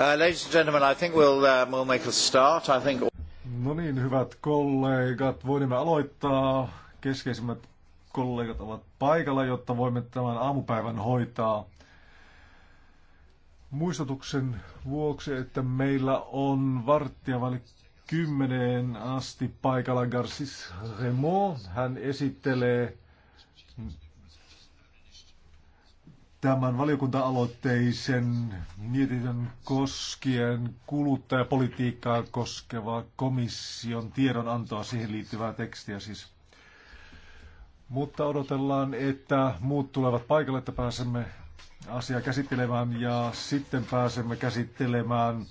Uh, ladies and gentlemen, I think we'll, uh, we'll make a start. I think... No niin, hyvät kollegat, voimme aloittaa. Keskeisimmät kollegat ovat paikalla, jotta voimme tämän aamupäivän hoitaa. Muistutuksen vuoksi, että meillä on varttia vali kymmeneen asti paikalla Garcis Remo. Hän esittelee tämän valiokunta-aloitteisen mietinnön koskien kuluttajapolitiikkaa koskeva komission tiedonantoa siihen liittyvää tekstiä siis. Mutta odotellaan, että muut tulevat paikalle, että pääsemme asiaa käsittelemään ja sitten pääsemme käsittelemään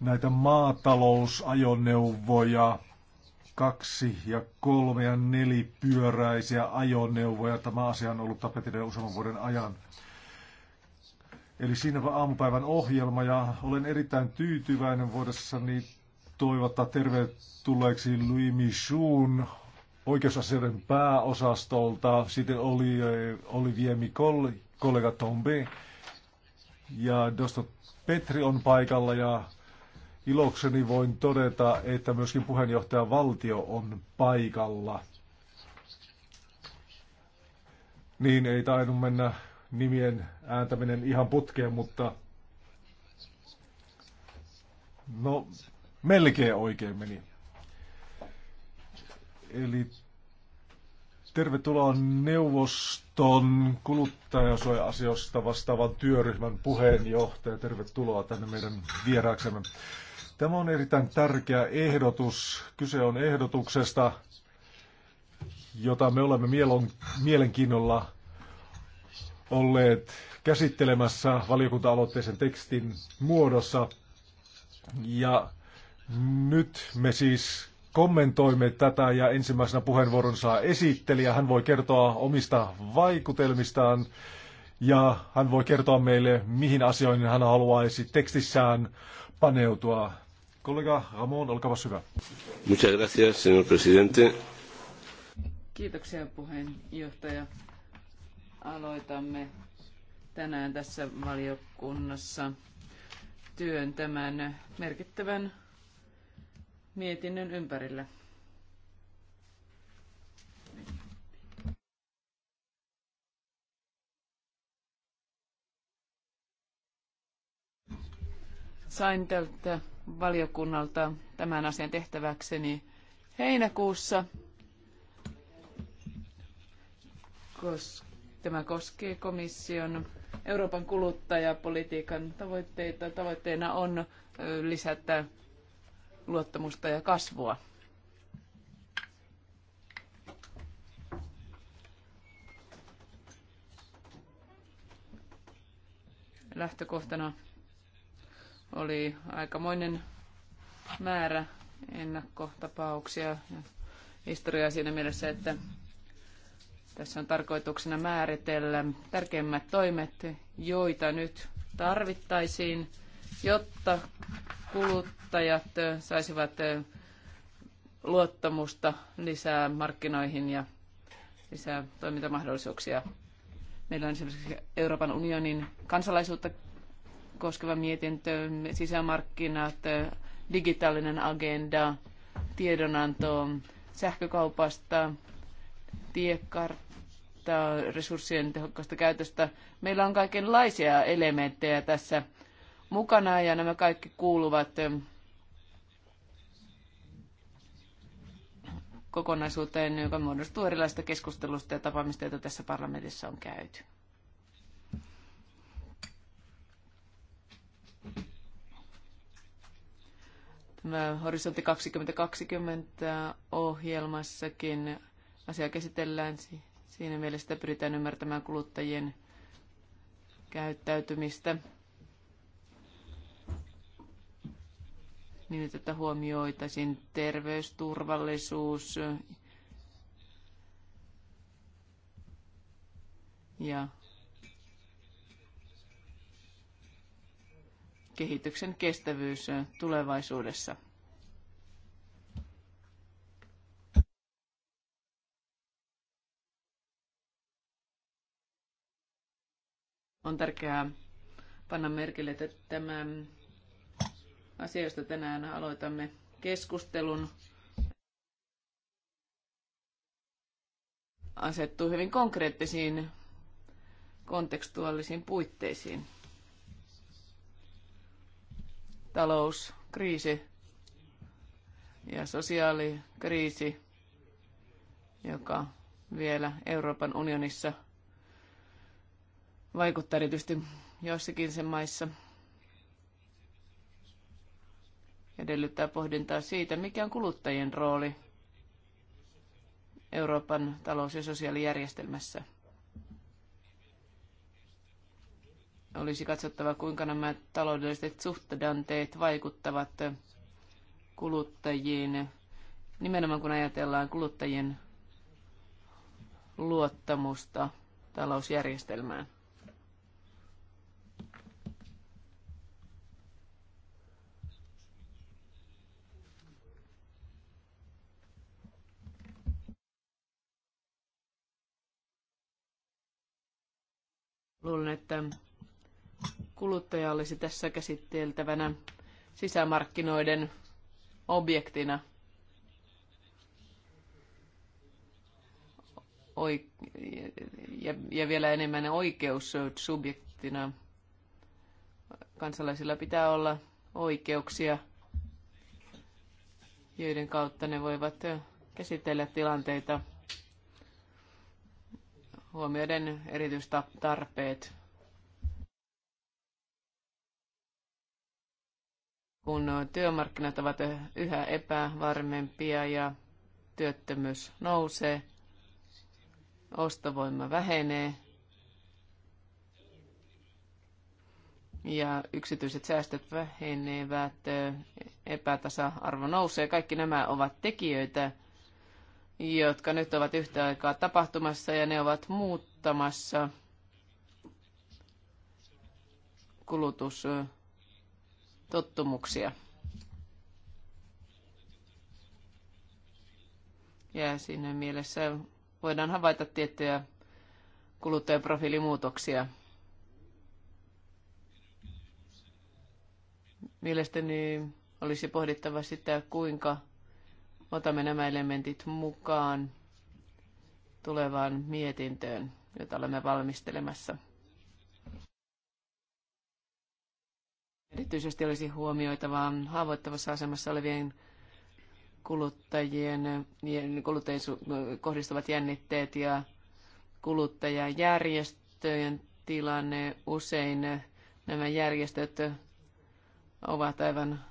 näitä maatalousajoneuvoja kaksi ja kolme ja nelipyöräisiä ajoneuvoja. Tämä asia on ollut tapetilla useamman vuoden ajan. Eli on aamupäivän ohjelma ja olen erittäin tyytyväinen vuodessani toivottaa tervetulleeksi Louis Michoun oikeusasioiden pääosastolta. Sitten oli eh, Olivier Mikol, kollega Tombe ja Dosto Petri on paikalla ja Ilokseni voin todeta, että myöskin puheenjohtaja valtio on paikalla. Niin ei tainnut mennä nimien ääntäminen ihan putkeen, mutta no melkein oikein meni. Eli tervetuloa neuvoston kuluttajasuoja-asioista vastaavan työryhmän puheenjohtaja. Tervetuloa tänne meidän vieraaksemme. Tämä on erittäin tärkeä ehdotus. Kyse on ehdotuksesta, jota me olemme mielenkiinnolla olleet käsittelemässä valiokunta-aloitteisen tekstin muodossa. Ja nyt me siis kommentoimme tätä ja ensimmäisenä puheenvuoron saa esittelijä. Hän voi kertoa omista vaikutelmistaan ja hän voi kertoa meille, mihin asioihin hän haluaisi tekstissään paneutua. Kollega Ramon, olkaa hyvä. Muchas gracias, señor presidente. Kiitoksia puheenjohtaja. Aloitamme tänään tässä valiokunnassa työn tämän merkittävän mietinnön ympärillä. Sain tältä valiokunnalta tämän asian tehtäväkseni heinäkuussa, koska tämä koskee komission Euroopan kuluttajapolitiikan tavoitteita. Tavoitteena on lisätä luottamusta ja kasvua. Lähtökohtana oli aikamoinen määrä ennakkotapauksia ja historiaa siinä mielessä, että tässä on tarkoituksena määritellä tärkeimmät toimet, joita nyt tarvittaisiin, jotta kuluttajat saisivat luottamusta lisää markkinoihin ja lisää toimintamahdollisuuksia. Meillä on esimerkiksi Euroopan unionin kansalaisuutta koskeva mietintö, sisämarkkinat, digitaalinen agenda, tiedonanto sähkökaupasta, tiekartta, resurssien tehokkaasta käytöstä. Meillä on kaikenlaisia elementtejä tässä mukana ja nämä kaikki kuuluvat kokonaisuuteen, joka muodostuu erilaisista keskustelusta ja tapaamista, joita tässä parlamentissa on käyty. Horisontti 2020 ohjelmassakin asia käsitellään. Siinä mielessä pyritään ymmärtämään kuluttajien käyttäytymistä. Niin, että huomioitaisiin terveysturvallisuus ja kehityksen kestävyys tulevaisuudessa. On tärkeää panna merkille, että tämä asia, josta tänään aloitamme keskustelun, asettuu hyvin konkreettisiin kontekstuaalisiin puitteisiin talouskriisi ja sosiaalikriisi, joka vielä Euroopan unionissa vaikuttaa erityisesti joissakin sen maissa, edellyttää pohdintaa siitä, mikä on kuluttajien rooli Euroopan talous- ja sosiaalijärjestelmässä. Olisi katsottava, kuinka nämä taloudelliset suhtadanteet vaikuttavat kuluttajiin, nimenomaan kun ajatellaan kuluttajien luottamusta talousjärjestelmään. Luulen, että kuluttaja olisi tässä käsitteltävänä sisämarkkinoiden objektina ja, ja vielä enemmän oikeus subjektina. Kansalaisilla pitää olla oikeuksia, joiden kautta ne voivat käsitellä tilanteita huomioiden erityistarpeet. kun työmarkkinat ovat yhä epävarmempia ja työttömyys nousee, ostovoima vähenee ja yksityiset säästöt vähenevät, epätasa-arvo nousee. Kaikki nämä ovat tekijöitä, jotka nyt ovat yhtä aikaa tapahtumassa ja ne ovat muuttamassa kulutus tottumuksia. Ja siinä mielessä voidaan havaita tiettyjä kuluttajaprofiilimuutoksia. Mielestäni olisi pohdittava sitä, kuinka otamme nämä elementit mukaan tulevaan mietintöön, jota olemme valmistelemassa. Erityisesti olisi huomioitava haavoittavassa asemassa olevien kuluttajien, kuluttajien kohdistuvat jännitteet ja kuluttajajärjestöjen tilanne. Usein nämä järjestöt ovat aivan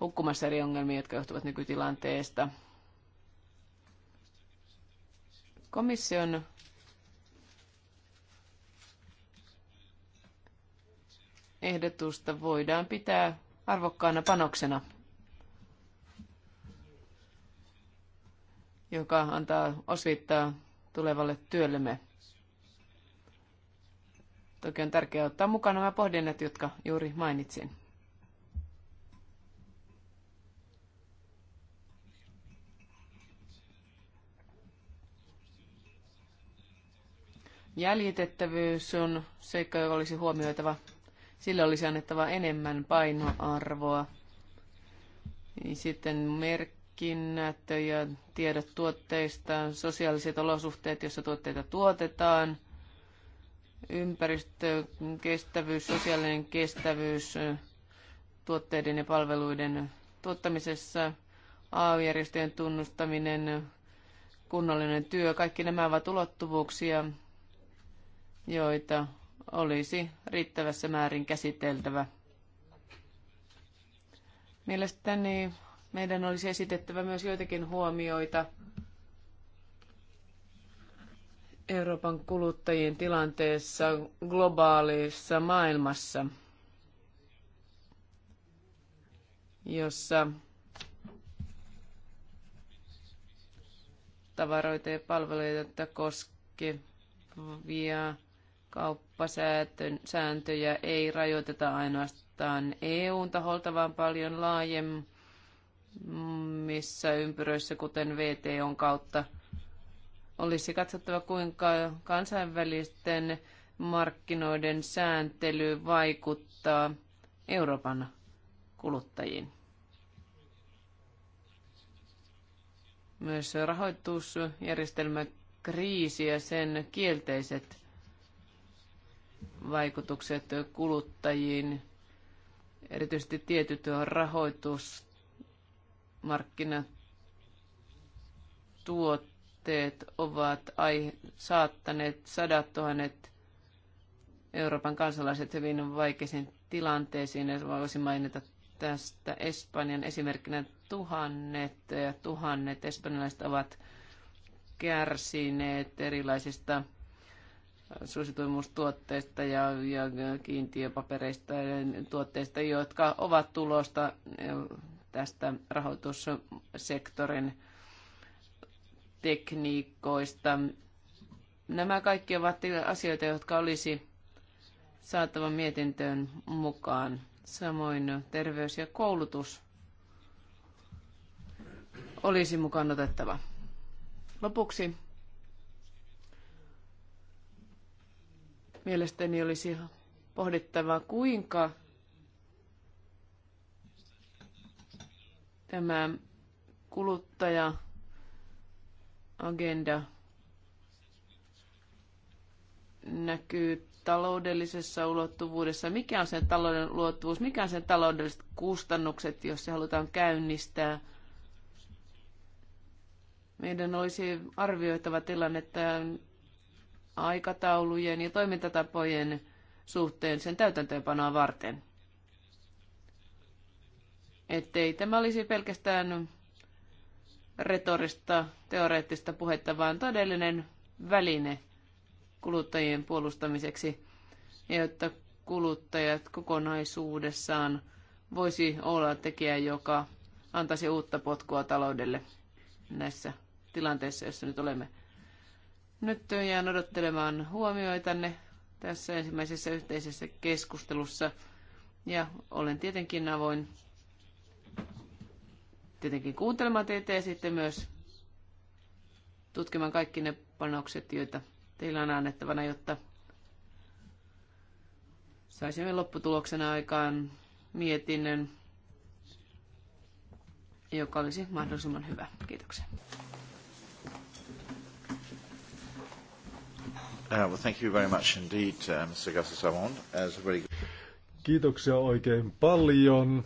hukkumassa eri ongelmia, jotka johtuvat nykytilanteesta. Komission ehdotusta voidaan pitää arvokkaana panoksena, joka antaa osviittaa tulevalle työllemme. Toki on tärkeää ottaa mukaan nämä pohdinnat, jotka juuri mainitsin. Jäljitettävyys on seikka, joka olisi huomioitava sille olisi annettava enemmän painoarvoa. Niin sitten merkinnät ja tiedot tuotteista, sosiaaliset olosuhteet, joissa tuotteita tuotetaan, ympäristökestävyys, sosiaalinen kestävyys tuotteiden ja palveluiden tuottamisessa, AY-järjestöjen tunnustaminen, kunnollinen työ, kaikki nämä ovat ulottuvuuksia, joita olisi riittävässä määrin käsiteltävä. Mielestäni meidän olisi esitettävä myös joitakin huomioita Euroopan kuluttajien tilanteessa globaalissa maailmassa, jossa tavaroita ja palveluita koskevia kauppasääntöjä ei rajoiteta ainoastaan EUn taholta, vaan paljon laajemmissa ympyröissä, kuten VTOn kautta. Olisi katsottava, kuinka kansainvälisten markkinoiden sääntely vaikuttaa Euroopan kuluttajiin. Myös rahoitusjärjestelmäkriisi ja sen kielteiset vaikutukset kuluttajiin, erityisesti tietyt rahoitusmarkkinatuotteet tuotteet ovat ai- saattaneet sadat tuhannet Euroopan kansalaiset hyvin vaikeisiin tilanteisiin. Ja voisin mainita tästä Espanjan esimerkkinä tuhannet ja tuhannet espanjalaiset ovat kärsineet erilaisista tuotteista ja, ja kiintiöpapereista ja tuotteista, jotka ovat tulosta e, tästä rahoitussektorin tekniikoista. Nämä kaikki ovat asioita, jotka olisi saatava mietintöön mukaan. Samoin terveys ja koulutus olisi mukaan otettava. Lopuksi Mielestäni olisi pohdittava, kuinka tämä kuluttaja-agenda näkyy taloudellisessa ulottuvuudessa. Mikä on sen talouden ulottuvuus, mikä on sen taloudelliset kustannukset, jos se halutaan käynnistää. Meidän olisi arvioitava tilannetta aikataulujen ja toimintatapojen suhteen sen täytäntöönpanoa varten. Ettei tämä olisi pelkästään retorista, teoreettista puhetta, vaan todellinen väline kuluttajien puolustamiseksi, jotta kuluttajat kokonaisuudessaan voisi olla tekijä, joka antaisi uutta potkua taloudelle näissä tilanteissa, joissa nyt olemme. Nyt jään odottelemaan huomioitanne tässä ensimmäisessä yhteisessä keskustelussa. Ja olen tietenkin avoin tietenkin kuuntelemaan teitä ja sitten myös tutkimaan kaikki ne panokset, joita teillä on annettavana, jotta saisimme lopputuloksena aikaan mietinnön, joka olisi mahdollisimman hyvä. Kiitoksia. Uh, well, thank you very much indeed, uh, Mr. Gassasamon. Uh, Kiitoksia oikein paljon.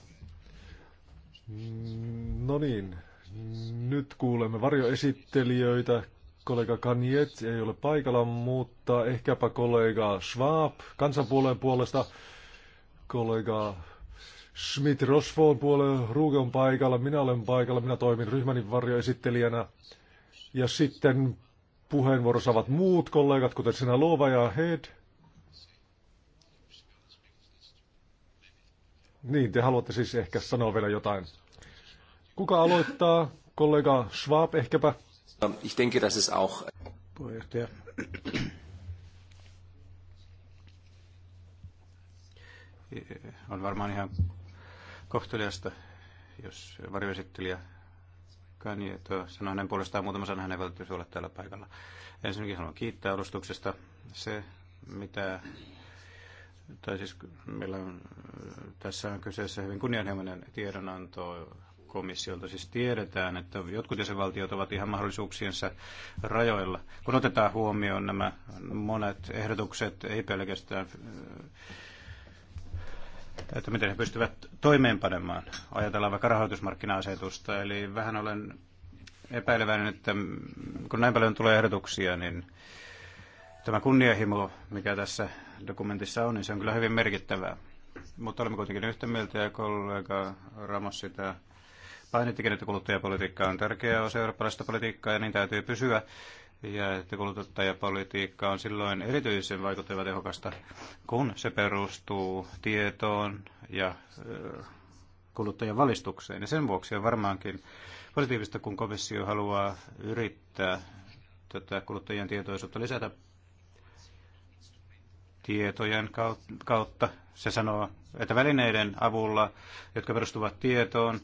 Mm, no niin, nyt kuulemme varjoesittelijöitä. Kollega Kaniet ei ole paikalla, mutta ehkäpä kollega Schwab kansanpuolen puolesta, kollega Schmidt Rosfoon puolen ruge on paikalla, minä olen paikalla, minä toimin ryhmänin varjoesittelijänä. Ja sitten puheenvuoro saavat muut kollegat, kuten sinä Luova ja Head. Niin, te haluatte siis ehkä sanoa vielä jotain. Kuka aloittaa? Kollega Schwab ehkäpä? Ich denke, das ist auch... Puheenjohtaja. On varmaan ihan kohteliasta, jos varjoesittelijä niin, että sanoin hänen puolestaan muutama sana, hänen ei välttämättä ole täällä paikalla. Ensinnäkin haluan kiittää alustuksesta. Se, mitä, tai siis meillä on, tässä on kyseessä hyvin kunnianhimoinen tiedonanto komissiolta. Siis tiedetään, että jotkut jäsenvaltiot ovat ihan mahdollisuuksiensa rajoilla. Kun otetaan huomioon nämä monet ehdotukset, ei pelkästään että miten he pystyvät toimeenpanemaan. Ajatellaan vaikka rahoitusmarkkina-asetusta, eli vähän olen epäileväinen, että kun näin paljon tulee ehdotuksia, niin tämä kunnianhimo, mikä tässä dokumentissa on, niin se on kyllä hyvin merkittävää. Mutta olemme kuitenkin yhtä mieltä ja kollega Ramos sitä painittikin, että kuluttajapolitiikka on tärkeä osa eurooppalaista politiikkaa ja niin täytyy pysyä ja että kuluttajapolitiikka on silloin erityisen vaikuttava tehokasta, kun se perustuu tietoon ja kuluttajan valistukseen. Ja sen vuoksi on varmaankin positiivista, kun komissio haluaa yrittää tätä kuluttajien tietoisuutta lisätä tietojen kautta. Se sanoo, että välineiden avulla, jotka perustuvat tietoon,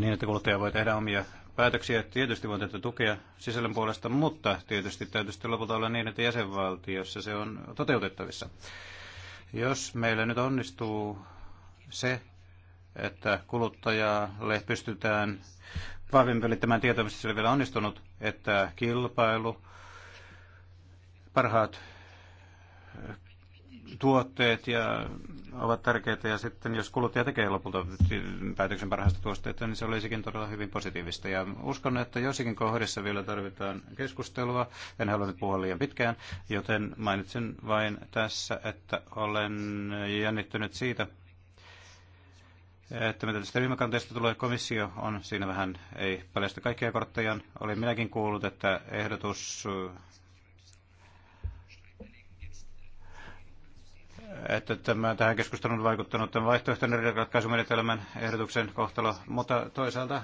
niin että kuluttaja voi tehdä omia päätöksiä. Tietysti voi tätä tukea sisällön puolesta, mutta tietysti täytyy lopulta olla niin, että jäsenvaltiossa se on toteutettavissa. Jos meillä nyt onnistuu se, että kuluttajalle pystytään vahvemmin välittämään missä se on vielä onnistunut, että kilpailu, parhaat tuotteet ja ovat tärkeitä ja sitten jos kuluttaja tekee lopulta päätöksen parhaista tuotteista, niin se olisikin todella hyvin positiivista. Ja uskon, että joissakin kohdissa vielä tarvitaan keskustelua. En halua nyt puhua liian pitkään, joten mainitsen vain tässä, että olen jännittynyt siitä, että mitä tästä ryhmäkanteesta tulee, komissio on siinä vähän, ei paljasta kaikkia korttejaan. Olin minäkin kuullut, että ehdotus että tämä tähän keskusteluun vaikuttanut tämän vaihtoehtoinen ratkaisumenetelmän ehdotuksen kohtalo, mutta toisaalta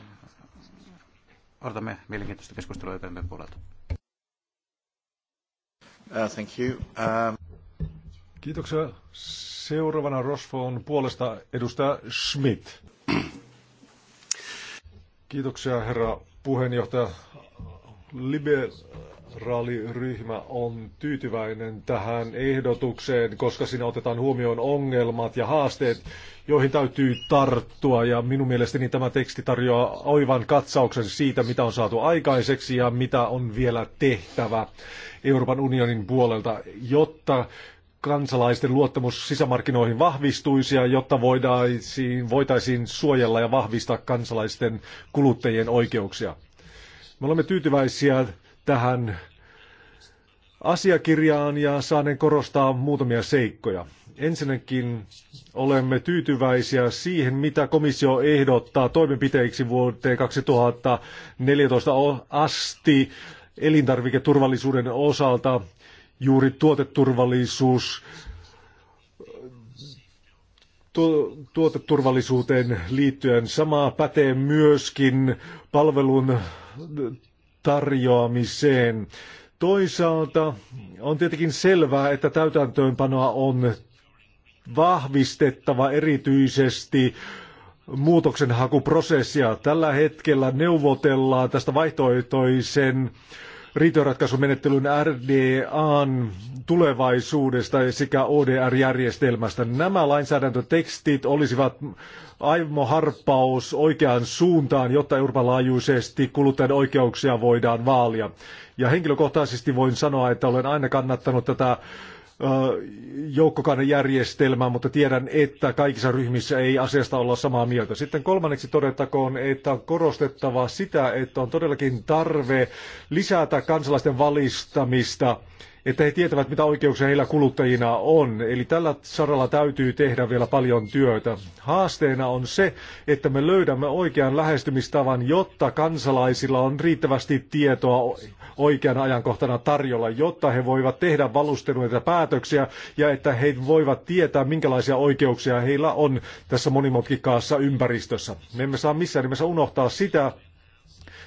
odotamme mielenkiintoista keskustelua eteenpäin puolelta. Uh, thank you. Uh... Kiitoksia. Seuraavana Rosfoon puolesta edustaja Schmidt. Kiitoksia herra puheenjohtaja. Libe liberaaliryhmä on tyytyväinen tähän ehdotukseen, koska siinä otetaan huomioon ongelmat ja haasteet, joihin täytyy tarttua. Ja minun mielestäni tämä teksti tarjoaa oivan katsauksen siitä, mitä on saatu aikaiseksi ja mitä on vielä tehtävä Euroopan unionin puolelta, jotta kansalaisten luottamus sisämarkkinoihin vahvistuisi ja jotta voitaisiin, voitaisiin suojella ja vahvistaa kansalaisten kuluttajien oikeuksia. Me olemme tyytyväisiä tähän asiakirjaan ja saaneen korostaa muutamia seikkoja. Ensinnäkin olemme tyytyväisiä siihen, mitä komissio ehdottaa toimenpiteiksi vuoteen 2014 asti elintarviketurvallisuuden osalta juuri tuoteturvallisuus, tu, tuoteturvallisuuteen liittyen. Sama pätee myöskin palvelun tarjoamiseen. Toisaalta on tietenkin selvää, että täytäntöönpanoa on vahvistettava erityisesti muutoksenhakuprosessia. Tällä hetkellä neuvotellaan tästä vaihtoehtoisen riitoratkaisumenettelyn RDAn tulevaisuudesta sekä ODR-järjestelmästä. Nämä lainsäädäntötekstit olisivat harppaus oikeaan suuntaan, jotta Euroopan laajuisesti kuluttajan oikeuksia voidaan vaalia. Ja henkilökohtaisesti voin sanoa, että olen aina kannattanut tätä Äh, joukkokannen mutta tiedän, että kaikissa ryhmissä ei asiasta olla samaa mieltä. Sitten kolmanneksi todettakoon, että on korostettava sitä, että on todellakin tarve lisätä kansalaisten valistamista että he tietävät, mitä oikeuksia heillä kuluttajina on. Eli tällä saralla täytyy tehdä vielä paljon työtä. Haasteena on se, että me löydämme oikean lähestymistavan, jotta kansalaisilla on riittävästi tietoa oikeana ajankohtana tarjolla, jotta he voivat tehdä valusteluita päätöksiä ja että he voivat tietää, minkälaisia oikeuksia heillä on tässä monimutkikkaassa ympäristössä. Me emme saa missään nimessä unohtaa sitä,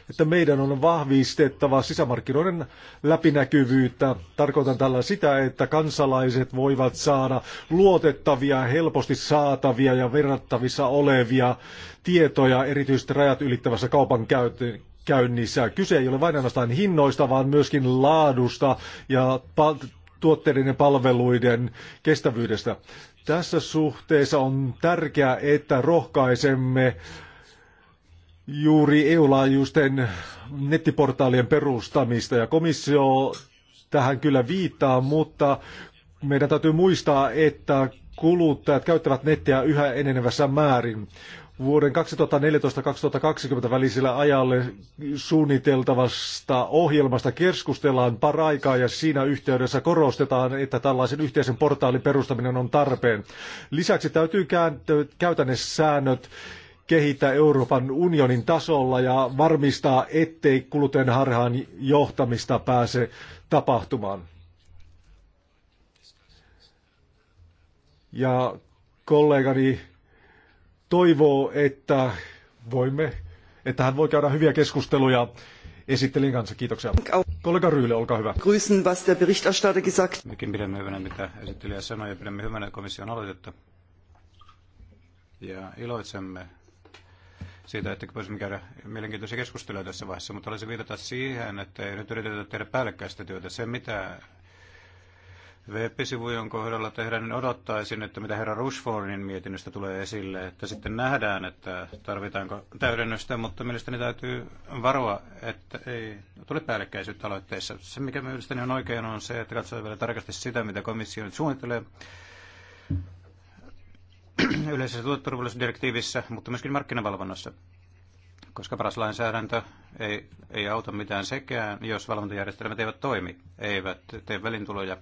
että meidän on vahvistettava sisämarkkinoiden läpinäkyvyyttä. Tarkoitan tällä sitä, että kansalaiset voivat saada luotettavia, helposti saatavia ja verrattavissa olevia tietoja erityisesti rajat ylittävässä kaupan käynnissä. Kyse ei ole vain ainoastaan hinnoista, vaan myöskin laadusta ja tuotteiden ja palveluiden kestävyydestä. Tässä suhteessa on tärkeää, että rohkaisemme juuri EU-laajuisten nettiportaalien perustamista ja komissio tähän kyllä viittaa, mutta meidän täytyy muistaa, että kuluttajat käyttävät nettiä yhä enenevässä määrin vuoden 2014-2020 välisellä ajalle suunniteltavasta ohjelmasta keskustellaan paraikaa ja siinä yhteydessä korostetaan, että tällaisen yhteisen portaalin perustaminen on tarpeen. Lisäksi täytyy käytännössä säännöt kehittää Euroopan unionin tasolla ja varmistaa, ettei kuluten harhaan johtamista pääse tapahtumaan. Ja kollegani toivoo, että voimme, että hän voi käydä hyviä keskusteluja esittelin kanssa. Kiitoksia. Kollega Ryyle, olkaa hyvä. Grüßen, was der Berichterstatter gesagt. Mekin pidämme hyvänä, mitä esittelijä sanoi, ja pidämme hyvänä komission aloitetta. Ja iloitsemme siitä, että voisimme käydä mielenkiintoisia keskusteluja tässä vaiheessa, mutta olisin viitata siihen, että ei nyt yritetä tehdä päällekkäistä työtä. Se, mitä web-sivujen kohdalla tehdä, niin odottaisin, että mitä herra Rushfordin mietinnöstä tulee esille, että sitten nähdään, että tarvitaanko täydennystä, mutta mielestäni täytyy varoa, että ei tule päällekkäisyyttä aloitteissa. Se, mikä mielestäni on oikein, on se, että katsotaan vielä tarkasti sitä, mitä komissio nyt suunnittelee yleisessä tuoteturvallisuusdirektiivissä, mutta myöskin markkinavalvonnassa koska paras lainsäädäntö ei, ei auta mitään sekään, jos valvontajärjestelmät eivät toimi, eivät tee välintuloja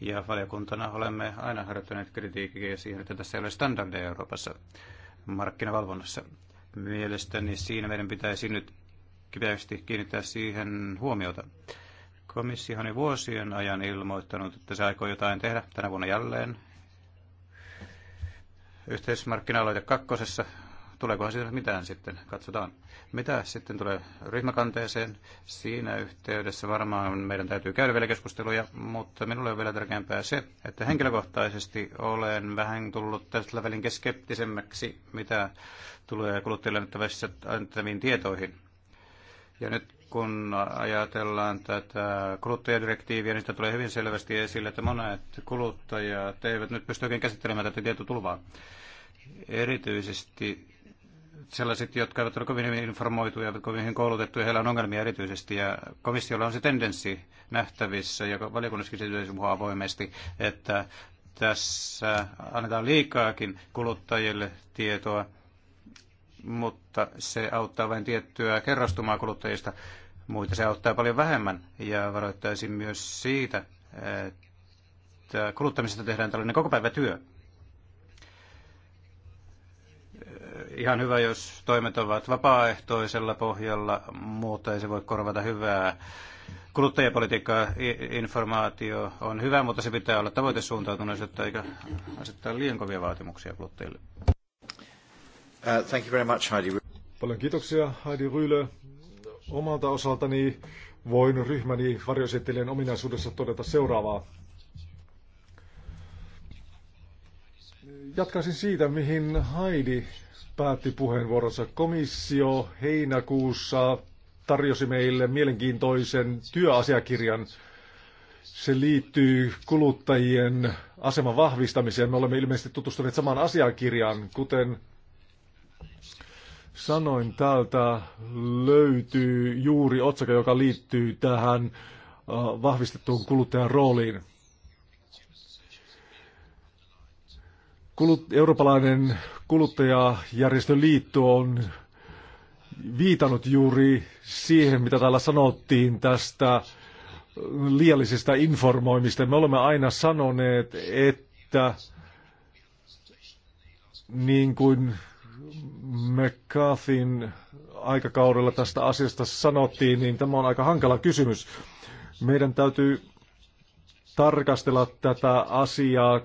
ja valiokuntana olemme aina harjoittaneet kritiikkiä siihen, että tässä ei ole standardeja Euroopassa markkinavalvonnassa. Mielestäni siinä meidän pitäisi nyt kipeästi kiinnittää siihen huomiota. Komissio on jo vuosien ajan ilmoittanut, että se aikoo jotain tehdä tänä vuonna jälleen. Yhteismarkkina-aloite kakkosessa Tuleekohan siitä mitään sitten? Katsotaan. Mitä sitten tulee ryhmäkanteeseen? Siinä yhteydessä varmaan meidän täytyy käydä vielä keskusteluja, mutta minulle on vielä tärkeämpää se, että henkilökohtaisesti olen vähän tullut tästä välin keskeptisemmäksi, mitä tulee kuluttajille annettaviin tietoihin. Ja nyt kun ajatellaan tätä kuluttajadirektiiviä, niin sitä tulee hyvin selvästi esille, että monet kuluttajat eivät nyt pysty oikein käsittelemään tätä tietotulvaa. Erityisesti sellaiset, jotka eivät ole kovin hyvin informoituja, eivät kovin hyvin koulutettuja, heillä on ongelmia erityisesti, ja komissiolla on se tendenssi nähtävissä, joka valiokunnassakin se puhua avoimesti, että tässä annetaan liikaakin kuluttajille tietoa, mutta se auttaa vain tiettyä kerrostumaa kuluttajista. Muita se auttaa paljon vähemmän, ja varoittaisin myös siitä, että kuluttamisesta tehdään tällainen koko päivä työ ihan hyvä, jos toimet ovat vapaaehtoisella pohjalla, mutta ei se voi korvata hyvää. Kuluttajapolitiikka, informaatio on hyvä, mutta se pitää olla tavoitesuuntautuneisuutta eikä asettaa liian kovia vaatimuksia kuluttajille. Uh, thank you very much, Heidi. Paljon kiitoksia, Heidi Ryylö. Omalta osaltani voin ryhmäni varjoesittelijän ominaisuudessa todeta seuraavaa. Jatkaisin siitä, mihin Heidi päätti puheenvuoronsa. Komissio heinäkuussa tarjosi meille mielenkiintoisen työasiakirjan. Se liittyy kuluttajien aseman vahvistamiseen. Me olemme ilmeisesti tutustuneet samaan asiakirjaan, kuten sanoin, täältä löytyy juuri otsaka, joka liittyy tähän äh, vahvistettuun kuluttajan rooliin. Kulut, eurooppalainen kuluttajajärjestöliitto on viitannut juuri siihen, mitä täällä sanottiin tästä liiallisesta informoimista. Me olemme aina sanoneet, että niin kuin McCarthyn aikakaudella tästä asiasta sanottiin, niin tämä on aika hankala kysymys. Meidän täytyy tarkastella tätä asiaa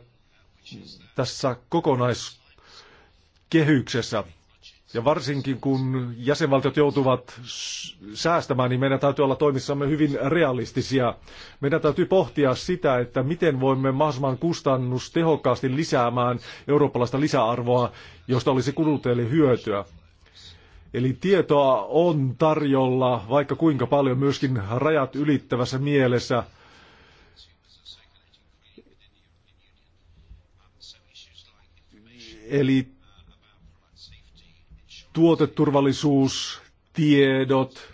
tässä kokonaiskehyksessä. Ja varsinkin kun jäsenvaltiot joutuvat säästämään, niin meidän täytyy olla toimissamme hyvin realistisia. Meidän täytyy pohtia sitä, että miten voimme mahdollisimman kustannustehokkaasti lisäämään eurooppalaista lisäarvoa, josta olisi kuluttajille hyötyä. Eli tietoa on tarjolla vaikka kuinka paljon myöskin rajat ylittävässä mielessä – Eli tuoteturvallisuus, tiedot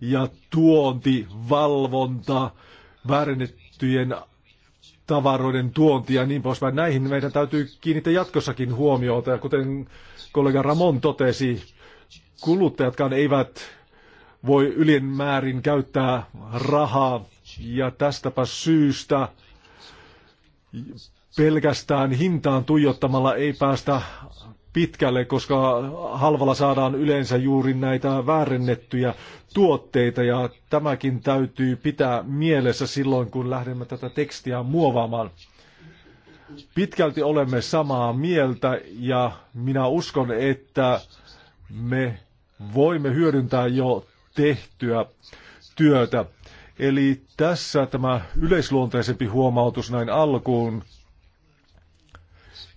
ja tuonti, valvonta, väärennettyjen tavaroiden tuonti ja niin poispäin. Näihin meidän täytyy kiinnittää jatkossakin huomiota. Ja kuten kollega Ramon totesi, kuluttajatkaan eivät voi ylien määrin käyttää rahaa ja tästäpä syystä pelkästään hintaan tuijottamalla ei päästä pitkälle, koska halvalla saadaan yleensä juuri näitä väärennettyjä tuotteita ja tämäkin täytyy pitää mielessä silloin, kun lähdemme tätä tekstiä muovaamaan. Pitkälti olemme samaa mieltä ja minä uskon, että me voimme hyödyntää jo tehtyä työtä. Eli tässä tämä yleisluonteisempi huomautus näin alkuun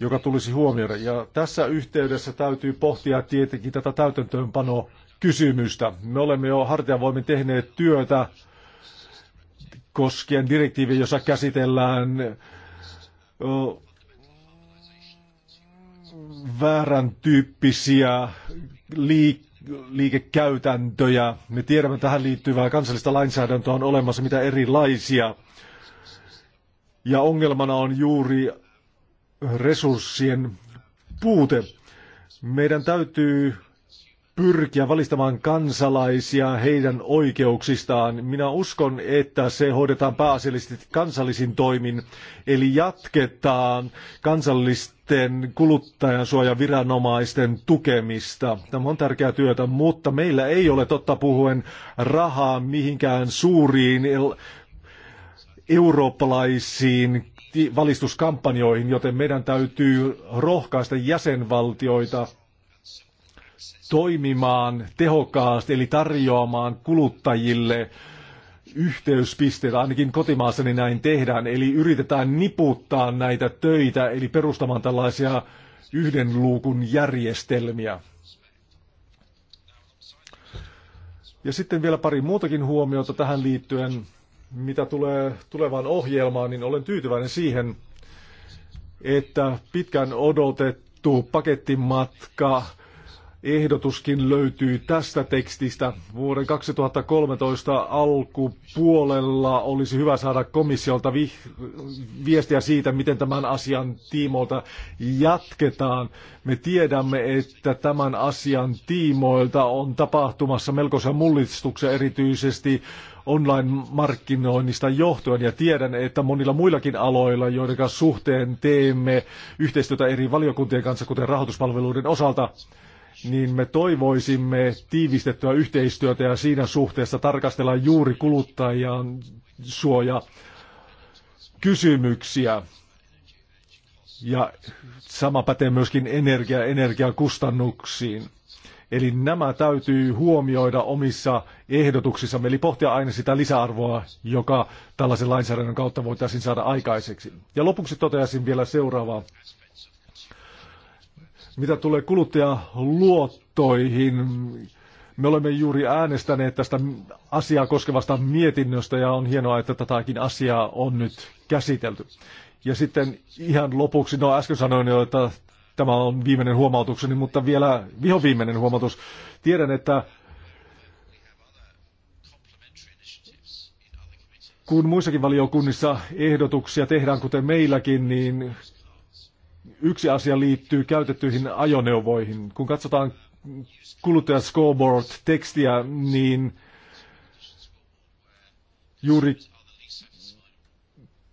joka tulisi huomioida. Ja tässä yhteydessä täytyy pohtia tietenkin tätä täytäntöönpanoa kysymystä. Me olemme jo hartiavoimin tehneet työtä koskien direktiiviä, jossa käsitellään väärän tyyppisiä liik- liikekäytäntöjä. Me tiedämme tähän liittyvää kansallista lainsäädäntöä on olemassa mitä erilaisia. Ja ongelmana on juuri resurssien puute. Meidän täytyy pyrkiä valistamaan kansalaisia heidän oikeuksistaan. Minä uskon, että se hoidetaan pääasiallisesti kansallisin toimin, eli jatketaan kansallisten kuluttajansuojaviranomaisten tukemista. Tämä on tärkeää työtä, mutta meillä ei ole totta puhuen rahaa mihinkään suuriin eurooppalaisiin valistuskampanjoihin, joten meidän täytyy rohkaista jäsenvaltioita toimimaan tehokkaasti, eli tarjoamaan kuluttajille yhteyspisteitä, ainakin kotimaassani näin tehdään, eli yritetään niputtaa näitä töitä, eli perustamaan tällaisia yhden luukun järjestelmiä. Ja sitten vielä pari muutakin huomiota tähän liittyen. Mitä tulee tulevaan ohjelmaan, niin olen tyytyväinen siihen, että pitkään odotettu pakettimatka ehdotuskin löytyy tästä tekstistä. Vuoden 2013 alkupuolella olisi hyvä saada komissiolta vi- viestiä siitä, miten tämän asian tiimoilta jatketaan. Me tiedämme, että tämän asian tiimoilta on tapahtumassa melkoisia mullistuksia erityisesti online-markkinoinnista johtuen ja tiedän, että monilla muillakin aloilla, joiden suhteen teemme yhteistyötä eri valiokuntien kanssa, kuten rahoituspalveluiden osalta, niin me toivoisimme tiivistettyä yhteistyötä ja siinä suhteessa tarkastella juuri kuluttajan suoja kysymyksiä. Ja sama pätee myöskin energia, energiakustannuksiin. Eli nämä täytyy huomioida omissa ehdotuksissamme, eli pohtia aina sitä lisäarvoa, joka tällaisen lainsäädännön kautta voitaisiin saada aikaiseksi. Ja lopuksi toteaisin vielä seuraavaa. Mitä tulee kuluttajaluottoihin, me olemme juuri äänestäneet tästä asiaa koskevasta mietinnöstä ja on hienoa, että tätäkin asiaa on nyt käsitelty. Ja sitten ihan lopuksi, no äsken sanoin jo, että Tämä on viimeinen huomautukseni, mutta vielä viimeinen huomautus. Tiedän, että kun muissakin valiokunnissa ehdotuksia tehdään, kuten meilläkin, niin yksi asia liittyy käytettyihin ajoneuvoihin. Kun katsotaan scoreboard tekstiä niin juuri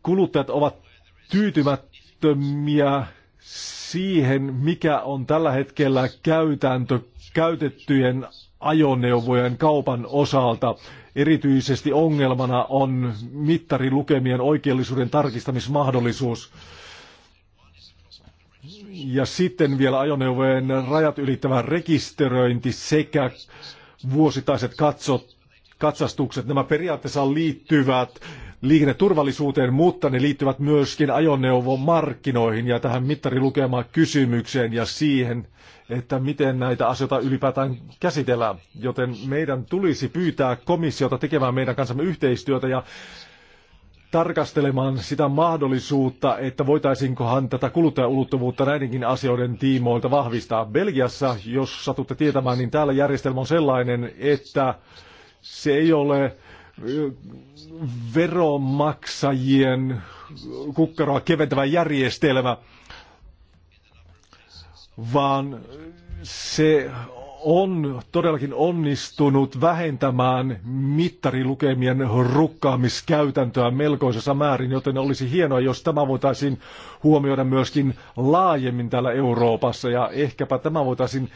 kuluttajat ovat tyytymättömiä siihen, mikä on tällä hetkellä käytäntö käytettyjen ajoneuvojen kaupan osalta. Erityisesti ongelmana on mittarilukemien oikeellisuuden tarkistamismahdollisuus. Ja sitten vielä ajoneuvojen rajat ylittävä rekisteröinti sekä vuosittaiset katsot, katsastukset. Nämä periaatteessa liittyvät liikenneturvallisuuteen, mutta ne liittyvät myöskin markkinoihin ja tähän mittarilukemaan kysymykseen ja siihen, että miten näitä asioita ylipäätään käsitellään. Joten meidän tulisi pyytää komissiota tekemään meidän kanssamme yhteistyötä ja tarkastelemaan sitä mahdollisuutta, että voitaisinkohan tätä kuluttajaulottuvuutta näidenkin asioiden tiimoilta vahvistaa. Belgiassa, jos satutte tietämään, niin täällä järjestelmä on sellainen, että se ei ole veromaksajien kukkaroa keventävä järjestelmä, vaan se on todellakin onnistunut vähentämään mittarilukemien rukkaamiskäytäntöä melkoisessa määrin, joten olisi hienoa, jos tämä voitaisiin huomioida myöskin laajemmin täällä Euroopassa ja ehkäpä tämä voitaisiin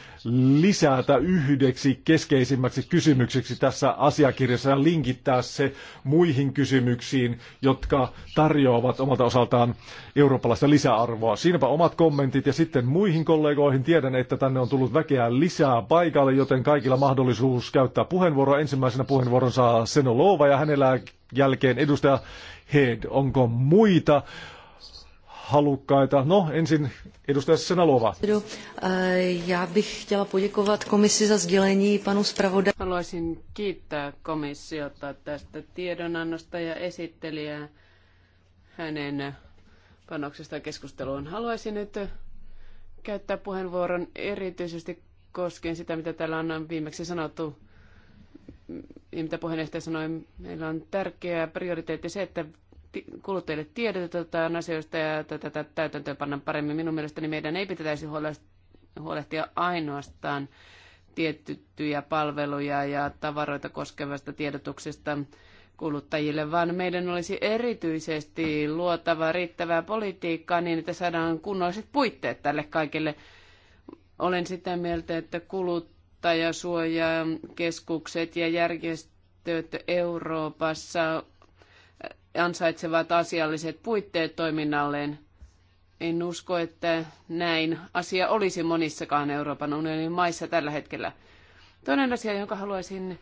lisätä yhdeksi keskeisimmäksi kysymykseksi tässä asiakirjassa ja linkittää se muihin kysymyksiin, jotka tarjoavat omalta osaltaan eurooppalaista lisäarvoa. Siinäpä omat kommentit ja sitten muihin kollegoihin. Tiedän, että tänne on tullut väkeä lisää paikalle, joten kaikilla mahdollisuus käyttää puheenvuoroa. Ensimmäisenä puheenvuoron saa Seno Loova ja hänellä jälkeen edustaja Head. Onko muita halukkaita. No, ensin edustaja Senalova. Eh, já bych chtěla poděkovat komisi za sdělení panu zpravodaj. Haluaisin kiittää komissiota tästä tiedonannosta ja esittelijää hänen panoksesta keskusteluun. Haluaisin nyt käyttää puheenvuoron erityisesti koskien sitä, mitä täällä on viimeksi sanottu, ja mitä puheenjohtaja sanoi. Meillä on tärkeä prioriteetti se, että kuluttajille tiedotetaan asioista ja tätä täytäntöön pannaan paremmin. Minun mielestäni meidän ei pitäisi huolehtia ainoastaan tiettyjä palveluja ja tavaroita koskevasta tiedotuksesta kuluttajille, vaan meidän olisi erityisesti luotava riittävää politiikkaa niin, että saadaan kunnolliset puitteet tälle kaikille. Olen sitä mieltä, että kuluttajasuojakeskukset ja järjestöt Euroopassa ansaitsevat asialliset puitteet toiminnalleen. En usko, että näin asia olisi monissakaan Euroopan unionin maissa tällä hetkellä. Toinen asia, jonka haluaisin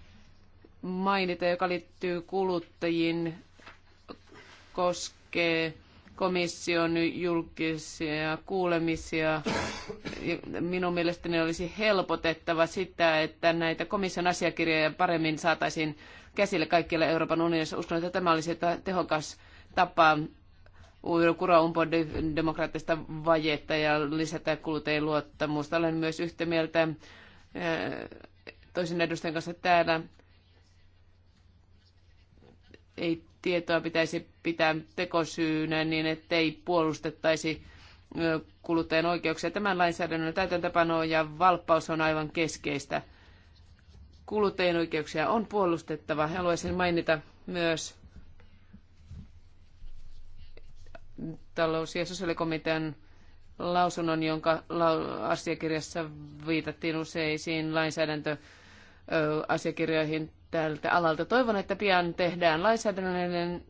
mainita, joka liittyy kuluttajiin, koskee komission julkisia kuulemisia. Minun mielestäni olisi helpotettava sitä, että näitä komission asiakirjoja paremmin saataisiin käsillä kaikkialla Euroopan unionissa. Uskon, että tämä olisi tehokas tapa kuroa umpon demokraattista vajetta ja lisätä kuluttajien luottamusta. Olen myös yhtä mieltä eh, toisen edustajan kanssa täällä. Ei tietoa pitäisi pitää tekosyynä niin, ettei puolustettaisi eh, kuluttajan oikeuksia. Tämän lainsäädännön täytäntöpano ja valppaus on aivan keskeistä kuluttajien oikeuksia on puolustettava. Haluaisin mainita myös talous- ja sosiaalikomitean lausunnon, jonka asiakirjassa viitattiin useisiin lainsäädäntöasiakirjoihin tältä alalta. Toivon, että pian tehdään lainsäädännöllinen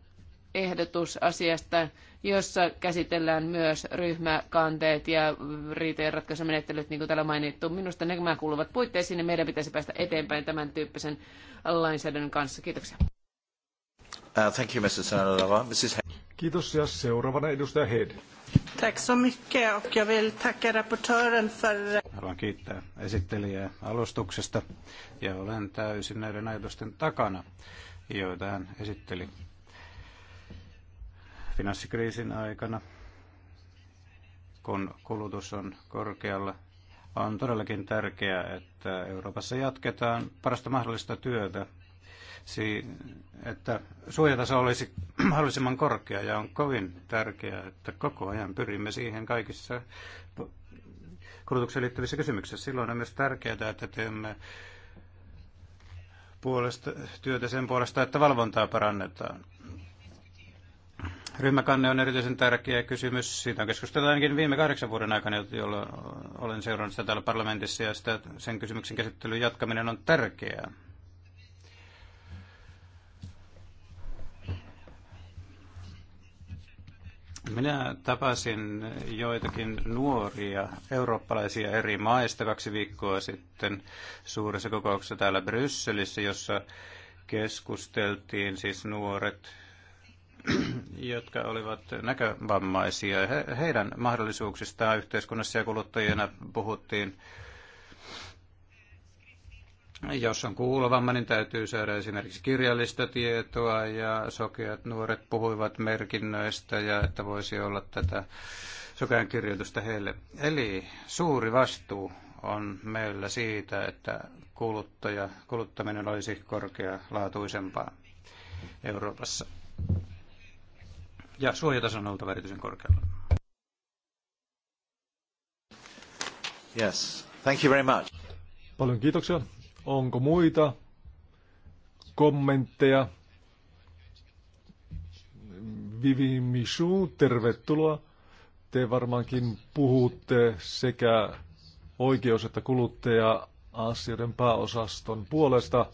ehdotus asiasta, jossa käsitellään myös ryhmäkanteet ja riitojen ratkaisumenettelyt, niin kuin täällä mainittu. Minusta nämä kuuluvat puitteisiin ja meidän pitäisi päästä eteenpäin tämän tyyppisen lainsäädännön kanssa. Kiitoksia. Uh, thank you, Mrs. Kiitos ja seuraavana edustaja Head. Tack så mycket och jag vill tacka rapportören för... Haluan kiittää esittelijää alustuksesta ja olen täysin näiden ajatusten takana, joita hän esitteli finanssikriisin aikana, kun kulutus on korkealla. On todellakin tärkeää, että Euroopassa jatketaan parasta mahdollista työtä, että suojataso olisi mahdollisimman korkea ja on kovin tärkeää, että koko ajan pyrimme siihen kaikissa kulutukseen liittyvissä kysymyksissä. Silloin on myös tärkeää, että teemme puolesta, työtä sen puolesta, että valvontaa parannetaan. Ryhmäkanne on erityisen tärkeä kysymys. Siitä on keskusteltu ainakin viime kahdeksan vuoden aikana, jolloin olen seurannut sitä täällä parlamentissa, ja sitä, sen kysymyksen käsittelyn jatkaminen on tärkeää. Minä tapasin joitakin nuoria eurooppalaisia eri maista kaksi viikkoa sitten suuressa kokouksessa täällä Brysselissä, jossa keskusteltiin siis nuoret jotka olivat näkövammaisia. He, heidän mahdollisuuksistaan yhteiskunnassa ja kuluttajina puhuttiin. Jos on kuulovamma, niin täytyy saada esimerkiksi kirjallista tietoa ja sokeat nuoret puhuivat merkinnöistä ja että voisi olla tätä sokean kirjoitusta heille. Eli suuri vastuu on meillä siitä, että kuluttaja, kuluttaminen olisi korkealaatuisempaa Euroopassa ja suojatason on oltava erityisen korkealla. Yes. Thank you very much. Paljon kiitoksia. Onko muita kommentteja? Vivi Michu, tervetuloa. Te varmaankin puhutte sekä oikeus- että kuluttaja-asioiden pääosaston puolesta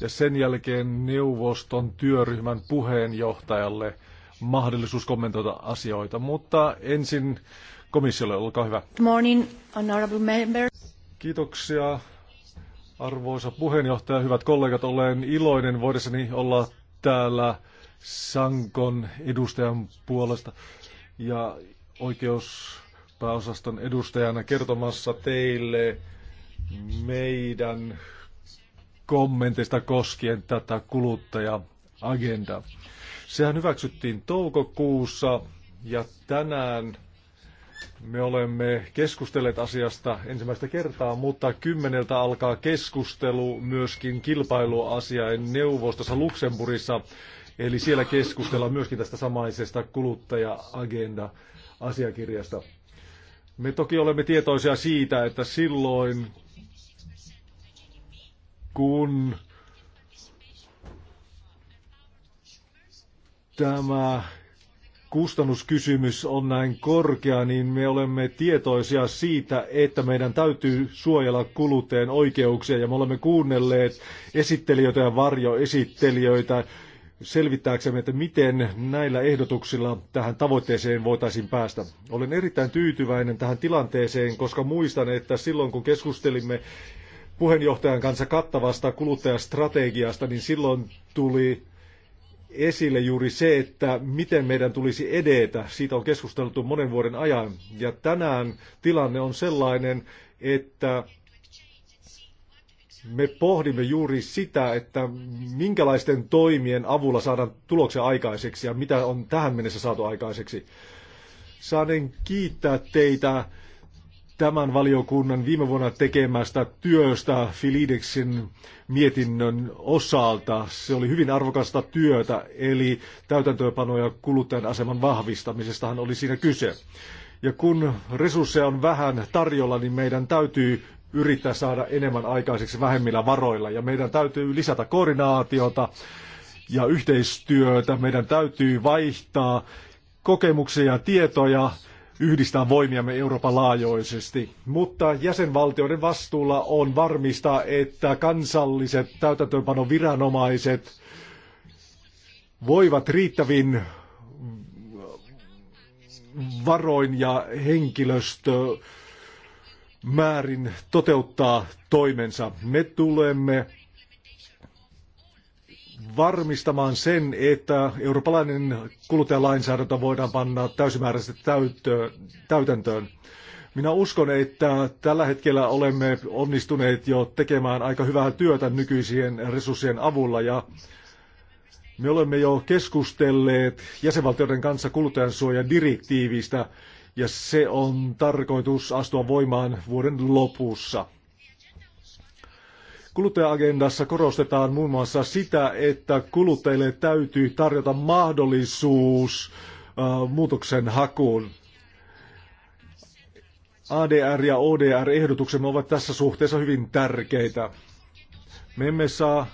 ja sen jälkeen neuvoston työryhmän puheenjohtajalle – mahdollisuus kommentoida asioita, mutta ensin komissiolle, olkaa hyvä. Good morning, honorable members. Kiitoksia, arvoisa puheenjohtaja, hyvät kollegat. Olen iloinen voidessani olla täällä Sankon edustajan puolesta ja oikeuspääosaston edustajana kertomassa teille meidän kommenteista koskien tätä kuluttaja-agendaa. Sehän hyväksyttiin toukokuussa ja tänään me olemme keskustelleet asiasta ensimmäistä kertaa, mutta kymmeneltä alkaa keskustelu myöskin kilpailuasiain neuvostossa Luxemburissa. Eli siellä keskustellaan myöskin tästä samaisesta kuluttaja-agenda-asiakirjasta. Me toki olemme tietoisia siitä, että silloin kun tämä kustannuskysymys on näin korkea, niin me olemme tietoisia siitä, että meidän täytyy suojella kuluttajien oikeuksia ja me olemme kuunnelleet esittelijöitä ja varjoesittelijöitä selvittääksemme, että miten näillä ehdotuksilla tähän tavoitteeseen voitaisiin päästä. Olen erittäin tyytyväinen tähän tilanteeseen, koska muistan, että silloin kun keskustelimme puheenjohtajan kanssa kattavasta kuluttajastrategiasta, niin silloin tuli esille juuri se, että miten meidän tulisi edetä. Siitä on keskusteltu monen vuoden ajan. Ja tänään tilanne on sellainen, että me pohdimme juuri sitä, että minkälaisten toimien avulla saadaan tuloksia aikaiseksi ja mitä on tähän mennessä saatu aikaiseksi. Saanen kiittää teitä tämän valiokunnan viime vuonna tekemästä työstä Filideksin mietinnön osalta. Se oli hyvin arvokasta työtä, eli täytäntöönpanoja ja kuluttajan aseman vahvistamisestahan oli siinä kyse. Ja kun resursseja on vähän tarjolla, niin meidän täytyy yrittää saada enemmän aikaiseksi vähemmillä varoilla. Ja meidän täytyy lisätä koordinaatiota ja yhteistyötä. Meidän täytyy vaihtaa kokemuksia ja tietoja yhdistää voimiamme Euroopan laajoisesti, mutta jäsenvaltioiden vastuulla on varmistaa, että kansalliset täytäntöönpanoviranomaiset voivat riittävin varoin ja henkilöstö määrin toteuttaa toimensa. Me tulemme varmistamaan sen, että eurooppalainen kuluttajalainsäädäntö voidaan panna täysimääräisesti täytäntöön. Minä uskon, että tällä hetkellä olemme onnistuneet jo tekemään aika hyvää työtä nykyisien resurssien avulla ja me olemme jo keskustelleet jäsenvaltioiden kanssa kuluttajansuojan direktiivistä ja se on tarkoitus astua voimaan vuoden lopussa. Kuluttaja-agendassa korostetaan muun muassa sitä, että kuluttajille täytyy tarjota mahdollisuus äh, muutoksen hakuun. ADR ja ODR-ehdotuksemme ovat tässä suhteessa hyvin tärkeitä. Me emme saa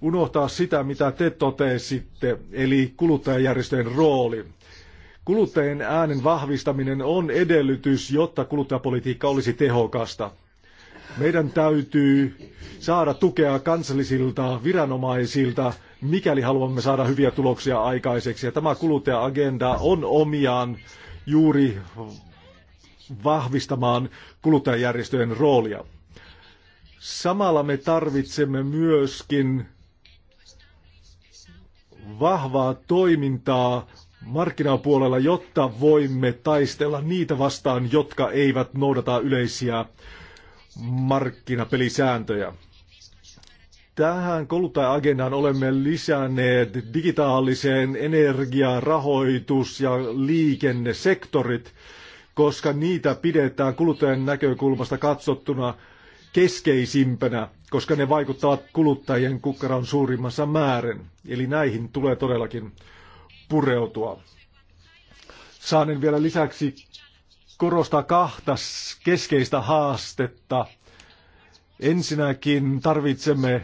unohtaa sitä, mitä te totesitte, eli kuluttajajärjestöjen rooli. Kuluttajien äänen vahvistaminen on edellytys, jotta kuluttajapolitiikka olisi tehokasta. Meidän täytyy saada tukea kansallisilta viranomaisilta, mikäli haluamme saada hyviä tuloksia aikaiseksi. Ja tämä kuluttaja-agenda on omiaan juuri vahvistamaan kuluttajajärjestöjen roolia. Samalla me tarvitsemme myöskin vahvaa toimintaa markkinapuolella, jotta voimme taistella niitä vastaan, jotka eivät noudata yleisiä markkinapelisääntöjä. Tähän kuluttaja-agendaan olemme lisänneet digitaaliseen energia, rahoitus ja liikennesektorit, koska niitä pidetään kuluttajan näkökulmasta katsottuna keskeisimpänä, koska ne vaikuttavat kuluttajien kukkaran suurimmassa määrin. Eli näihin tulee todellakin pureutua. Saanen vielä lisäksi korostaa kahta keskeistä haastetta. Ensinnäkin tarvitsemme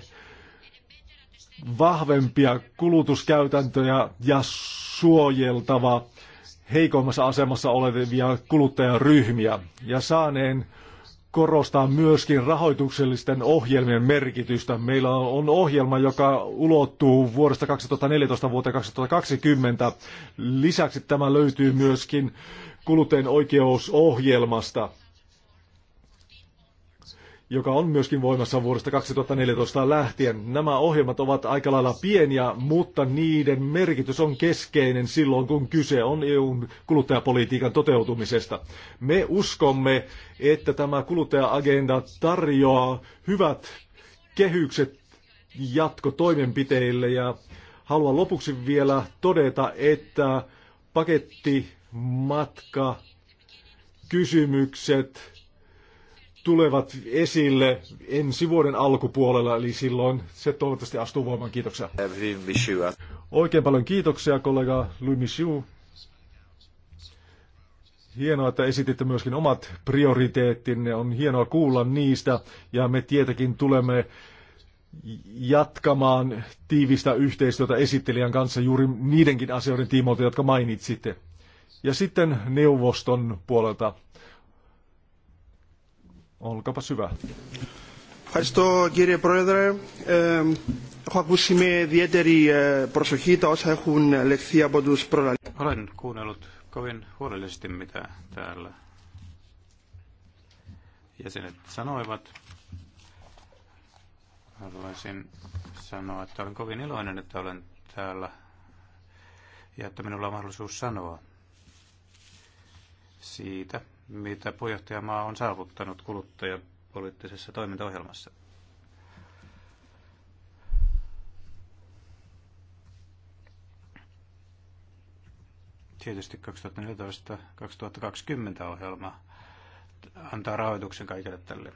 vahvempia kulutuskäytäntöjä ja suojeltava heikoimmassa asemassa olevia kuluttajaryhmiä. Ja saaneen korostaa myöskin rahoituksellisten ohjelmien merkitystä. Meillä on ohjelma, joka ulottuu vuodesta 2014 vuoteen 2020. Lisäksi tämä löytyy myöskin kuluteen oikeusohjelmasta, joka on myöskin voimassa vuodesta 2014 lähtien. Nämä ohjelmat ovat aika lailla pieniä, mutta niiden merkitys on keskeinen silloin, kun kyse on EUn kuluttajapolitiikan toteutumisesta. Me uskomme, että tämä kuluttaja-agenda tarjoaa hyvät kehykset jatkotoimenpiteille ja haluan lopuksi vielä todeta, että paketti matka, kysymykset tulevat esille ensi vuoden alkupuolella, eli silloin se toivottavasti astuu voimaan. Kiitoksia. Oikein paljon kiitoksia kollega Louis Michou. Hienoa, että esititte myöskin omat prioriteettinne. On hienoa kuulla niistä ja me tietenkin tulemme jatkamaan tiivistä yhteistyötä esittelijän kanssa juuri niidenkin asioiden tiimoilta, jotka mainitsitte. Ja sitten neuvoston puolelta. Olkapa hyvä. Ευχαριστώ κύριε Πρόεδρε. Ε, έχω ακούσει με ιδιαίτερη προσοχή τα όσα έχουν λεχθεί από τους προλαλείς. Olen kuunnellut kovin huolellisesti, mitä täällä jäsenet sanoivat. Haluaisin sanoa, että olen kovin iloinen, että olen täällä ja että minulla on mahdollisuus sanoa siitä, mitä puheenjohtajamaa on saavuttanut kuluttajapoliittisessa toimintaohjelmassa. Tietysti 2014-2020 ohjelma antaa rahoituksen kaikille tälle.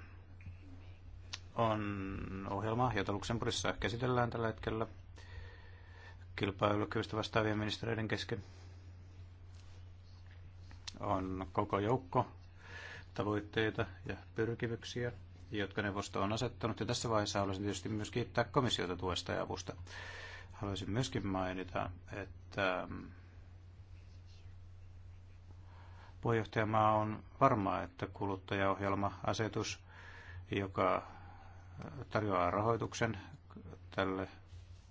On ohjelma, jota Luxemburgissa käsitellään tällä hetkellä kilpailukyvystä vastaavien ministeriöiden kesken on koko joukko tavoitteita ja pyrkimyksiä, jotka neuvosto on asettanut. Ja tässä vaiheessa haluaisin tietysti myös kiittää komissiota tuesta ja avusta. Haluaisin myöskin mainita, että mm, puheenjohtajamaa on varma, että kuluttajaohjelma-asetus, joka mm, tarjoaa rahoituksen tälle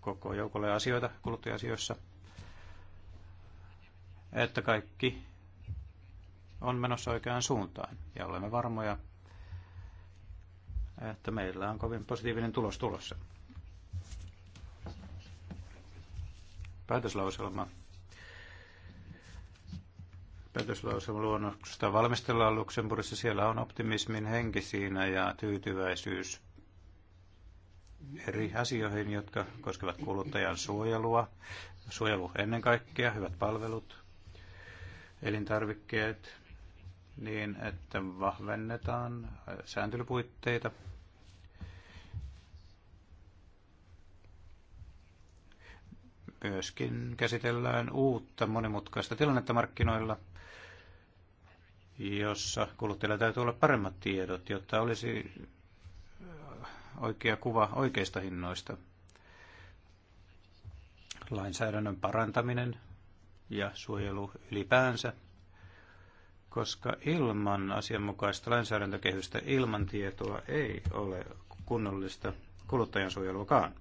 koko joukolle asioita kuluttaja-asioissa, että kaikki on menossa oikeaan suuntaan ja olemme varmoja, että meillä on kovin positiivinen tulos tulossa. Päätöslauselma. Päätöslauselma luonnoksesta valmistellaan Luxemburgissa. Siellä on optimismin henki siinä ja tyytyväisyys eri asioihin, jotka koskevat kuluttajan suojelua. Suojelu ennen kaikkea, hyvät palvelut, elintarvikkeet, niin, että vahvennetaan äh, sääntelypuitteita. Myöskin käsitellään uutta monimutkaista tilannetta markkinoilla, jossa kuluttajilla täytyy olla paremmat tiedot, jotta olisi äh, oikea kuva oikeista hinnoista. Lainsäädännön parantaminen ja suojelu ylipäänsä – koska ilman asianmukaista lainsäädäntökehystä ilman tietoa ei ole kunnollista kuluttajansuojeluakaan.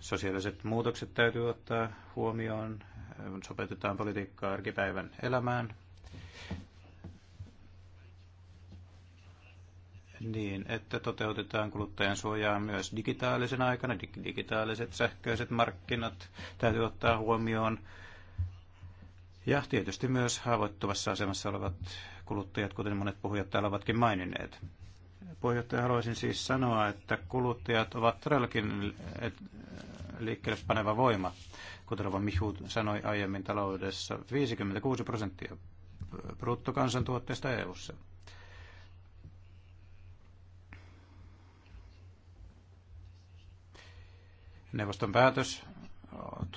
Sosiaaliset muutokset täytyy ottaa huomioon, sopeutetaan politiikkaa arkipäivän elämään, niin, että toteutetaan kuluttajan suojaa myös digitaalisen aikana. Digitaaliset sähköiset markkinat täytyy ottaa huomioon ja tietysti myös haavoittuvassa asemassa olevat kuluttajat, kuten monet puhujat täällä ovatkin maininneet. Puheenjohtaja, haluaisin siis sanoa, että kuluttajat ovat todellakin liikkeelle paneva voima. Kuten Rova Mihu sanoi aiemmin taloudessa, 56 prosenttia bruttokansantuotteesta EU-ssa. Neuvoston päätös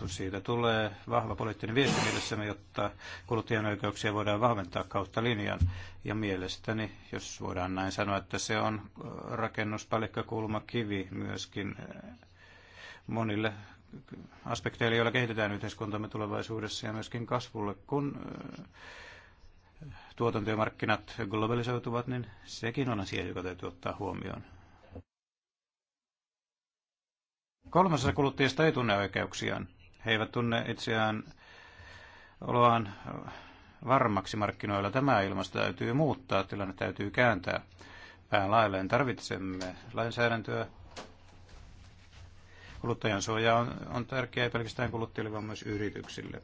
siitä tulee vahva poliittinen viesti mielessämme, jotta kuluttajan oikeuksia voidaan vahventaa kautta linjan. Ja mielestäni, jos voidaan näin sanoa, että se on rakennuspalikkakulmakivi myöskin monille aspekteille, joilla kehitetään yhteiskuntamme tulevaisuudessa ja myöskin kasvulle, kun tuotanto ja markkinat globalisoituvat, niin sekin on asia, joka täytyy ottaa huomioon. Kolmasosa kuluttajista ei tunne oikeuksiaan. He eivät tunne itseään oloaan varmaksi markkinoilla. Tämä ilmasto täytyy muuttaa, tilanne täytyy kääntää päälailleen. Tarvitsemme lainsäädäntöä. Kuluttajan suoja on, on tärkeä ei pelkästään kuluttajille, vaan myös yrityksille.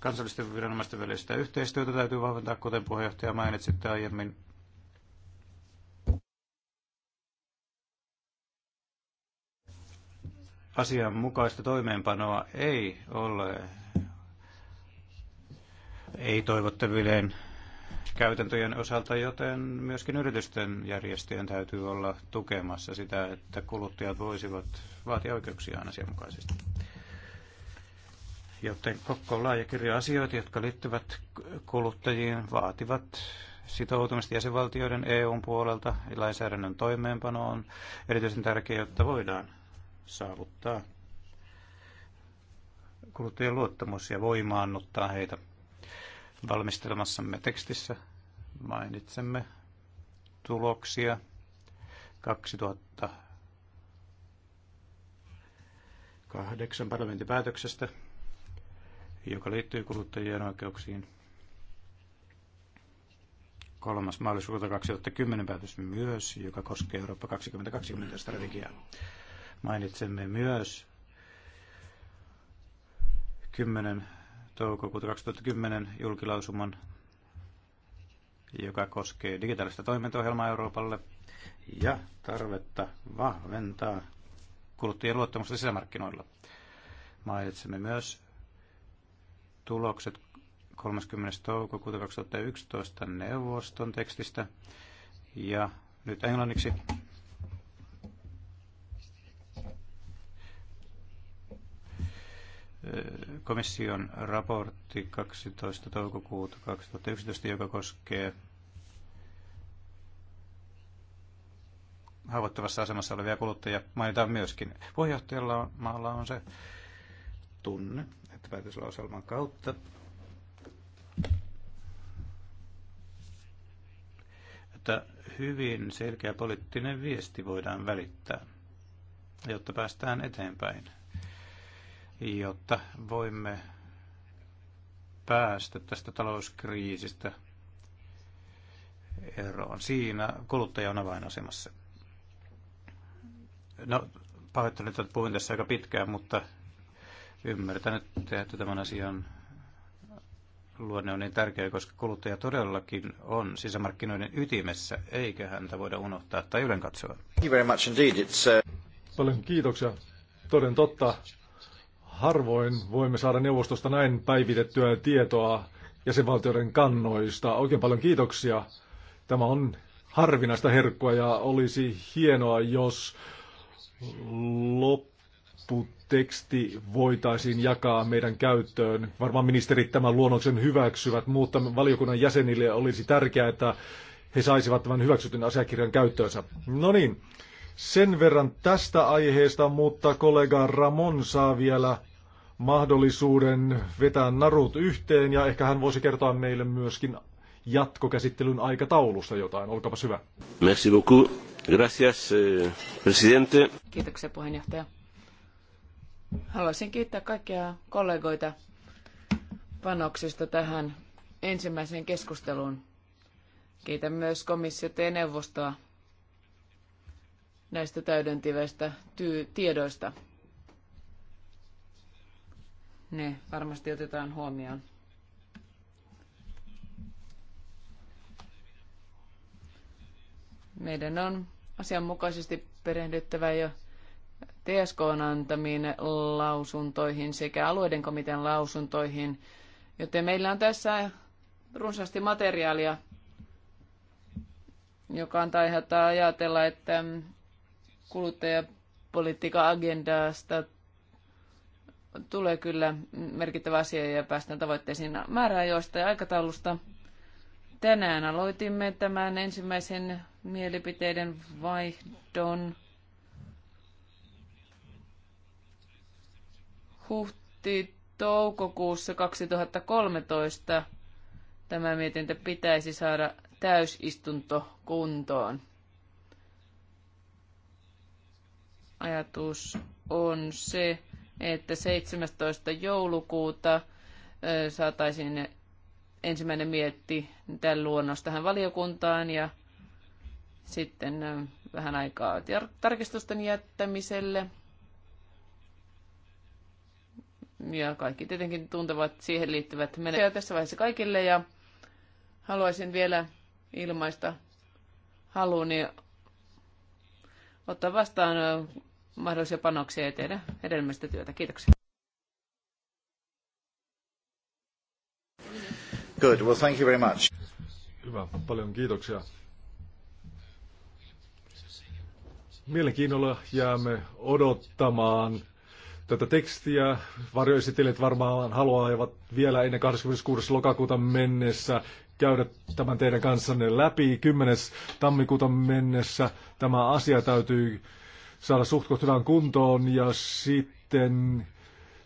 Kansallisten viranomaisten välistä yhteistyötä täytyy vahventaa, kuten puheenjohtaja mainitsitte aiemmin. asianmukaista toimeenpanoa ei ole ei toivottavilleen käytäntöjen osalta, joten myöskin yritysten järjestöjen täytyy olla tukemassa sitä, että kuluttajat voisivat vaatia oikeuksiaan asianmukaisesti. Joten koko laajakirja asioita, jotka liittyvät kuluttajiin, vaativat sitoutumista jäsenvaltioiden EUn puolelta lainsäädännön toimeenpanoon erityisen tärkeää, jotta voidaan saavuttaa kuluttajien luottamus ja voimaannuttaa heitä. Valmistelemassamme tekstissä mainitsemme tuloksia 2008 parlamentin päätöksestä, joka liittyy kuluttajien oikeuksiin. 3. maaliskuuta 2010 päätös myös, joka koskee Eurooppa 2020 strategiaa. Mainitsemme myös 10. toukokuuta 2010 julkilausuman, joka koskee digitaalista toimintaohjelmaa Euroopalle ja tarvetta vahventaa kuluttajien luottamusta sisämarkkinoilla. Mainitsemme myös tulokset 30. toukokuuta 2011 neuvoston tekstistä ja nyt englanniksi komission raportti 12. toukokuuta 2011, joka koskee haavoittuvassa asemassa olevia kuluttajia mainitaan myöskin. Puheenjohtajalla maalla on se tunne, että päätöslauselman kautta että hyvin selkeä poliittinen viesti voidaan välittää, jotta päästään eteenpäin jotta voimme päästä tästä talouskriisistä eroon. Siinä kuluttaja on avainasemassa. No, pahoittelen, että puhuin tässä aika pitkään, mutta ymmärtänyt, että tämän asian luonne on niin tärkeä, koska kuluttaja todellakin on sisämarkkinoiden ytimessä, eikä häntä voida unohtaa tai ylenkatsoa. Uh, Paljon kiitoksia. Toden totta, Harvoin voimme saada neuvostosta näin päivitettyä tietoa jäsenvaltioiden kannoista. Oikein paljon kiitoksia. Tämä on harvinaista herkkua ja olisi hienoa, jos lopputeksti voitaisiin jakaa meidän käyttöön. Varmaan ministerit tämän luonnoksen hyväksyvät, mutta valiokunnan jäsenille olisi tärkeää, että he saisivat tämän hyväksytyn asiakirjan käyttöönsä. No niin, sen verran tästä aiheesta, mutta kollega Ramon saa vielä mahdollisuuden vetää narut yhteen ja ehkä hän voisi kertoa meille myöskin jatkokäsittelyn aikataulusta jotain. Olkaapa hyvä. Merci beaucoup. Gracias, eh, presidente. Kiitoksia puheenjohtaja. Haluaisin kiittää kaikkia kollegoita panoksista tähän ensimmäiseen keskusteluun. Kiitän myös komissiota ja neuvostoa näistä täydentivistä tiedoista. Ne varmasti otetaan huomioon. Meidän on asianmukaisesti perehdyttävä jo TSK on antamiin lausuntoihin sekä alueiden komitean lausuntoihin, joten meillä on tässä runsaasti materiaalia, joka antaa ajatella, että kuluttajapolitiikan agendasta tulee kyllä merkittävä asia ja päästään tavoitteisiin määräajoista ja aikataulusta. Tänään aloitimme tämän ensimmäisen mielipiteiden vaihdon. Huhti-toukokuussa 2013 tämä mietintö pitäisi saada täysistunto kuntoon. ajatus on se, että 17. joulukuuta saataisiin ensimmäinen mietti tämän luonnos tähän valiokuntaan ja sitten vähän aikaa tarkistusten jättämiselle. Ja kaikki tietenkin tuntevat siihen liittyvät menetelmät tässä vaiheessa kaikille ja haluaisin vielä ilmaista haluni ottaa vastaan mahdollisia panoksia ja tehdä hedelmällistä työtä. Kiitoksia. Good. Well, thank you very much. Hyvä. Paljon kiitoksia. Mielenkiinnolla jäämme odottamaan tätä tekstiä. Varjoesittelijät varmaan haluaa vielä ennen 26. lokakuuta mennessä käydä tämän teidän kanssanne läpi. 10. tammikuuta mennessä tämä asia täytyy saada suht hyvään kuntoon ja sitten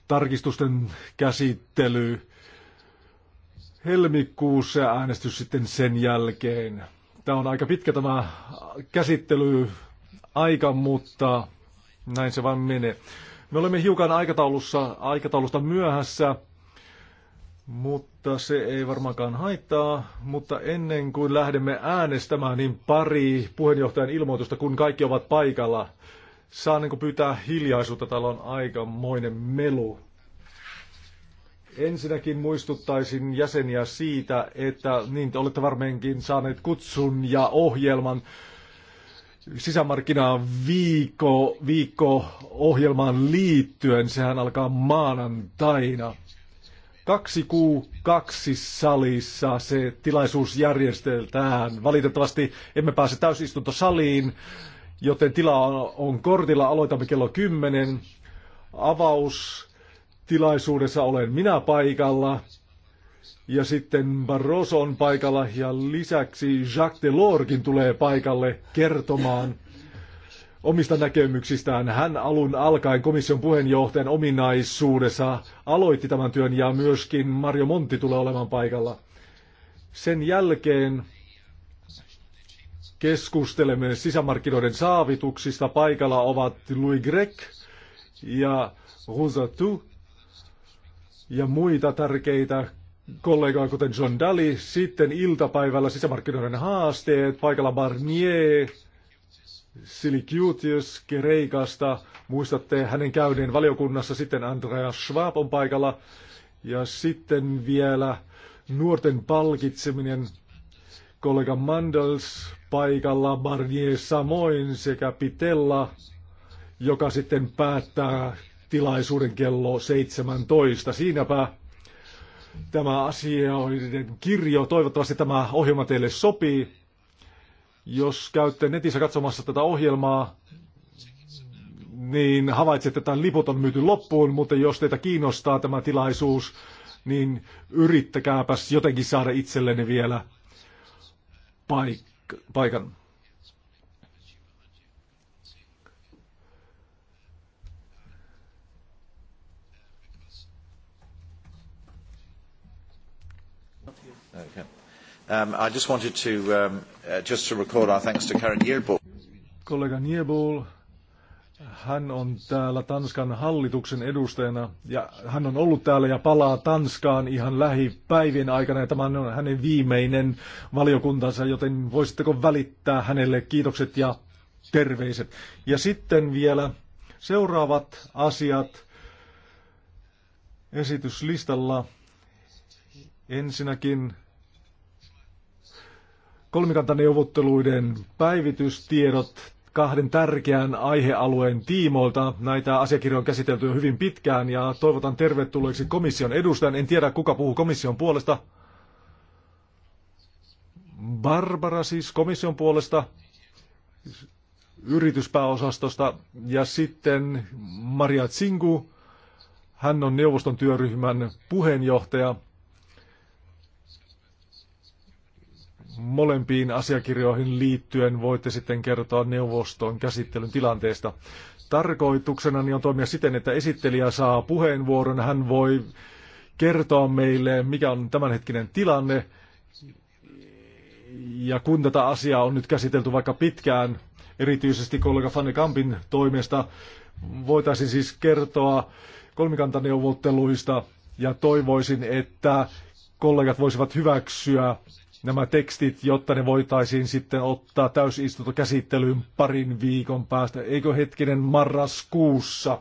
tarkistusten käsittely helmikuussa ja äänestys sitten sen jälkeen. Tämä on aika pitkä tämä käsittely aika, mutta näin se vaan menee. Me olemme hiukan aikataulussa, aikataulusta myöhässä. Mutta se ei varmaankaan haittaa, mutta ennen kuin lähdemme äänestämään, niin pari puheenjohtajan ilmoitusta, kun kaikki ovat paikalla. Saa niin pyytää hiljaisuutta, täällä on aikamoinen melu. Ensinnäkin muistuttaisin jäseniä siitä, että niin te olette varmeinkin saaneet kutsun ja ohjelman sisämarkkinaan viikko, viikko ohjelmaan liittyen. Sehän alkaa maanantaina. Kaksi kuu kaksi salissa se tilaisuus järjestetään. Valitettavasti emme pääse täysistuntosaliin, joten tila on kortilla. Aloitamme kello 10. tilaisuudessa olen minä paikalla. Ja sitten Barroso on paikalla ja lisäksi Jacques Delorsin tulee paikalle kertomaan omista näkemyksistään. Hän alun alkaen komission puheenjohtajan ominaisuudessa aloitti tämän työn ja myöskin Mario Monti tulee olemaan paikalla. Sen jälkeen keskustelemme sisämarkkinoiden saavituksista. Paikalla ovat Louis Grec ja Rousatou ja muita tärkeitä kollegoja, kuten John Daly. Sitten iltapäivällä sisämarkkinoiden haasteet. Paikalla Barnier. Silikiutius Kereikasta. Muistatte hänen käyneen valiokunnassa, sitten Andreas Schwab on paikalla. Ja sitten vielä nuorten palkitseminen, kollega Mandels paikalla, Barnier samoin sekä Pitella, joka sitten päättää tilaisuuden kello 17. Siinäpä tämä asioiden kirjo. Toivottavasti tämä ohjelma teille sopii. Jos käytte netissä katsomassa tätä ohjelmaa, niin havaitsette, että tämän liput on myyty loppuun, mutta jos teitä kiinnostaa tämä tilaisuus, niin yrittäkääpäs jotenkin saada itsellenne vielä paik- paikan. Okay. Um, I just wanted to um, Uh, just to record our thanks to Karen Yearbull. Kollega Niebol, hän on täällä Tanskan hallituksen edustajana ja hän on ollut täällä ja palaa Tanskaan ihan lähipäivien aikana ja tämä on hänen viimeinen valiokuntansa, joten voisitteko välittää hänelle kiitokset ja terveiset. Ja sitten vielä seuraavat asiat esityslistalla. Ensinnäkin kolmikantaneuvotteluiden päivitystiedot kahden tärkeän aihealueen tiimoilta. Näitä asiakirjoja on käsitelty hyvin pitkään ja toivotan tervetulleeksi komission edustajan. En tiedä, kuka puhuu komission puolesta. Barbara siis komission puolesta yrityspääosastosta ja sitten Maria Tsingu, hän on neuvoston työryhmän puheenjohtaja. molempiin asiakirjoihin liittyen voitte sitten kertoa neuvoston käsittelyn tilanteesta. Tarkoituksena niin on toimia siten, että esittelijä saa puheenvuoron. Hän voi kertoa meille, mikä on tämänhetkinen tilanne. Ja kun tätä asiaa on nyt käsitelty vaikka pitkään, erityisesti kollega Fanne Kampin toimesta, voitaisiin siis kertoa kolmikantaneuvotteluista ja toivoisin, että kollegat voisivat hyväksyä nämä tekstit, jotta ne voitaisiin sitten ottaa täysistuntokäsittelyyn parin viikon päästä. Eikö hetkinen marraskuussa?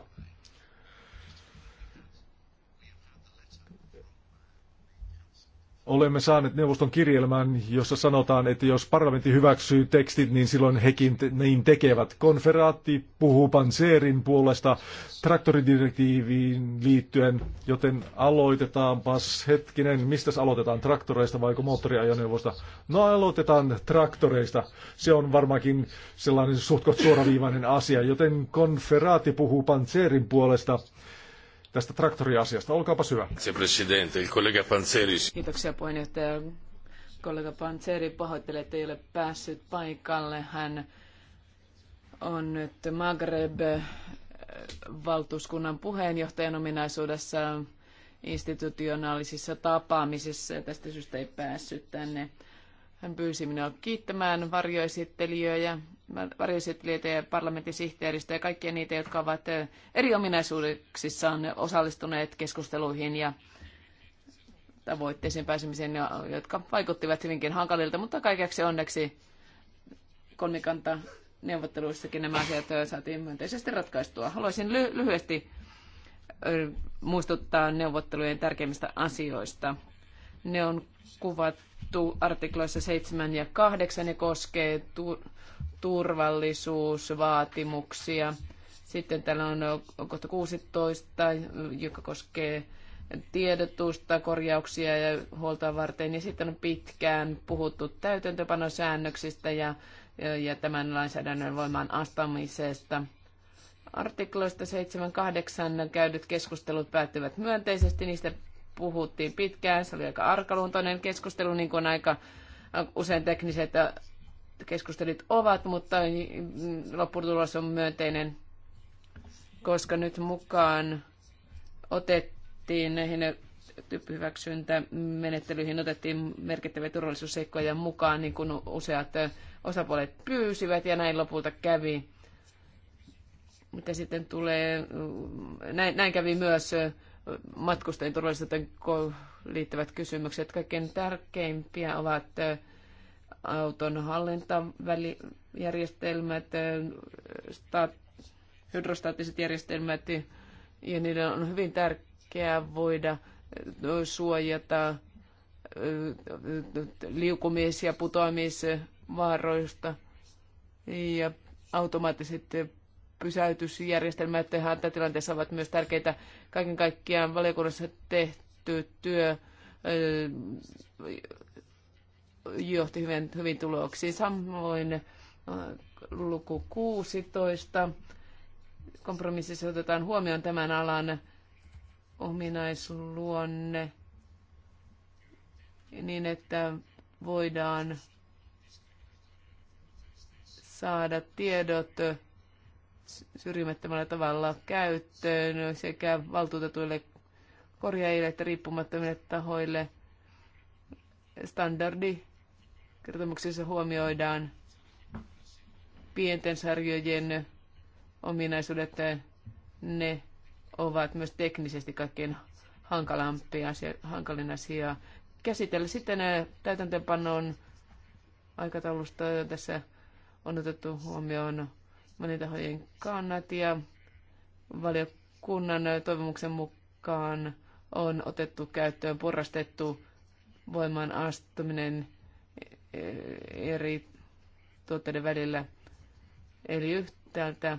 olemme saaneet neuvoston kirjelmän, jossa sanotaan, että jos parlamentti hyväksyy tekstit, niin silloin hekin te- niin tekevät. Konferaatti puhuu Panseerin puolesta traktoridirektiiviin liittyen, joten aloitetaanpas hetkinen, mistä aloitetaan, traktoreista vai moottoriajoneuvosta? No aloitetaan traktoreista, se on varmaankin sellainen suhtkot suoraviivainen asia, joten konferaatti puhuu Panseerin puolesta tästä traktoriasiasta. Olkaapa Panzeris. Kiitoksia puheenjohtaja. Kollega Panzeri pahoittelee, että ei ole päässyt paikalle. Hän on nyt Maghreb-valtuuskunnan puheenjohtajan ominaisuudessa institutionaalisissa tapaamisissa ja tästä syystä ei päässyt tänne. Hän pyysi minua kiittämään varjoesittelijöjä varjoesittelijöitä ja parlamentin sihteeristä ja kaikkia niitä, jotka ovat eri ominaisuuksissaan osallistuneet keskusteluihin ja tavoitteisiin pääsemiseen, jotka vaikuttivat hyvinkin hankalilta, mutta kaikeksi onneksi kolmikanta neuvotteluissakin nämä asiat saatiin myönteisesti ratkaistua. Haluaisin ly- lyhyesti muistuttaa neuvottelujen tärkeimmistä asioista. Ne on kuvattu artikloissa 7 ja 8 ja koskee tu- turvallisuusvaatimuksia. Sitten täällä on kohta 16, joka koskee tiedotusta, korjauksia ja huoltoa varten. Ja sitten on pitkään puhuttu täytäntöpanosäännöksistä ja, ja tämän lainsäädännön voimaan astamisesta. Artikloista 7.8 käydyt keskustelut päättyvät myönteisesti. Niistä puhuttiin pitkään. Se oli aika arkaluontoinen keskustelu, niin kuin aika usein tekniset keskustelut ovat, mutta lopputulos on myönteinen, koska nyt mukaan otettiin näihin tyyppihyväksyntämenettelyihin otettiin merkittäviä turvallisuusseikkoja mukaan, niin kuin useat osapuolet pyysivät, ja näin lopulta kävi. Mitä sitten tulee, näin, näin kävi myös matkustajien turvallisuuteen liittyvät kysymykset. Kaikkein tärkeimpiä ovat auton hallintavälijärjestelmät, eh, staat- hydrostaattiset järjestelmät eh, ja niiden on hyvin tärkeää voida eh, suojata liukumis- ja putoamisvaaroista ja automaattiset pysäytysjärjestelmät hätätilanteessa ovat myös tärkeitä. Kaiken kaikkiaan valiokunnassa tehty työ johti hyvin, hyvin tuloksiin. Samoin äh, luku 16. Kompromississa otetaan huomioon tämän alan ominaisluonne niin, että voidaan saada tiedot syrjimättömällä tavalla käyttöön sekä valtuutetuille korjaajille että riippumattomille tahoille. Standardi Kertomuksessa huomioidaan pienten sarjojen ominaisuudet. Ne ovat myös teknisesti kaikkein hankalampia asia, hankalin asia käsitellä. Sitten täytäntöönpanon aikataulusta tässä on otettu huomioon monitahojen kannat ja valiokunnan toivomuksen mukaan on otettu käyttöön porrastettu voimaan astuminen eri tuotteiden välillä. Eli yhtäältä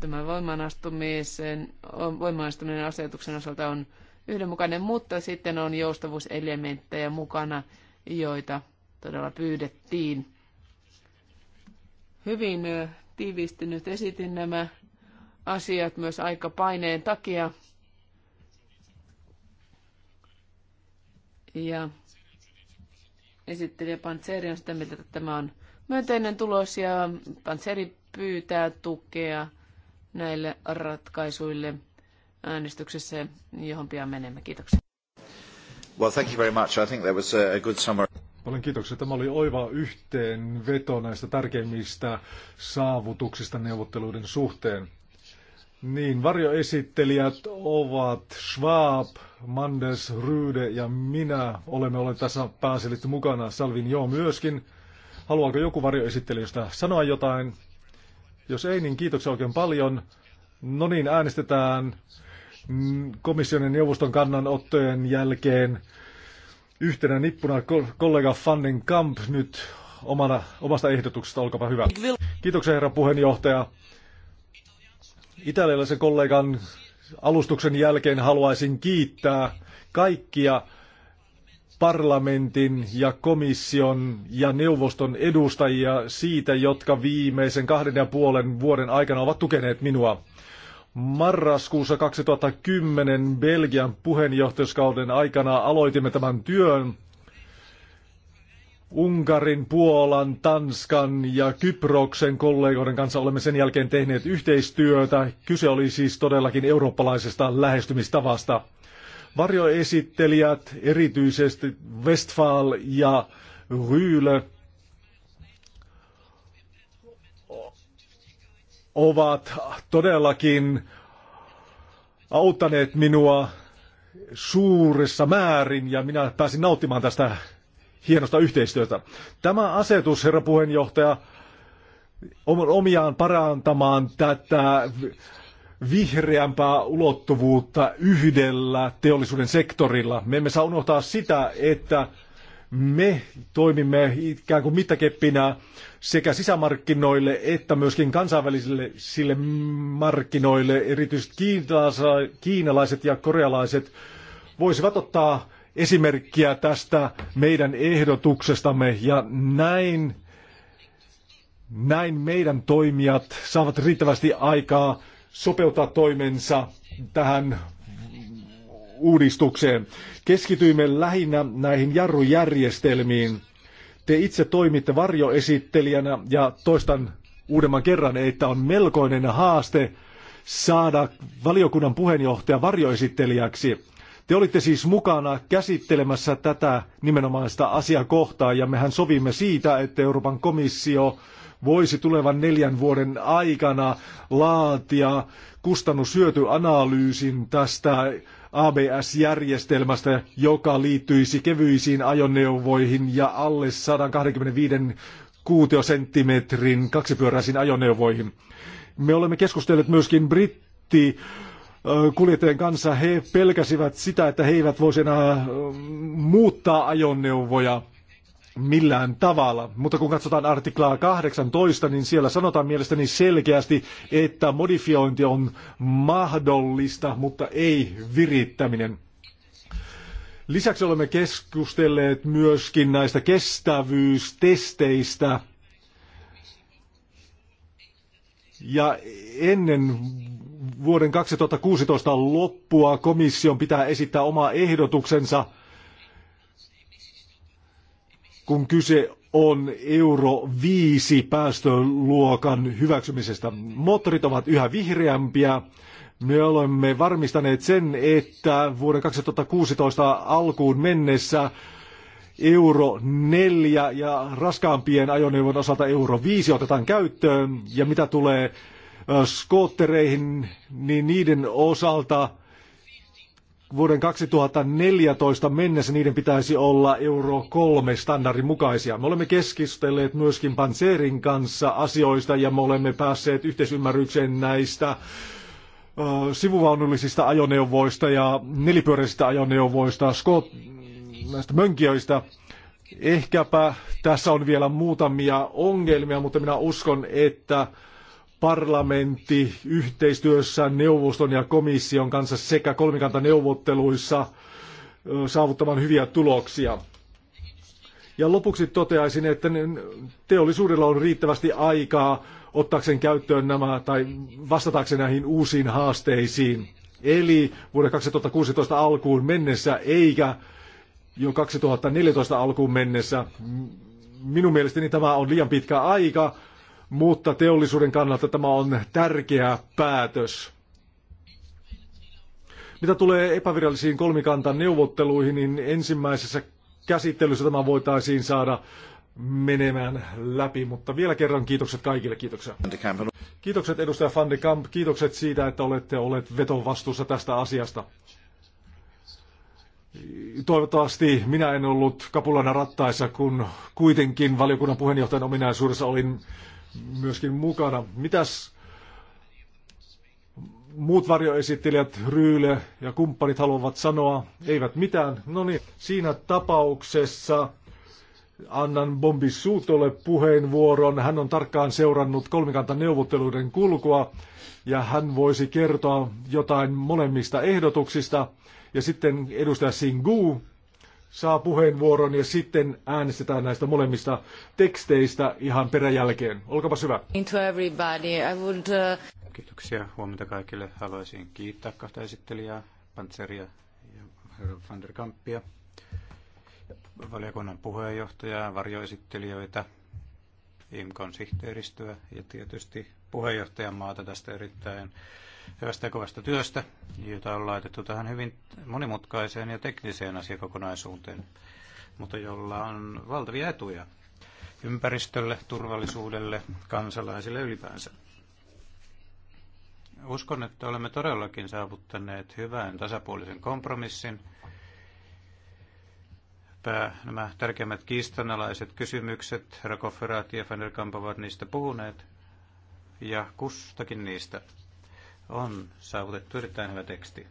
tämä voimaanastumisen, voimaanastuminen asetuksen osalta on yhdenmukainen, mutta sitten on joustavuuselementtejä mukana, joita todella pyydettiin. Hyvin tiivistynyt esitin nämä asiat myös aika paineen takia. Ja esittelijä Pantseri on sitä mieltä, että tämä on myönteinen tulos ja Pantseri pyytää tukea näille ratkaisuille äänestyksessä, johon pian menemme. Kiitoksia. Well, thank you very much. I think that was a good summary. Paljon kiitoksia. Tämä oli oiva yhteenveto näistä tärkeimmistä saavutuksista neuvotteluiden suhteen. Niin, varjoesittelijät ovat Schwab, Manders, Ryde ja minä. Olemme olleet tässä pääselitti mukana. Salvin joo myöskin. Haluaako joku varjoesittelijöistä sanoa jotain? Jos ei, niin kiitoksia oikein paljon. No niin, äänestetään komission ja neuvoston kannanottojen jälkeen yhtenä nippuna kollega Fannin Kamp nyt omana, omasta ehdotuksesta. Olkapa hyvä. Kiitoksia herra puheenjohtaja italialaisen kollegan alustuksen jälkeen haluaisin kiittää kaikkia parlamentin ja komission ja neuvoston edustajia siitä, jotka viimeisen kahden ja puolen vuoden aikana ovat tukeneet minua. Marraskuussa 2010 Belgian puheenjohtajuuskauden aikana aloitimme tämän työn Unkarin, Puolan, Tanskan ja Kyproksen kollegoiden kanssa olemme sen jälkeen tehneet yhteistyötä. Kyse oli siis todellakin eurooppalaisesta lähestymistavasta. Varjoesittelijät, erityisesti Westfall ja Ryyle, ovat todellakin auttaneet minua suuressa määrin ja minä pääsin nauttimaan tästä hienosta yhteistyöstä. Tämä asetus, herra puheenjohtaja, on omiaan parantamaan tätä vihreämpää ulottuvuutta yhdellä teollisuuden sektorilla. Me emme saa unohtaa sitä, että me toimimme ikään kuin mittakeppinä sekä sisämarkkinoille että myöskin kansainvälisille sille markkinoille. Erityisesti kiinalaiset ja korealaiset voisivat ottaa esimerkkiä tästä meidän ehdotuksestamme ja näin, näin meidän toimijat saavat riittävästi aikaa sopeuttaa toimensa tähän uudistukseen. Keskityimme lähinnä näihin jarrujärjestelmiin. Te itse toimitte varjoesittelijänä ja toistan uudemman kerran, että on melkoinen haaste saada valiokunnan puheenjohtaja varjoesittelijäksi. Te olitte siis mukana käsittelemässä tätä nimenomaista asiakohtaa ja mehän sovimme siitä, että Euroopan komissio voisi tulevan neljän vuoden aikana laatia kustannushyötyanalyysin tästä ABS-järjestelmästä, joka liittyisi kevyisiin ajoneuvoihin ja alle 125 kuutiosenttimetrin kaksipyöräisiin ajoneuvoihin. Me olemme keskustelleet myöskin britti kuljettajien kanssa. He pelkäsivät sitä, että he eivät voisi enää muuttaa ajoneuvoja millään tavalla. Mutta kun katsotaan artiklaa 18, niin siellä sanotaan mielestäni selkeästi, että modifiointi on mahdollista, mutta ei virittäminen. Lisäksi olemme keskustelleet myöskin näistä kestävyystesteistä. Ja ennen vuoden 2016 loppua komission pitää esittää oma ehdotuksensa, kun kyse on euro 5 päästöluokan hyväksymisestä. Moottorit ovat yhä vihreämpiä. Me olemme varmistaneet sen, että vuoden 2016 alkuun mennessä euro 4 ja raskaampien ajoneuvon osalta euro 5 otetaan käyttöön. Ja mitä tulee skoottereihin, niin niiden osalta vuoden 2014 mennessä niiden pitäisi olla Euro 3 standardin mukaisia. Me olemme keskustelleet myöskin Panzerin kanssa asioista ja me olemme päässeet yhteisymmärrykseen näistä sivuvaunullisista ajoneuvoista ja nelipyöräisistä ajoneuvoista, skot, näistä mönkijöistä. Ehkäpä tässä on vielä muutamia ongelmia, mutta minä uskon, että parlamentti yhteistyössä neuvoston ja komission kanssa sekä kolmikantaneuvotteluissa saavuttamaan hyviä tuloksia. Ja lopuksi toteaisin, että teollisuudella on riittävästi aikaa ottaakseen käyttöön nämä tai vastatakseen näihin uusiin haasteisiin. Eli vuoden 2016 alkuun mennessä eikä jo 2014 alkuun mennessä. Minun mielestäni tämä on liian pitkä aika mutta teollisuuden kannalta tämä on tärkeä päätös. Mitä tulee epävirallisiin kolmikantan neuvotteluihin, niin ensimmäisessä käsittelyssä tämä voitaisiin saada menemään läpi, mutta vielä kerran kiitokset kaikille, kiitoksia. Kiitokset edustaja Van de Kamp, kiitokset siitä, että olette olleet vetovastuussa tästä asiasta. Toivottavasti minä en ollut kapulana rattaissa, kun kuitenkin valiokunnan puheenjohtajan ominaisuudessa olin myöskin mukana. Mitäs muut varjoesittelijät, Ryyle ja kumppanit haluavat sanoa? Eivät mitään. No niin, siinä tapauksessa annan Bombi Suutolle puheenvuoron. Hän on tarkkaan seurannut kolmikantaneuvotteluiden kulkua ja hän voisi kertoa jotain molemmista ehdotuksista. Ja sitten edustaja Singu saa puheenvuoron ja sitten äänestetään näistä molemmista teksteistä ihan peräjälkeen. Olkapa hyvä. Into everybody. I would, uh... Kiitoksia. Huomenta kaikille. Haluaisin kiittää kahta esittelijää, Pantseria ja Van der Kampia, valiokunnan puheenjohtajaa, varjoesittelijöitä, IMKon sihteeristöä ja tietysti puheenjohtajan maata tästä erittäin hyvästä ja kovasta työstä, jota on laitettu tähän hyvin monimutkaiseen ja tekniseen asiakokonaisuuteen, mutta jolla on valtavia etuja ympäristölle, turvallisuudelle, kansalaisille ylipäänsä. Uskon, että olemme todellakin saavuttaneet hyvän tasapuolisen kompromissin. Pää, nämä tärkeimmät kiistanalaiset kysymykset, Rakofferat ja Fenerkamp ovat niistä puhuneet, ja kustakin niistä on saavutettu erittäin hyvä teksti.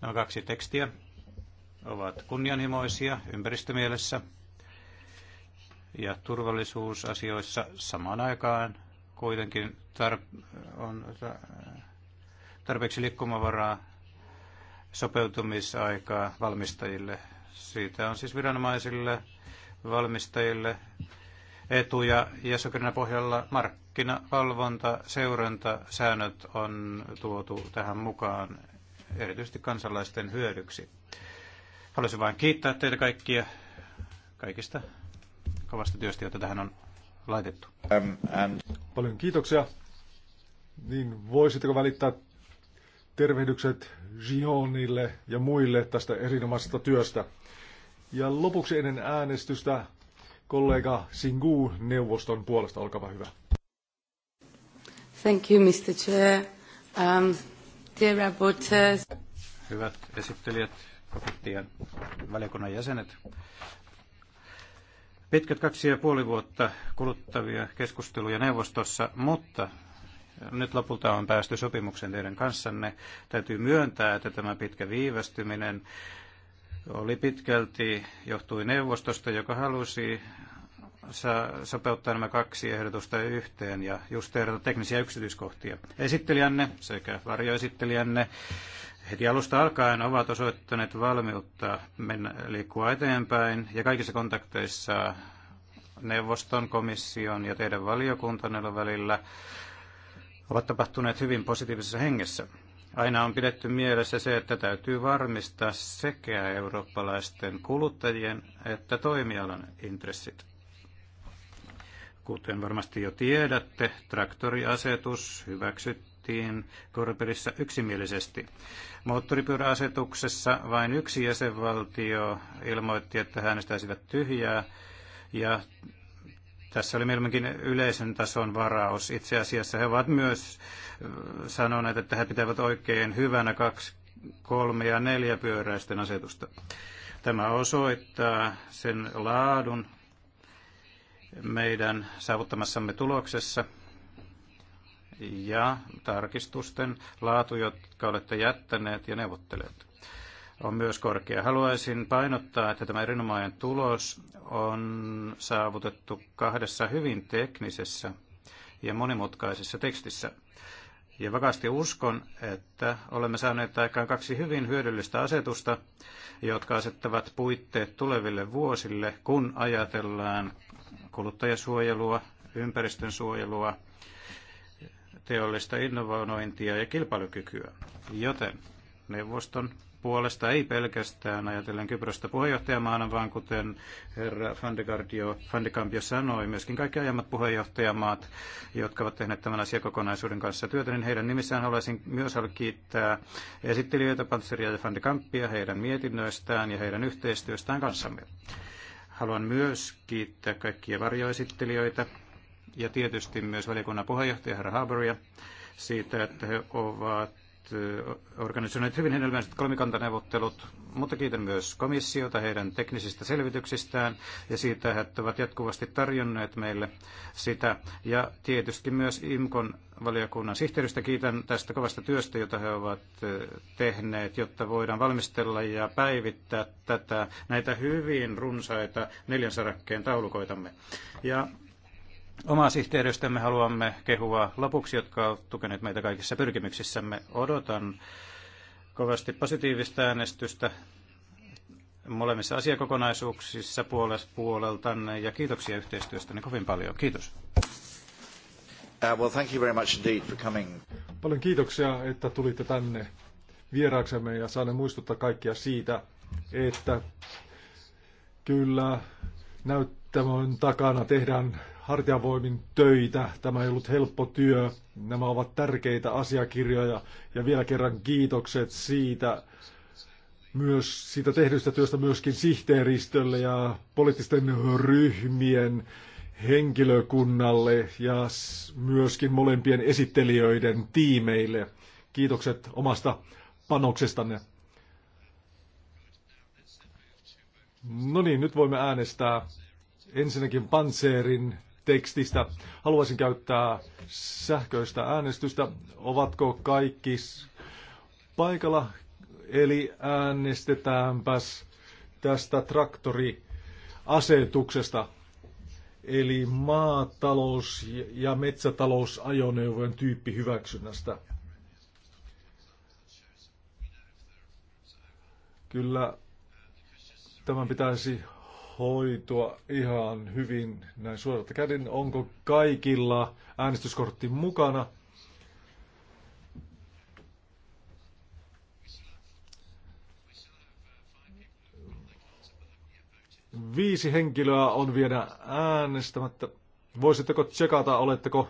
Nämä kaksi tekstiä ovat kunnianhimoisia ympäristömielessä ja turvallisuusasioissa samaan aikaan kuitenkin tar- on tarpeeksi liikkumavaraa sopeutumisaikaa valmistajille. Siitä on siis viranomaisille, valmistajille etuja ja sokerina pohjalla markkinoilla markkinavalvonta, seurantasäännöt on tuotu tähän mukaan erityisesti kansalaisten hyödyksi. Haluaisin vain kiittää teitä kaikkia kaikista kovasta työstä, jota tähän on laitettu. Um, and... Paljon kiitoksia. Niin voisitteko välittää tervehdykset Gionille ja muille tästä erinomaisesta työstä? Ja lopuksi ennen äänestystä kollega Singu neuvoston puolesta, olkaa hyvä. Thank you, Mr. Chair. Um, dear rapporteurs. Hyvät esittelijät, komitean valiokunnan jäsenet. Pitkät kaksi ja puoli vuotta kuluttavia keskusteluja neuvostossa, mutta nyt lopulta on päästy sopimuksen teidän kanssanne. Täytyy myöntää, että tämä pitkä viivästyminen oli pitkälti johtui neuvostosta, joka halusi sopeuttaa nämä kaksi ehdotusta yhteen ja just tehdä teknisiä yksityiskohtia. Esittelijänne sekä varjoesittelijänne heti alusta alkaen ovat osoittaneet valmiutta mennä, liikkua eteenpäin ja kaikissa kontakteissa neuvoston, komission ja teidän valiokuntanella välillä ovat tapahtuneet hyvin positiivisessa hengessä. Aina on pidetty mielessä se, että täytyy varmistaa sekä eurooppalaisten kuluttajien että toimialan intressit. Kuten varmasti jo tiedätte, traktoriasetus hyväksyttiin Korperissa yksimielisesti. Moottoripyöräasetuksessa vain yksi jäsenvaltio ilmoitti, että äänestäisivät tyhjää, ja tässä oli mieluummin yleisen tason varaus. Itse asiassa he ovat myös sanoneet, että he pitävät oikein hyvänä kaksi, kolme ja neljä pyöräisten asetusta. Tämä osoittaa sen laadun, meidän saavuttamassamme tuloksessa ja tarkistusten laatu, jotka olette jättäneet ja neuvotteleet, on myös korkea. Haluaisin painottaa, että tämä erinomainen tulos on saavutettu kahdessa hyvin teknisessä ja monimutkaisessa tekstissä. Ja vakaasti uskon, että olemme saaneet aikaan kaksi hyvin hyödyllistä asetusta, jotka asettavat puitteet tuleville vuosille, kun ajatellaan kuluttajasuojelua, ympäristön suojelua, teollista innovointia ja kilpailukykyä. Joten neuvoston puolesta ei pelkästään ajatellen Kyprosta puheenjohtajamaana, vaan kuten herra Van de, sanoi, myöskin kaikki aiemmat puheenjohtajamaat, jotka ovat tehneet tämän asiakokonaisuuden kanssa työtä, niin heidän nimissään haluaisin myös kiittää esittelijöitä Pantseria ja Van de Campia heidän mietinnöistään ja heidän yhteistyöstään kanssamme. Haluan myös kiittää kaikkia varjoesittelijöitä ja tietysti myös valiokunnan puheenjohtaja herra Haberia siitä, että he ovat organisoineet hyvin hedelmälliset kolmikantaneuvottelut, mutta kiitän myös komissiota heidän teknisistä selvityksistään ja siitä, että ovat jatkuvasti tarjonneet meille sitä. Ja tietysti myös IMKON valiokunnan sihteeristä kiitän tästä kovasta työstä, jota he ovat tehneet, jotta voidaan valmistella ja päivittää tätä, näitä hyvin runsaita neljän sarakkeen taulukoitamme. Ja Omaa sihteeristömme haluamme kehua lopuksi, jotka ovat tukeneet meitä kaikissa pyrkimyksissämme. Odotan kovasti positiivista äänestystä molemmissa asiakokonaisuuksissa puolesta puoleltanne ja kiitoksia yhteistyöstäni kovin paljon. Kiitos. Uh, well, thank you very much indeed for coming. Paljon kiitoksia, että tulitte tänne vieraaksemme ja saanne muistuttaa kaikkia siitä, että kyllä näyttämön takana tehdään hartiavoimin töitä. Tämä ei ollut helppo työ. Nämä ovat tärkeitä asiakirjoja ja vielä kerran kiitokset siitä, myös siitä tehdystä työstä myöskin sihteeristölle ja poliittisten ryhmien henkilökunnalle ja myöskin molempien esittelijöiden tiimeille. Kiitokset omasta panoksestanne. No niin, nyt voimme äänestää ensinnäkin Panseerin tekstistä. Haluaisin käyttää sähköistä äänestystä. Ovatko kaikki paikalla? Eli äänestetäänpäs tästä traktoriasetuksesta, eli maatalous- ja metsätalousajoneuvojen tyyppihyväksynnästä. Kyllä tämän pitäisi hoitua ihan hyvin näin suoralta käden. Onko kaikilla äänestyskortti mukana? Viisi henkilöä on vielä äänestämättä. Voisitteko tsekata, oletteko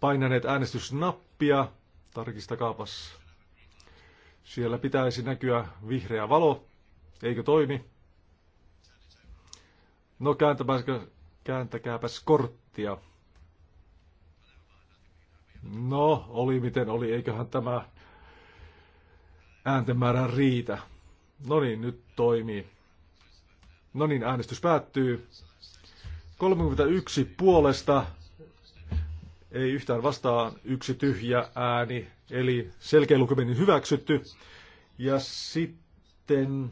painaneet äänestysnappia? Tarkistakaapas. Siellä pitäisi näkyä vihreä valo. Eikö toimi? No kääntämäskö, kääntäkääpäs korttia. No, oli miten oli, eiköhän tämä ääntemäärän riitä. No niin, nyt toimii. No niin, äänestys päättyy. 31 puolesta, ei yhtään vastaan, yksi tyhjä ääni, eli selkeä lukeminen hyväksytty. Ja sitten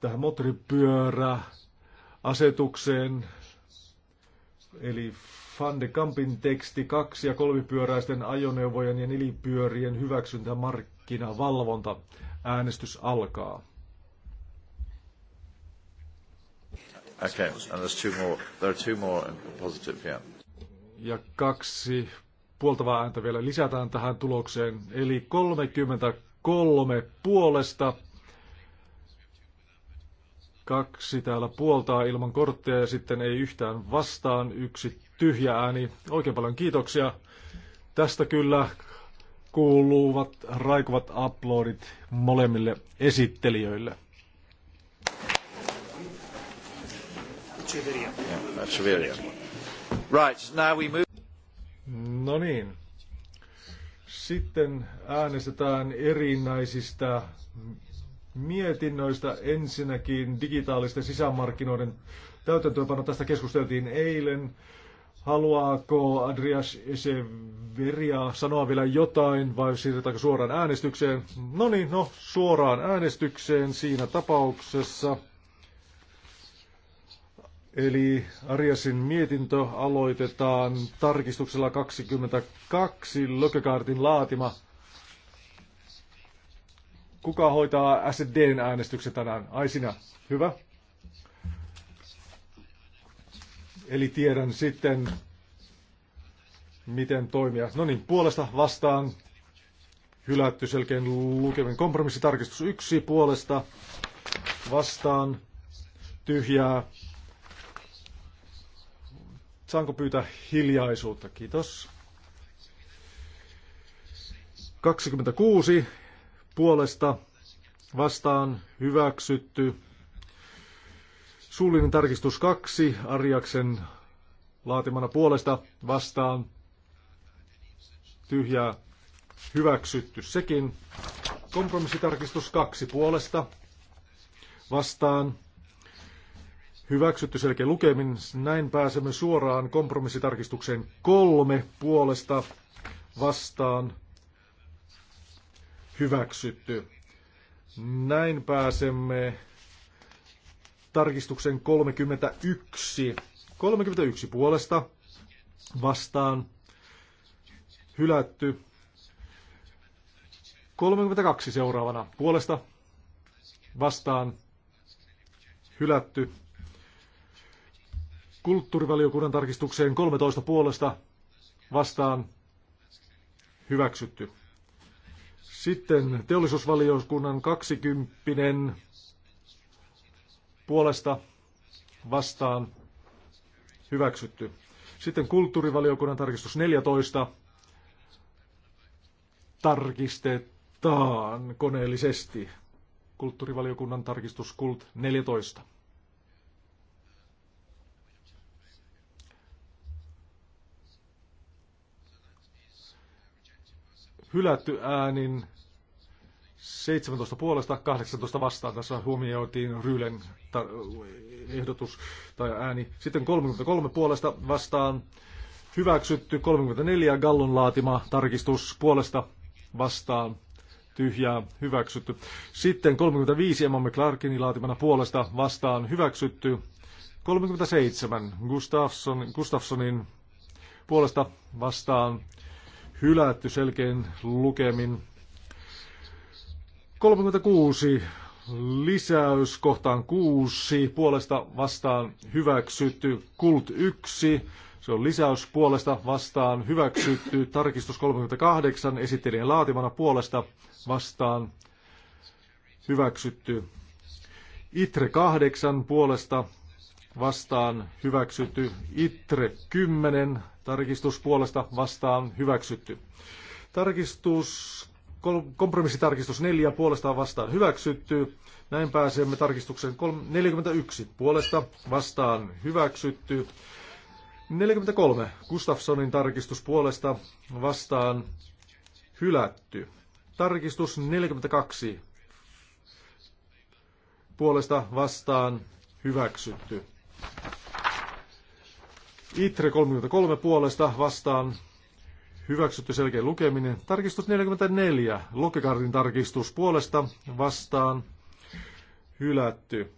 tähän moottoripyörä asetukseen, eli Van de Kampin teksti kaksi- ja kolmipyöräisten ajoneuvojen ja nelipyörien hyväksyntä markkinavalvonta. Äänestys alkaa. Okay, and there's two more. There are two more positive, yeah. Ja kaksi puoltavaa ääntä vielä lisätään tähän tulokseen, eli 33 puolesta Kaksi täällä puoltaa ilman korttia ja sitten ei yhtään vastaan. Yksi tyhjä ääni. Oikein paljon kiitoksia. Tästä kyllä kuuluvat raikuvat uploadit molemmille esittelijöille. Right, now we move. No niin. Sitten äänestetään erinäisistä mietinnöistä. Ensinnäkin digitaalisten sisämarkkinoiden täytäntöönpano. Tästä keskusteltiin eilen. Haluaako Andreas Echeveria sanoa vielä jotain vai siirrytäänkö suoraan äänestykseen? No niin, no suoraan äänestykseen siinä tapauksessa. Eli Ariasin mietintö aloitetaan tarkistuksella 22 Lökökaartin laatima Kuka hoitaa SDn äänestyksen tänään? Ai sinä. Hyvä. Eli tiedän sitten, miten toimia. No niin, puolesta vastaan. Hylätty selkeän lukeminen kompromissitarkistus yksi puolesta vastaan. Tyhjää. Saanko pyytää hiljaisuutta? Kiitos. 26 puolesta vastaan hyväksytty. Suullinen tarkistus 2 Arjaksen laatimana puolesta vastaan tyhjää hyväksytty sekin. Kompromissitarkistus 2 puolesta vastaan hyväksytty selkeä lukemin. Näin pääsemme suoraan kompromissitarkistukseen kolme puolesta vastaan hyväksytty. Näin pääsemme tarkistuksen 31. 31 puolesta vastaan hylätty. 32 seuraavana puolesta vastaan hylätty. Kulttuurivaliokunnan tarkistukseen 13 puolesta vastaan hyväksytty. Sitten teollisuusvaliokunnan 20 puolesta vastaan hyväksytty. Sitten kulttuurivaliokunnan tarkistus 14 tarkistetaan koneellisesti. Kulttuurivaliokunnan tarkistus Kult 14. hylätty äänin 17 puolesta, 18 vastaan. Tässä huomioitiin Ryylen ehdotus tai ääni. Sitten 33 puolesta vastaan hyväksytty, 34 Gallon laatima tarkistus puolesta vastaan tyhjää hyväksytty. Sitten 35 Emma McClarkin laatimana puolesta vastaan hyväksytty. 37 Gustafsson, Gustafssonin puolesta vastaan hylätty selkein lukemin. 36 lisäys kohtaan 6, puolesta vastaan hyväksytty, kult 1, se on lisäys puolesta vastaan hyväksytty, tarkistus 38, esittelijän laatimana puolesta vastaan hyväksytty. Itre 8 puolesta vastaan hyväksytty. Itre 10 tarkistus puolesta vastaan hyväksytty. Tarkistus, kompromissitarkistus 4 puolestaan vastaan hyväksytty. Näin pääsemme tarkistuksen 41 puolesta vastaan hyväksytty. 43. Gustafssonin tarkistus puolesta vastaan hylätty. Tarkistus 42 puolesta vastaan hyväksytty. ITRE 33 puolesta vastaan hyväksytty selkeä lukeminen. Tarkistus 44, lokekartin tarkistus puolesta vastaan hylätty.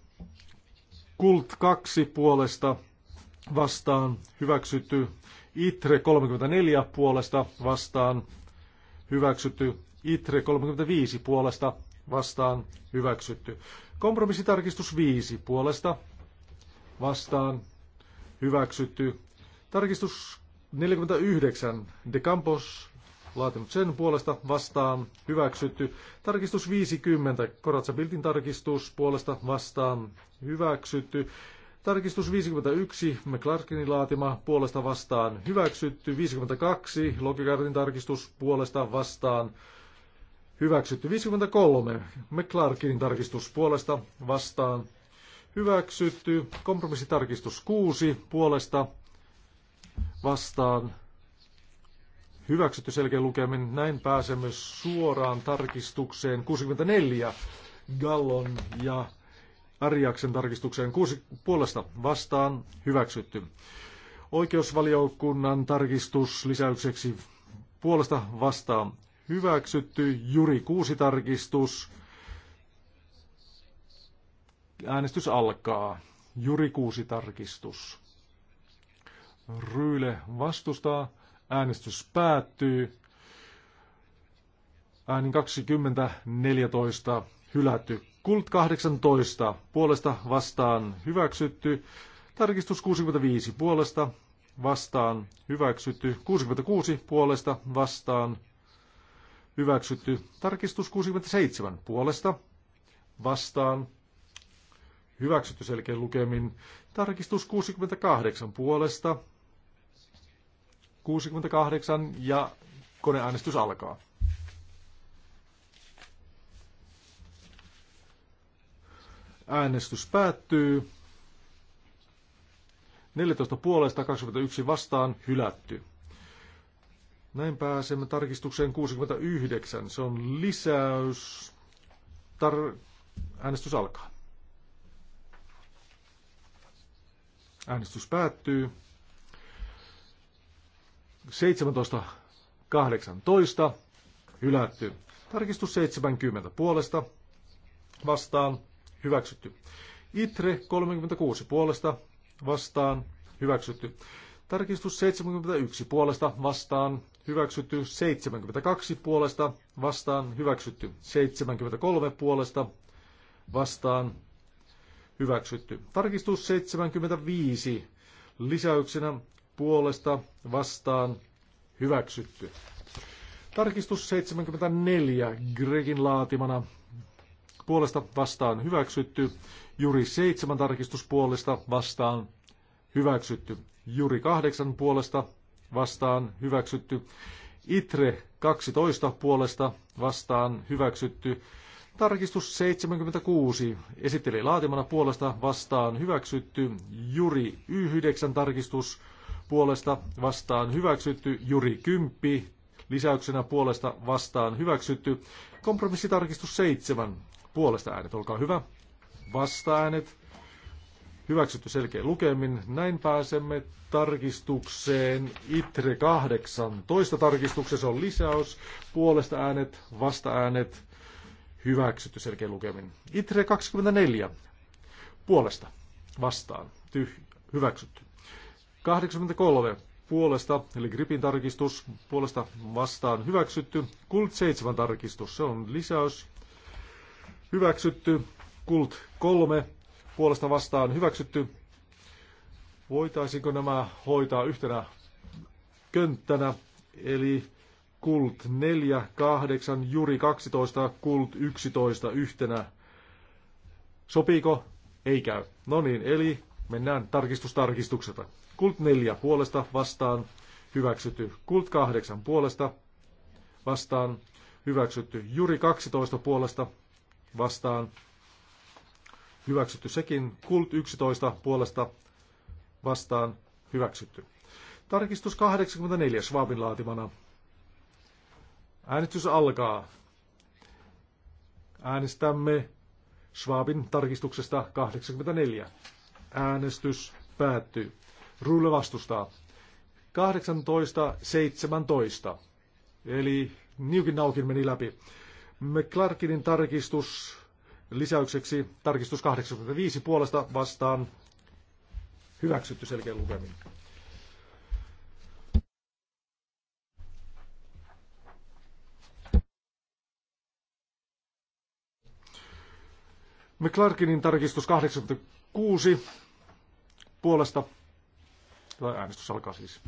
Kult 2 puolesta vastaan hyväksytty. ITRE 34 puolesta vastaan hyväksytty. ITRE 35 puolesta vastaan hyväksytty. Kompromissitarkistus 5 puolesta vastaan hyväksytty. Tarkistus 49. De Campos laatinut sen puolesta vastaan hyväksytty. Tarkistus 50. Biltin tarkistus puolesta vastaan hyväksytty. Tarkistus 51, McClarkinin laatima, puolesta vastaan hyväksytty. 52, Logikardin tarkistus, puolesta vastaan hyväksytty. 53, McClarkinin tarkistus, puolesta vastaan hyväksytty. Kompromissitarkistus 6 puolesta vastaan hyväksytty selkeä lukeminen Näin pääsemme suoraan tarkistukseen 64 Gallon ja Arjaksen tarkistukseen 6 puolesta vastaan hyväksytty. Oikeusvaliokunnan tarkistus lisäykseksi puolesta vastaan hyväksytty. Juri 6 tarkistus Äänestys alkaa. Juri Kuusi tarkistus. Ryyle vastustaa. Äänestys päättyy. Äänin 2014 hylätty. Kult 18 puolesta vastaan hyväksytty. Tarkistus 65 puolesta vastaan hyväksytty. 66 puolesta vastaan hyväksytty. Tarkistus 67 puolesta vastaan hyväksytty selkeän lukemin. Tarkistus 68 puolesta. 68 ja koneäänestys alkaa. Äänestys päättyy. 14 puolesta 21 vastaan hylätty. Näin pääsemme tarkistukseen 69. Se on lisäys. Tar- äänestys alkaa. Äänestys päättyy. 17.18. Hylätty. Tarkistus 70 puolesta. Vastaan. Hyväksytty. ITRE 36 puolesta. Vastaan. Hyväksytty. Tarkistus 71 puolesta. Vastaan. Hyväksytty. 72 puolesta. Vastaan. Hyväksytty. 73 puolesta. Vastaan hyväksytty. Tarkistus 75 lisäyksenä puolesta vastaan hyväksytty. Tarkistus 74 Gregin laatimana puolesta vastaan hyväksytty. Juri 7 tarkistus puolesta vastaan hyväksytty. Juri 8 puolesta vastaan hyväksytty. Itre 12 puolesta vastaan hyväksytty. Tarkistus 76. Esitteli laatimana puolesta vastaan hyväksytty. Juri 9 tarkistus puolesta vastaan hyväksytty. Juri 10 lisäyksenä puolesta vastaan hyväksytty. Kompromissitarkistus 7. Puolesta äänet, olkaa hyvä. vasta Hyväksytty selkeä lukemin. Näin pääsemme tarkistukseen ITRE 18. Tarkistuksessa on lisäys. Puolesta äänet, vasta Hyväksytty selkeä lukemin. ITRE 24. Puolesta. Vastaan. Tyh. Hyväksytty. 83. Puolesta, eli gripin tarkistus, puolesta vastaan hyväksytty. Kult 7 tarkistus, se on lisäys. Hyväksytty. Kult 3, puolesta vastaan hyväksytty. Voitaisiinko nämä hoitaa yhtenä könttänä? Eli kult 4, 8, juri 12, kult 11 yhtenä. Sopiiko? Ei käy. No niin, eli mennään tarkistustarkistuksesta. Kult 4 puolesta vastaan hyväksytty. Kult 8 puolesta vastaan hyväksytty. Juri 12 puolesta vastaan hyväksytty sekin. Kult 11 puolesta vastaan hyväksytty. Tarkistus 84 Schwabin laatimana Äänestys alkaa. Äänestämme Schwabin tarkistuksesta 84. Äänestys päättyy. Rulle vastustaa. 18.17. Eli niukin naukin meni läpi. McClarkinin tarkistus lisäykseksi tarkistus 85 puolesta vastaan hyväksytty selkeä lukeminen. McClarkinin tarkistus 86 puolesta. Tuo äänestys alkaa siis.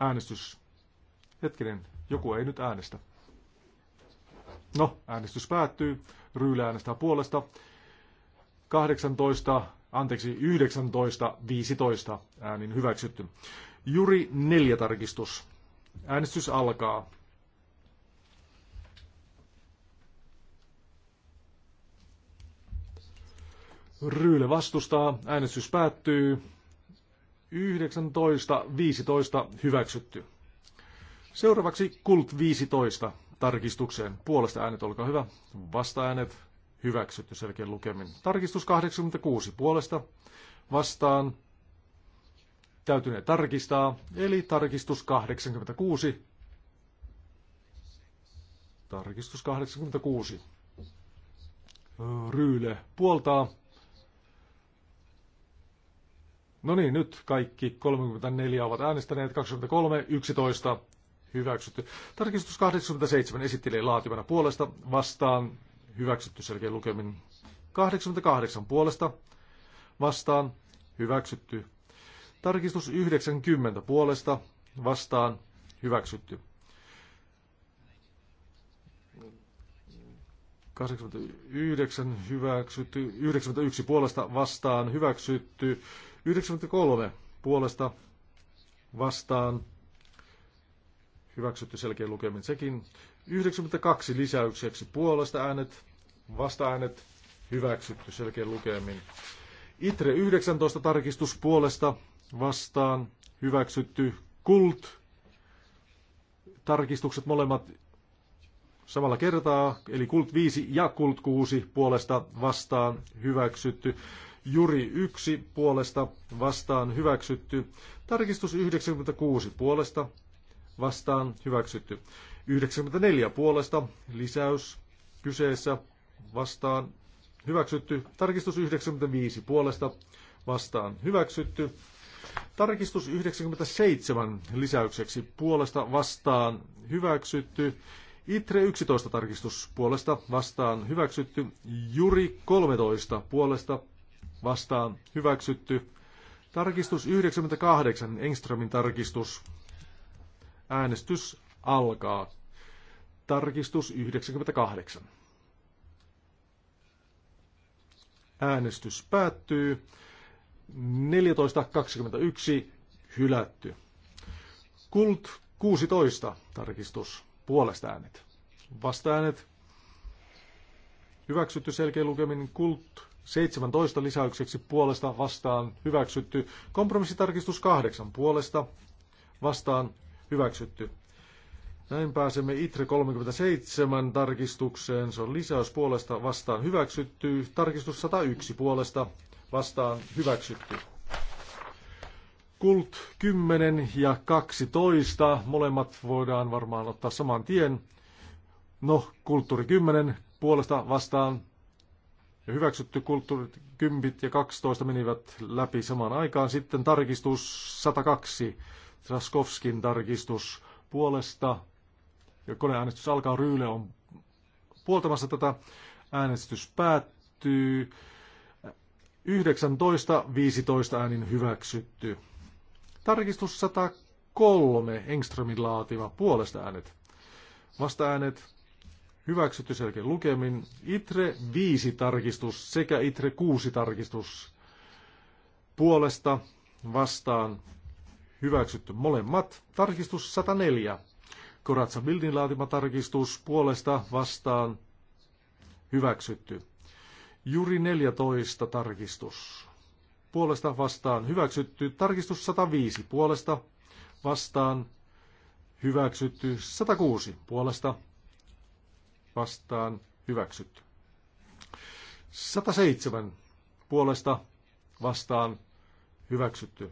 Äänestys. Hetkinen, joku ei nyt äänestä. No, äänestys päättyy. Ryylä äänestää puolesta. 18, anteeksi, 19, 15 äänin hyväksytty. Juri neljä tarkistus. Äänestys alkaa. Ryyle vastustaa. Äänestys päättyy. 19.15 hyväksytty. Seuraavaksi Kult 15 tarkistukseen. Puolesta äänet, olkaa hyvä. Vasta-äänet, hyväksytty selkeän lukemin. Tarkistus 86 puolesta vastaan. Täytyy tarkistaa, eli tarkistus 86. Tarkistus 86. Ryyle puoltaa, No niin, nyt kaikki 34 ovat äänestäneet, 23, 11 hyväksytty. Tarkistus 87 esittelee laatimana puolesta, vastaan hyväksytty selkeä lukemin 88 puolesta, vastaan hyväksytty. Tarkistus 90 puolesta, vastaan hyväksytty. 89 hyväksytty, 91 puolesta vastaan hyväksytty, 93 puolesta vastaan hyväksytty selkeä lukemin sekin. 92 lisäykseksi puolesta äänet, vasta äänet hyväksytty selkeä lukemin. Itre 19 tarkistus puolesta vastaan hyväksytty kult tarkistukset molemmat samalla kertaa, eli kult 5 ja kult 6 puolesta vastaan hyväksytty. Juri 1 puolesta vastaan hyväksytty. Tarkistus 96 puolesta vastaan hyväksytty. 94 puolesta lisäys kyseessä vastaan hyväksytty. Tarkistus 95 puolesta vastaan hyväksytty. Tarkistus 97 lisäykseksi puolesta vastaan hyväksytty. ITRE 11 tarkistus puolesta vastaan hyväksytty. JURI 13 puolesta vastaan hyväksytty. Tarkistus 98, Engströmin tarkistus. Äänestys alkaa. Tarkistus 98. Äänestys päättyy. 14.21 hylätty. Kult 16 tarkistus. Puolesta äänet. Vasta äänet. Hyväksytty selkeä lukemin. Kult 17 lisäykseksi puolesta vastaan hyväksytty. Kompromissitarkistus 8 puolesta vastaan hyväksytty. Näin pääsemme ITRE 37 tarkistukseen. Se on lisäys puolesta vastaan hyväksytty. Tarkistus 101 puolesta vastaan hyväksytty. Kult 10 ja 12, molemmat voidaan varmaan ottaa saman tien. No, kulttuuri 10 puolesta vastaan ja hyväksytty kulttuurit 10 ja 12 menivät läpi samaan aikaan. Sitten tarkistus 102, Traskovskin tarkistus puolesta. Ja koneäänestys alkaa, Ryyle on puoltamassa tätä. Äänestys päättyy. 19-15 äänin hyväksytty. Tarkistus 103, Engströmin laativa, puolesta äänet. Vasta äänet hyväksytty selkeä lukemin. ITRE 5 tarkistus sekä ITRE 6 tarkistus puolesta vastaan hyväksytty molemmat. Tarkistus 104. Koratsa Bildin laatima tarkistus puolesta vastaan hyväksytty. Juri 14 tarkistus. Puolesta vastaan hyväksytty. Tarkistus 105. Puolesta vastaan hyväksytty. 106. Puolesta vastaan hyväksytty. 107 puolesta vastaan hyväksytty.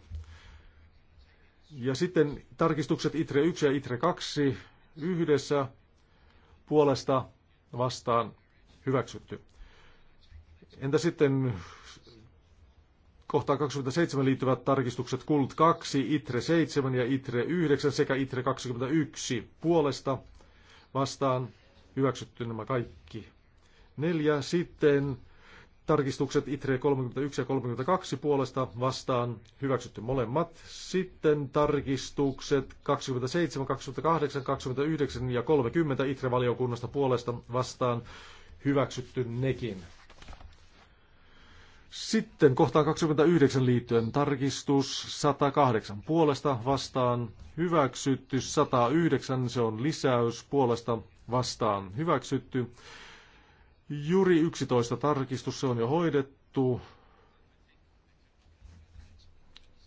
Ja sitten tarkistukset ITRE 1 ja ITRE 2 yhdessä puolesta vastaan hyväksytty. Entä sitten kohtaan 27 liittyvät tarkistukset KULT 2, ITRE 7 ja ITRE 9 sekä ITRE 21 puolesta vastaan hyväksytty nämä kaikki. Neljä. Sitten tarkistukset ITRE 31 ja 32 puolesta vastaan hyväksytty molemmat. Sitten tarkistukset 27, 28, 29 ja 30 ITRE-valiokunnasta puolesta vastaan hyväksytty nekin. Sitten kohtaan 29 liittyen tarkistus 108 puolesta vastaan hyväksytty 109, se on lisäys puolesta vastaan hyväksytty. Juri 11 tarkistus, se on jo hoidettu.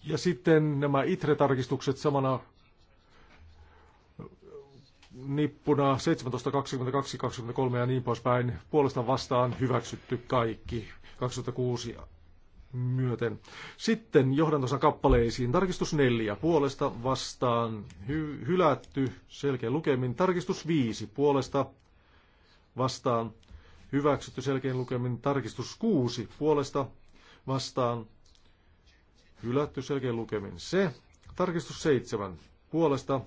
Ja sitten nämä ITRE-tarkistukset samana nippuna 17, 22, 23 ja niin poispäin. Puolesta vastaan hyväksytty kaikki. 2006 myöten. Sitten johdantosa kappaleisiin. Tarkistus 4. Puolesta vastaan hy- hylätty selkeä lukemin. Tarkistus 5. Puolesta vastaan hyväksytty selkeän lukemin. Tarkistus 6. Puolesta vastaan hylätty selkeän lukemin. Se. Tarkistus 7. Puolesta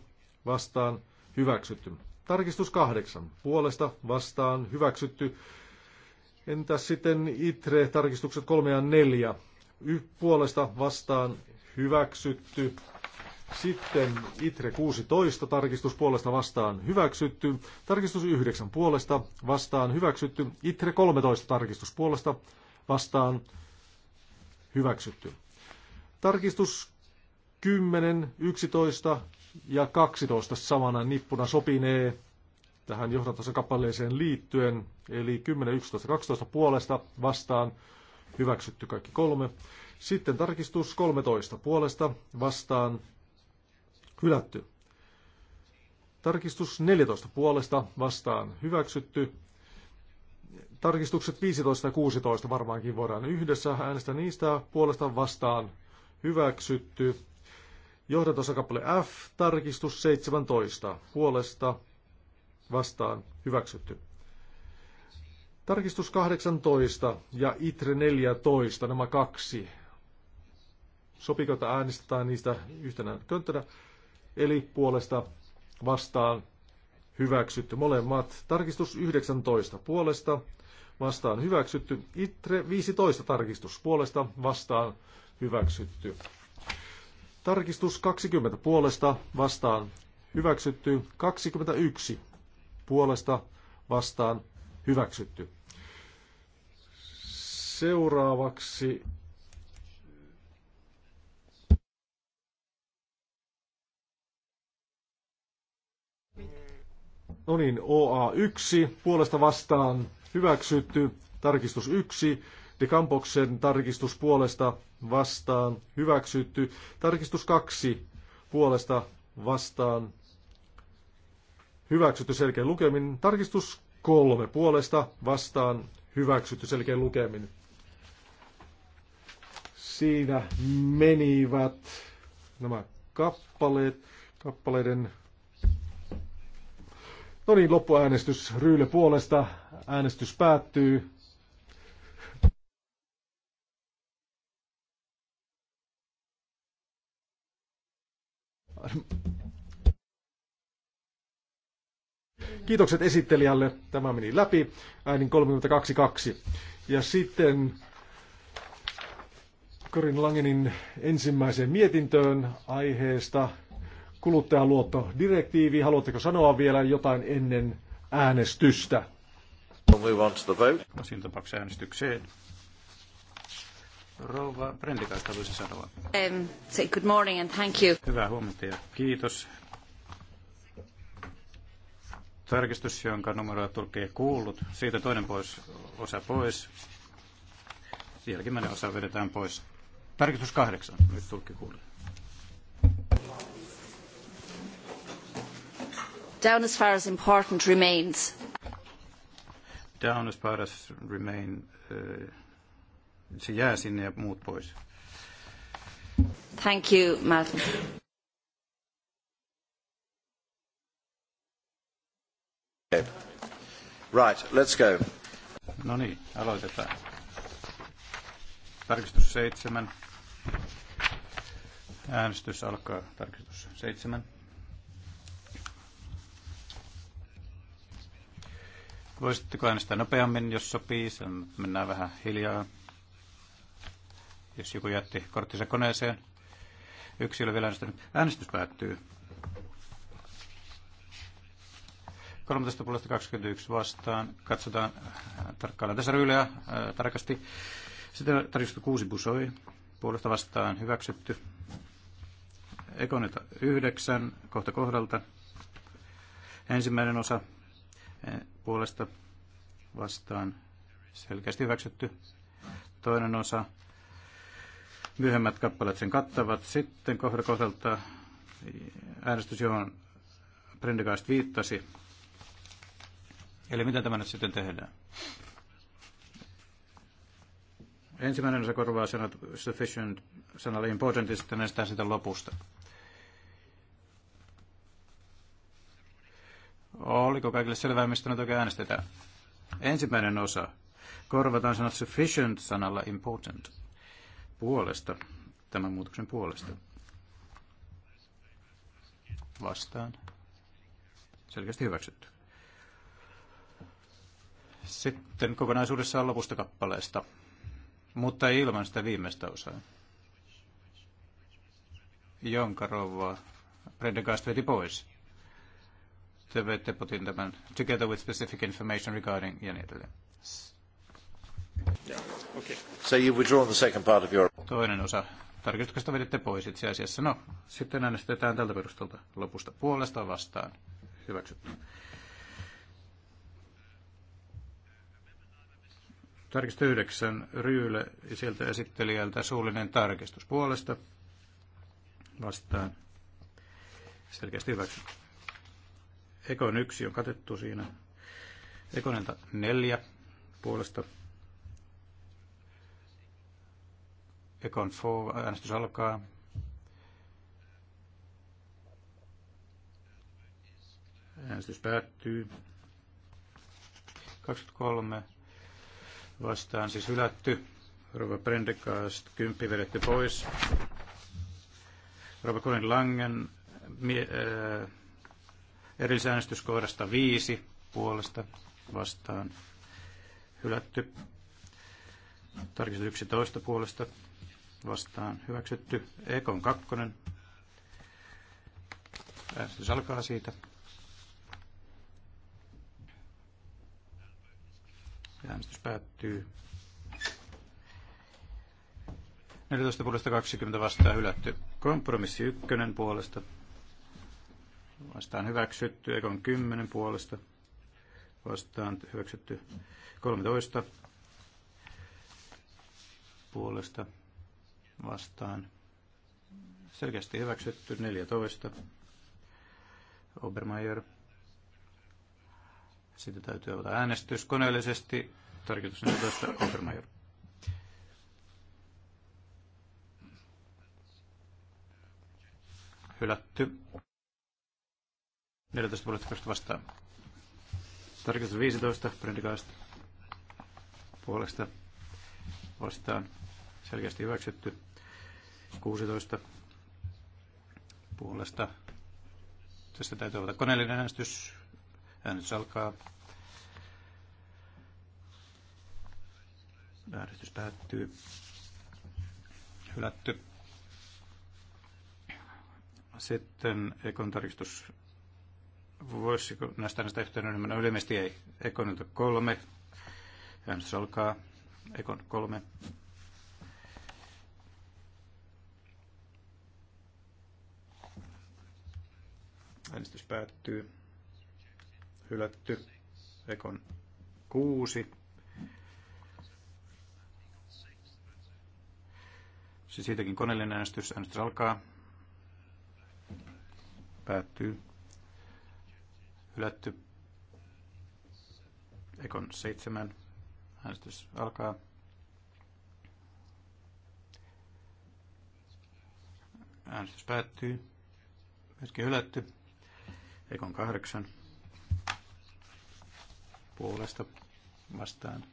vastaan hyväksytty. Tarkistus 8. Puolesta vastaan hyväksytty Entäs sitten ITRE tarkistukset 3 ja 4? Y- puolesta vastaan hyväksytty. Sitten ITRE 16 tarkistus puolesta vastaan hyväksytty. Tarkistus 9 puolesta vastaan hyväksytty. ITRE 13 tarkistus puolesta vastaan hyväksytty. Tarkistus 10, 11 ja 12 samana nippuna sopinee tähän johdantason kappaleeseen liittyen, eli 10, 11, 12 puolesta vastaan hyväksytty kaikki kolme. Sitten tarkistus 13 puolesta vastaan hylätty. Tarkistus 14 puolesta vastaan hyväksytty. Tarkistukset 15 ja 16 varmaankin voidaan yhdessä äänestää niistä puolesta vastaan hyväksytty. Johdantosakappale F, tarkistus 17, puolesta vastaan hyväksytty. Tarkistus 18 ja ITRE 14, nämä kaksi. Sopiko, että äänestetään niistä yhtenä könttänä? Eli puolesta vastaan hyväksytty molemmat. Tarkistus 19 puolesta vastaan hyväksytty. ITRE 15 tarkistus puolesta vastaan hyväksytty. Tarkistus 20 puolesta vastaan hyväksytty. 21 puolesta vastaan hyväksytty. Seuraavaksi No niin, OA1 puolesta vastaan hyväksytty, tarkistus 1, De Campoksen tarkistus puolesta vastaan hyväksytty, tarkistus 2 puolesta vastaan hyväksytty selkeä lukemin. Tarkistus kolme puolesta vastaan hyväksytty selkeä lukemin. Siinä menivät nämä kappaleet, kappaleiden No niin, loppuäänestys Ryyle puolesta. Äänestys päättyy. Kiitokset esittelijälle. Tämä meni läpi. Äänin 32.2. Ja sitten Korin Langenin ensimmäiseen mietintöön aiheesta kuluttajaluottodirektiivi. Haluatteko sanoa vielä jotain ennen äänestystä? No siinä tapauksessa äänestykseen. Rouva Brendikaista haluaisin sanoa. Um, say good morning and thank you. Hyvää huomenta ja kiitos. Tarkistus, jonka numeroa tulkee kuullut. Siitä toinen pois, osa pois. Jälkimmäinen osa vedetään pois. Tarkistus kahdeksan. Nyt tulkki kuullut. Down as far as important remains. Down as far as remain. Eh, se jää sinne ja muut pois. Thank you, madam. Right, let's go. No niin, aloitetaan. Tarkistus seitsemän. Äänestys alkaa. Tarkistus seitsemän. Voisitteko äänestää nopeammin, jos sopii? Sen mennään vähän hiljaa. Jos joku jätti korttinsa koneeseen. Yksi ole vielä äänestänyt. Äänestys päättyy. 13 puolesta 21 vastaan. Katsotaan, äh, tarkkaillaan tässä ryyleä äh, tarkasti. Sitten tarjosta kuusi busoi. Puolesta vastaan hyväksytty. Ekoneta 9 kohta kohdalta. Ensimmäinen osa äh, puolesta vastaan selkeästi hyväksytty. Toinen osa. Myöhemmät kappaleet sen kattavat. Sitten kohdalta äänestys, johon Prendegast viittasi Eli mitä tämä nyt sitten tehdään? Ensimmäinen osa korvaa sanat sufficient sanalla important ja sitten näistä sitä lopusta. Oliko kaikille selvää, mistä nyt oikein äänestetään? Ensimmäinen osa. Korvataan sanat sufficient sanalla important. Puolesta. Tämän muutoksen puolesta. Vastaan. Selkeästi hyväksytty. Sitten kokonaisuudessaan lopusta kappaleesta, mutta ei ilman sitä viimeistä osaa, jonka rouva Prendergast veti pois. Te vette potin tämän together with specific information regarding ja niin edelleen. Yeah, okay. So you've withdrawn the second part of your... Toinen osa tarkistuksesta vedette pois itse asiassa. No, sitten äänestetään tältä perustalta lopusta puolesta vastaan. Hyväksytty. Tarkistus 9 Ryyle sieltä esittelijältä suullinen tarkistus puolesta vastaan. Selkeästi hyväksi. Ekon 1 on katettu siinä. Ekonenta 4 puolesta. Ekon 4 äänestys alkaa. Äänestys päättyy. 23 vastaan siis hylätty. Rova Prendekast, kymppi vedetty pois. Rova Kunin Langen äh, erillisäänestyskohdasta viisi puolesta vastaan hylätty. Tarkistus 11 puolesta vastaan hyväksytty. Ekon kakkonen. Äänestys alkaa siitä. Äänestys päättyy. 14 puolesta 20 vastaan hylätty. Kompromissi 1 puolesta. Vastaan hyväksytty. Ekon 10 puolesta. Vastaan hyväksytty 13 puolesta. Vastaan selkeästi hyväksytty 14. Obermeier siitä täytyy avata äänestys koneellisesti. on tästä Obermeier. Hylätty. 14 puolesta vastaan. Tarkoitus 15. Prendergast puolesta vastaan. Selkeästi hyväksytty. 16 puolesta. Tästä täytyy olla koneellinen äänestys. Äänestys alkaa. Äänestys päättyy. Hylätty. Sitten Ekon tarkistus. Voisiko näistä näistä yhteydenryhmänä? Ilmeisesti ei. Ekonilta kolme. Äänestys alkaa. Ekon kolme. Äänestys päättyy hylätty. Ekon kuusi. Siis siitäkin koneellinen äänestys. Äänestys alkaa. Päättyy. Hylätty. Ekon seitsemän. Äänestys alkaa. Äänestys päättyy. Myöskin hylätty. Ekon kahdeksan puolesta vastaan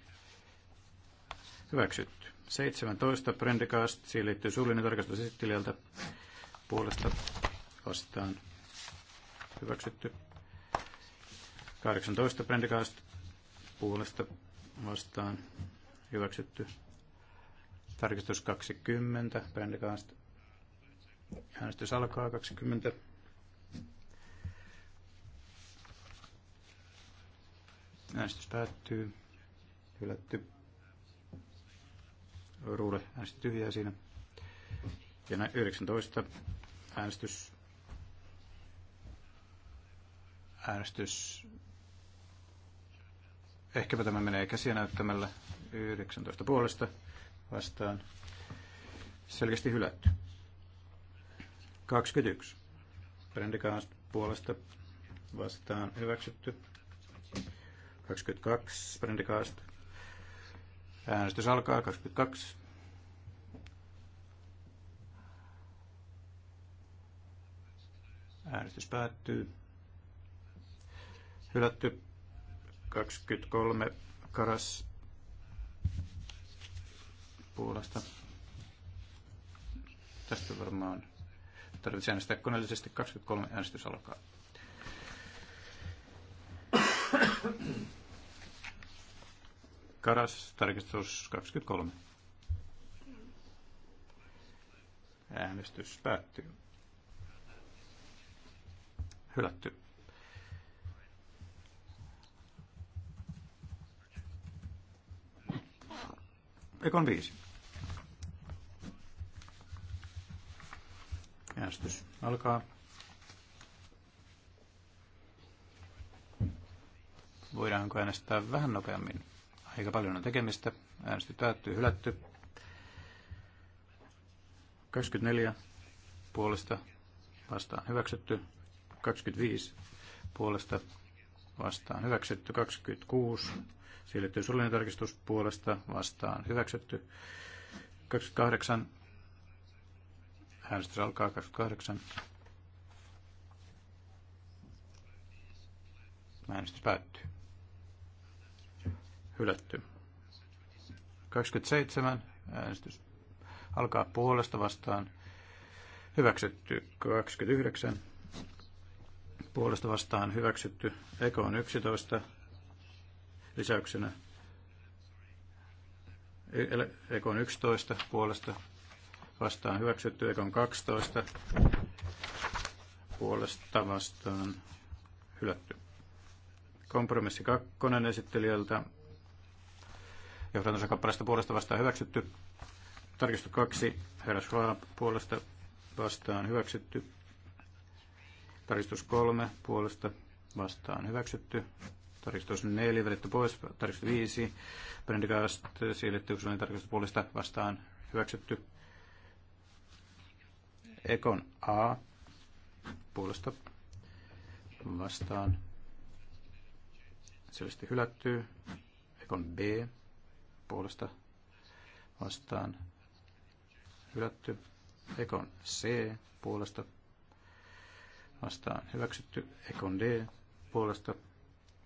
hyväksytty. 17. Prendekast, siihen liittyy suullinen tarkastus esittelijältä puolesta vastaan hyväksytty. 18. Prendekast puolesta vastaan hyväksytty. Tarkistus 20. Prendekast äänestys alkaa 20. Äänestys päättyy. Hylätty. Ruule äänesti tyhjää siinä. Ja näin 19 äänestys. Äänestys. Ehkäpä tämä menee käsiä näyttämällä 19 puolesta vastaan. Selkeästi hylätty. 21. Brendikaast puolesta vastaan hyväksytty. 22, Sprendikaast. Äänestys alkaa, 22. Äänestys päättyy. Hylätty 23 Karas Puolasta. Tästä varmaan tarvitsee äänestää koneellisesti. 23 äänestys alkaa. Karas, tarkistus 23. Äänestys päättyy. Hylätty. Ekon viisi. Äänestys alkaa. Voidaanko äänestää vähän nopeammin? eikä paljon ole tekemistä. Äänestys päättyy, hylätty. 24 puolesta vastaan hyväksytty. 25 puolesta vastaan hyväksytty. 26 siirretty suullinen tarkistus puolesta vastaan hyväksytty. 28 äänestys alkaa 28. Äänestys päättyy hylätty. 27 äänestys alkaa puolesta vastaan hyväksytty 29, puolesta vastaan hyväksytty on 11 lisäyksenä e- on 11 puolesta vastaan hyväksytty on 12 puolesta vastaan hylätty. Kompromissi kakkonen esittelijältä Johdantosakappaleesta puolesta vastaan hyväksytty. Tarkistus kaksi, Herra Schwab puolesta vastaan hyväksytty. Tarkistus kolme Puolesta vastaan hyväksytty. Tarkistus 4 vedetty pois. Tarkistus 5. Prendergast siirretty yksilöinen tarkistus puolesta vastaan hyväksytty. Ekon A puolesta vastaan selvästi hylättyy. Ekon B puolesta vastaan hylätty. Ekon C puolesta vastaan hyväksytty. Ekon D puolesta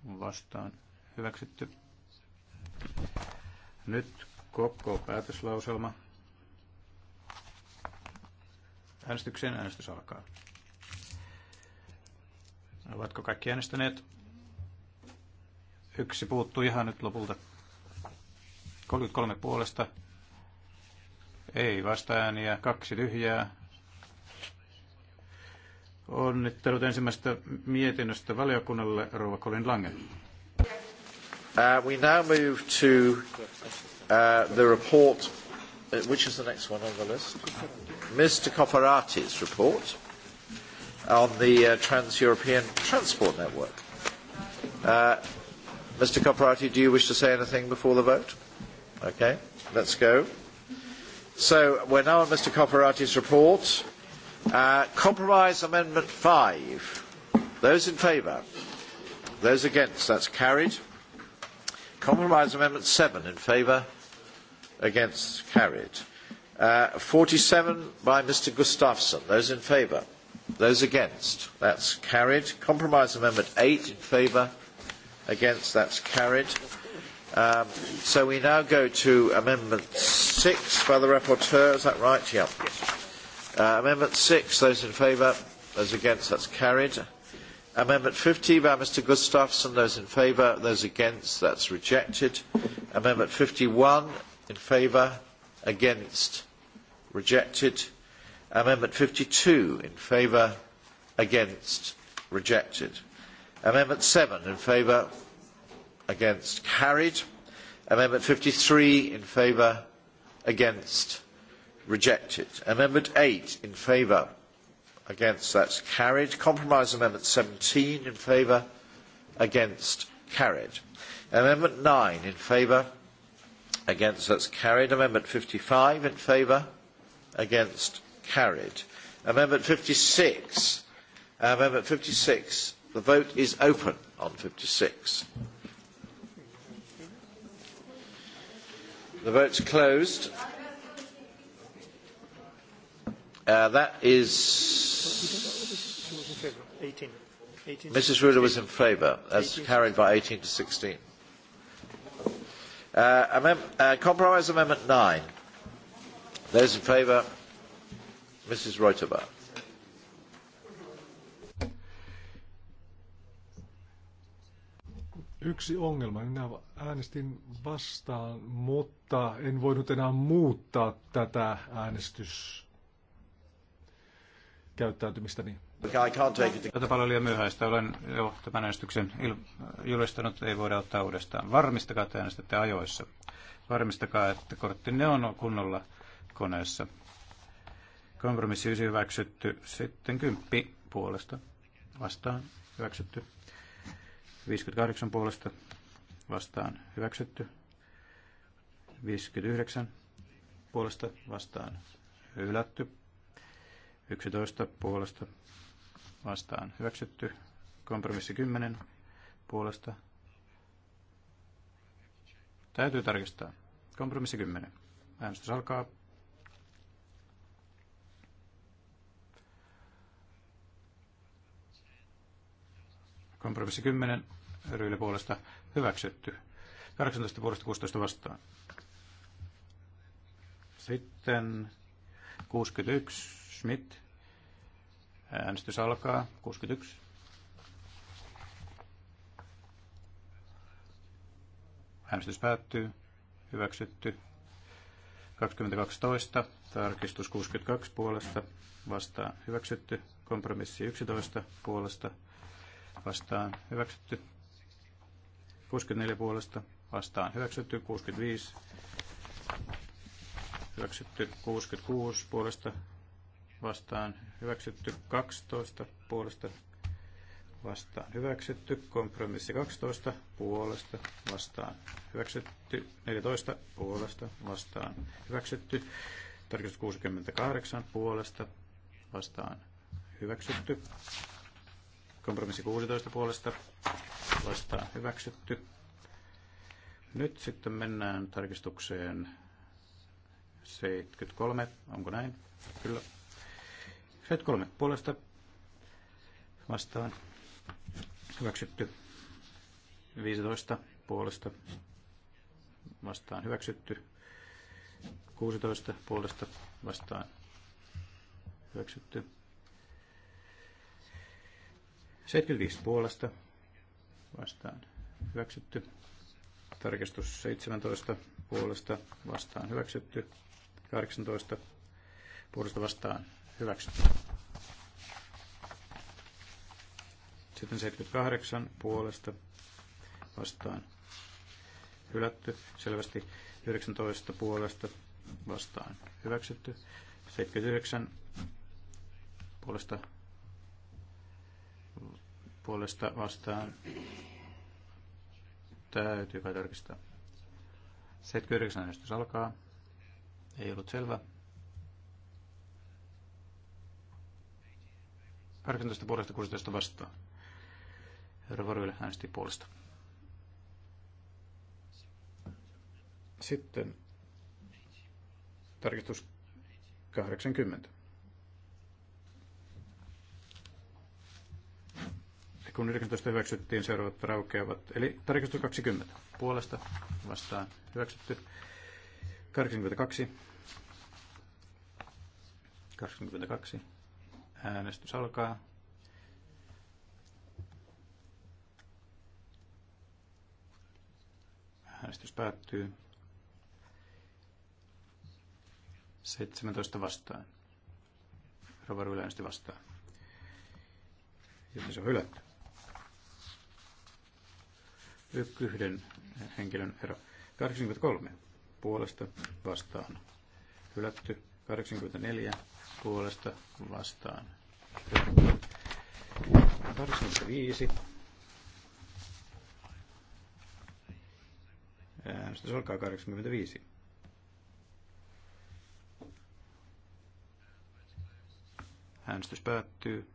vastaan hyväksytty. Nyt koko päätöslauselma. Äänestyksen äänestys alkaa. Ovatko kaikki äänestäneet? Yksi puuttuu ihan nyt lopulta. 33 puolesta. Ei vastaääniä. Kaksi tyhjää. Onnittelut ensimmäisestä mietinnöstä valiokunnalle, Rouva Colin Lange. Uh, we now move to uh, the report, uh, which is the next one on the list. Mr. Copperati's report on the uh, Trans-European Transport Network. Uh, Mr. Copperati, do you wish to say anything before the vote? Okay, let's go. So we're now on Mr. Copperati's report. Uh, compromise Amendment 5. Those in favour? Those against? That's carried. Compromise Amendment 7 in favour? Against? Carried. Uh, 47 by Mr. Gustafsson. Those in favour? Those against? That's carried. Compromise Amendment 8 in favour? Against? That's carried. Um, so we now go to Amendment 6 by the Rapporteur, is that right? Yeah. Uh, amendment 6, those in favour, those against, that's carried. Amendment 50 by Mr Gustafsson, those in favour, those against, that's rejected. Amendment 51, in favour, against, rejected. Amendment 52, in favour, against, rejected. Amendment 7, in favour, against carried amendment 53 in favour against rejected amendment 8 in favour against that's carried compromise amendment 17 in favour against carried amendment 9 in favour against that's carried amendment 55 in favour against carried amendment 56 amendment 56 the vote is open on 56 The vote's closed. Uh, that is. 18. Mrs. Ruler was in favour. That's carried by 18 to 16. Uh, amem- uh, compromise Amendment 9. Those in favour, Mrs. Reuterbach. yksi ongelma. Minä äänestin vastaan, mutta en voinut enää muuttaa tätä äänestys käyttäytymistäni. Niin- tätä paljon liian myöhäistä. Olen jo tämän äänestyksen julistanut, ei voida ottaa uudestaan. Varmistakaa, että äänestätte ajoissa. Varmistakaa, että kortti ne on kunnolla koneessa. Kompromissi hyväksytty, sitten kymppi puolesta vastaan hyväksytty. 58 puolesta vastaan hyväksytty. 59 puolesta vastaan hylätty. 11 puolesta vastaan hyväksytty. Kompromissi 10 puolesta. Täytyy tarkistaa. Kompromissi 10. Äänestys alkaa. Kompromissi 10 ryille puolesta hyväksytty. 18 puolesta 16 vastaan. Sitten 61 Schmidt. Äänestys alkaa. 61. Äänestys päättyy. Hyväksytty. 2012. Tarkistus 62 puolesta. Vastaan hyväksytty. Kompromissi 11 puolesta vastaan hyväksytty. 64 puolesta vastaan hyväksytty. 65 hyväksytty. 66 puolesta vastaan hyväksytty. 12 puolesta vastaan hyväksytty. Kompromissi 12 puolesta vastaan hyväksytty. 14 puolesta vastaan hyväksytty. Tarkistus 68 puolesta vastaan hyväksytty. Kompromissi 16 puolesta vastaan hyväksytty. Nyt sitten mennään tarkistukseen 73, onko näin? Kyllä. 73 puolesta vastaan hyväksytty. 15 puolesta vastaan hyväksytty. 16 puolesta vastaan hyväksytty. 75 puolesta vastaan hyväksytty. Tarkistus 17 puolesta vastaan hyväksytty. 18 puolesta vastaan hyväksytty. Sitten 78 puolesta vastaan hylätty. Selvästi 19 puolesta vastaan hyväksytty. 79 puolesta puolesta vastaan. Täytyy kai tarkistaa. 79 äänestys alkaa. Ei ollut selvä. 18 puolesta 16 vastaan. Herra Varyle äänesti puolesta. Sitten tarkistus 80. kun 19 hyväksyttiin, seuraavat raukeavat. Eli tarkistus 20 puolesta vastaan hyväksytty. 82. 22. Äänestys alkaa. Äänestys päättyy. 17 vastaan. Rovaru äänesti vastaan. Joten se on hylätty yhden henkilön ero. 83 puolesta vastaan hylätty. 84 puolesta vastaan hylätty. 85 Äänestys alkaa 85. Äänestys päättyy.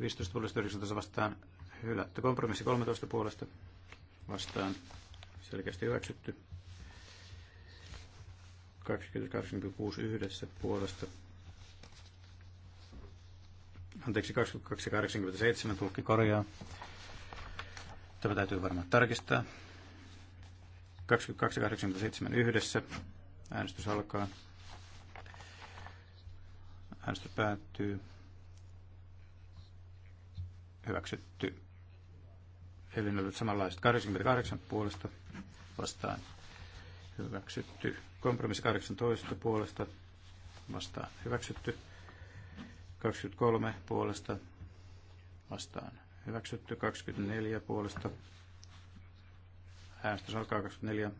15 puolesta 19 vastaan hylätty. Kompromissi 13 puolesta vastaan selkeästi hyväksytty. 28,6 yhdessä puolesta. Anteeksi, 22,87 tulkki korjaa. Tämä täytyy varmaan tarkistaa. 22,87 yhdessä. Äänestys alkaa. Äänestys päättyy. Hyväksytty. Eli ne samanlaiset 88 puolesta vastaan hyväksytty. Kompromissi 18 puolesta vastaan hyväksytty. 23 puolesta vastaan hyväksytty. 24 puolesta äänestys alkaa 24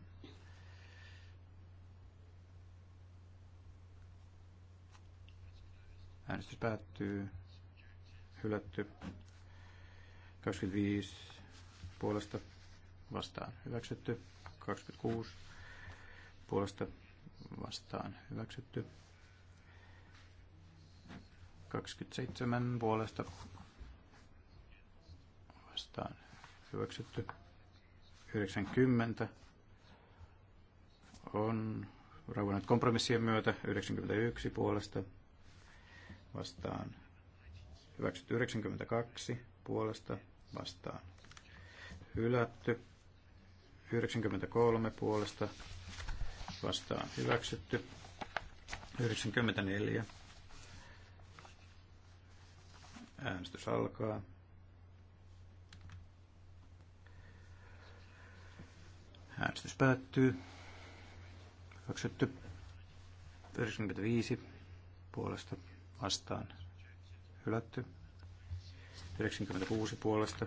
Äänestys päättyy. Hylätty. 25 puolesta vastaan hyväksytty. 26 puolesta vastaan hyväksytty. 27 puolesta vastaan hyväksytty. 90 on rauvannut kompromissien myötä 91 puolesta vastaan hyväksytty 92 puolesta vastaan hylätty. 93 puolesta vastaan hyväksytty. 94. Äänestys alkaa. Äänestys päättyy. Hyväksytty. 95 puolesta vastaan hylätty. 96 puolesta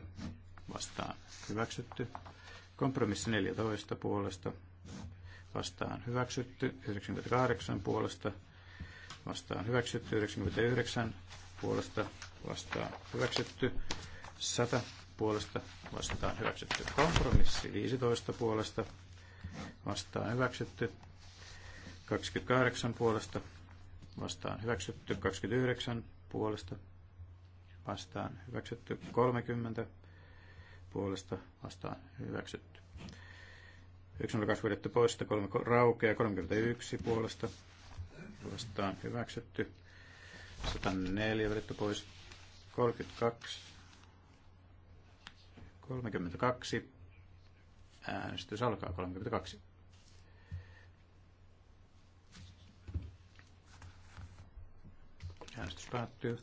vastaan hyväksytty. Kompromissi 14 puolesta vastaan hyväksytty. 98 puolesta vastaan hyväksytty. 99 puolesta vastaan hyväksytty. 100 puolesta vastaan hyväksytty. Kompromissi 15 puolesta vastaan hyväksytty. 28 puolesta vastaan hyväksytty. 29 puolesta vastaan hyväksytty. 30 puolesta vastaan hyväksytty. 102 vedetty pois, 3 raukea, 31 puolesta vastaan hyväksytty. 104 vedetty pois, 32, 32. Äänestys alkaa 32. Äänestys päättyy.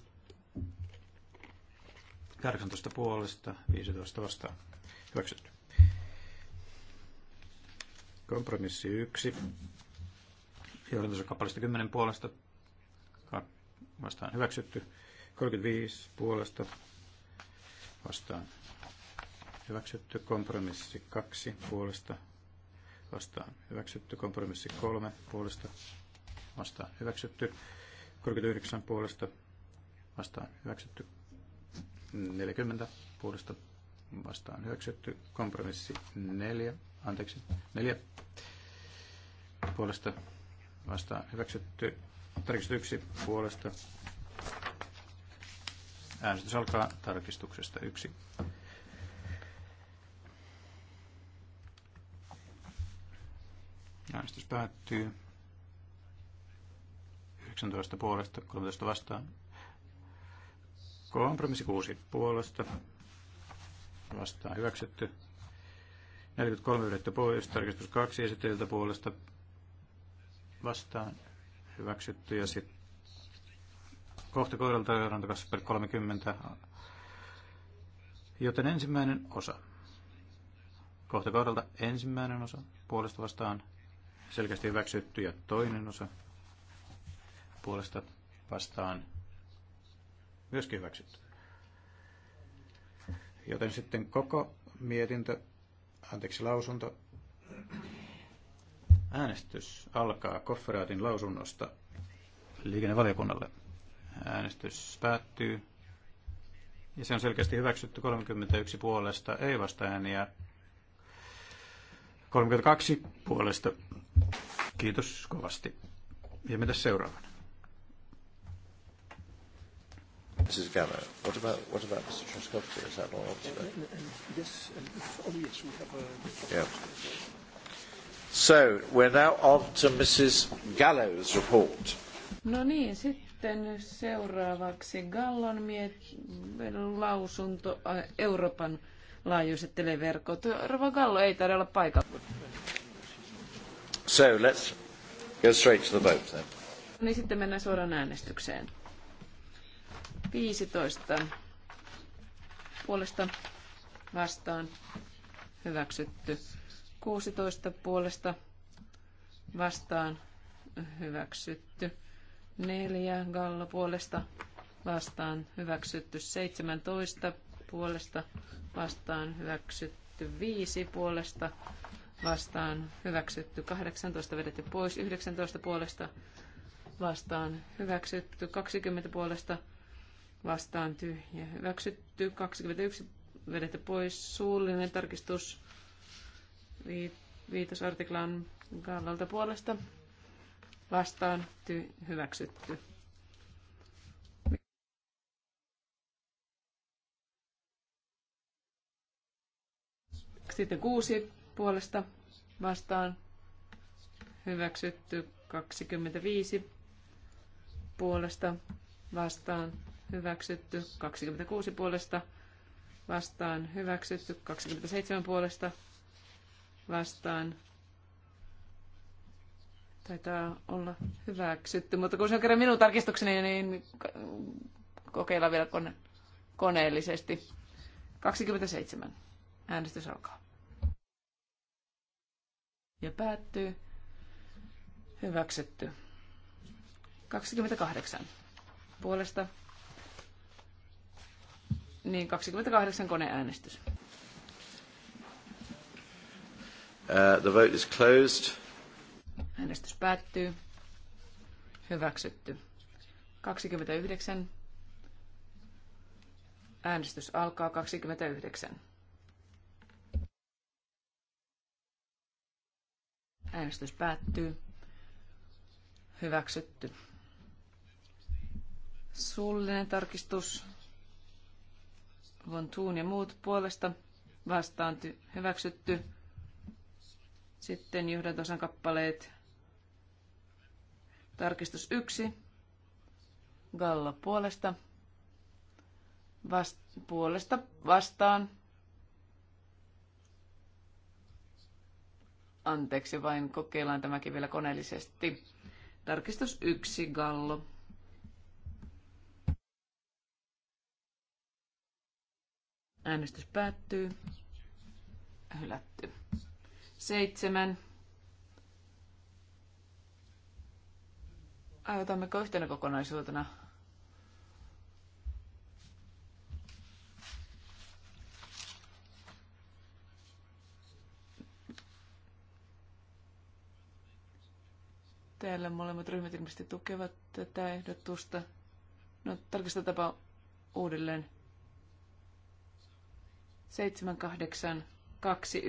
18 puolesta, 15 vastaan. Hyväksytty. Kompromissi 1. Johdantosakappaleesta 10 puolesta vastaan hyväksytty. 35 puolesta vastaan hyväksytty. Kompromissi 2 puolesta vastaan hyväksytty. Kompromissi 3 puolesta vastaan hyväksytty. 39 puolesta vastaan hyväksytty. 40 puolesta vastaan hyväksytty. Kompromissi 4, anteeksi, 4 puolesta vastaan hyväksytty. Tarkistus 1 puolesta. Äänestys alkaa tarkistuksesta 1. Äänestys päättyy. 19 puolesta, 13 vastaan, Kompromissi 6 puolesta. Vastaan hyväksytty. 43 yhdettä pois. Tarkistus 2 esittäjiltä puolesta. Vastaan hyväksytty. Ja sitten kohta kohdalta per 30. Joten ensimmäinen osa. Kohta kohdalta ensimmäinen osa puolesta vastaan selkeästi hyväksytty ja toinen osa puolesta vastaan myöskin hyväksytty. Joten sitten koko mietintö, anteeksi lausunto, äänestys alkaa Kofferaatin lausunnosta liikennevaliokunnalle. Äänestys päättyy. Ja se on selkeästi hyväksytty 31 puolesta, ei vasta ääniä. 32 puolesta. Kiitos kovasti. Ja mitä seuraavana? Mrs. Gallo. What about what about Mr. Trzaskowski? Is that not on today? Yes. Oh, yes, we have a. Yeah. So we're now on to Mrs. Gallo's report. No niin, sitten seuraavaksi Gallon miet- lausunto äh, Euroopan laajuiset televerkot. Rova Gallo ei tarvitse olla paikalla. So let's go straight to the vote then. Niin sitten mennään suoraan äänestykseen. 15 puolesta vastaan hyväksytty. 16 puolesta vastaan hyväksytty. 4 Gallo puolesta vastaan hyväksytty. 17 puolesta vastaan hyväksytty. 5 puolesta vastaan hyväksytty. 18 vedetty pois. 19 puolesta vastaan hyväksytty. 20 puolesta vastaan vastaan tyhjä hyväksytty. 21 vedettä pois suullinen tarkistus viitosartiklan kannalta puolesta vastaan ty- hyväksytty. Sitten kuusi puolesta vastaan hyväksytty 25 puolesta vastaan hyväksytty 26 puolesta vastaan hyväksytty 27 puolesta vastaan taitaa olla hyväksytty, mutta kun se on kerran minun tarkistukseni, niin kokeillaan vielä kone- koneellisesti. 27. Äänestys alkaa. Ja päättyy. Hyväksytty. 28. Puolesta niin, 28 koneäänestys. Uh, the vote is closed. Äänestys päättyy. Hyväksytty. 29. Äänestys alkaa 29. Äänestys päättyy. Hyväksytty. Suullinen tarkistus Von Tuun ja muut puolesta vastaan hyväksytty. Sitten johdantosan kappaleet. Tarkistus 1. Gallo puolesta. Vast, puolesta vastaan. Anteeksi, vain kokeillaan tämäkin vielä koneellisesti. Tarkistus 1, Gallo. Äänestys päättyy. Hylätty. Seitsemän. Aiotammeko yhtenä kokonaisuutena? Täällä molemmat ryhmät ilmeisesti tukevat tätä ehdotusta. No, tarkistetaanpa uudelleen. 7, 8, 11, 12,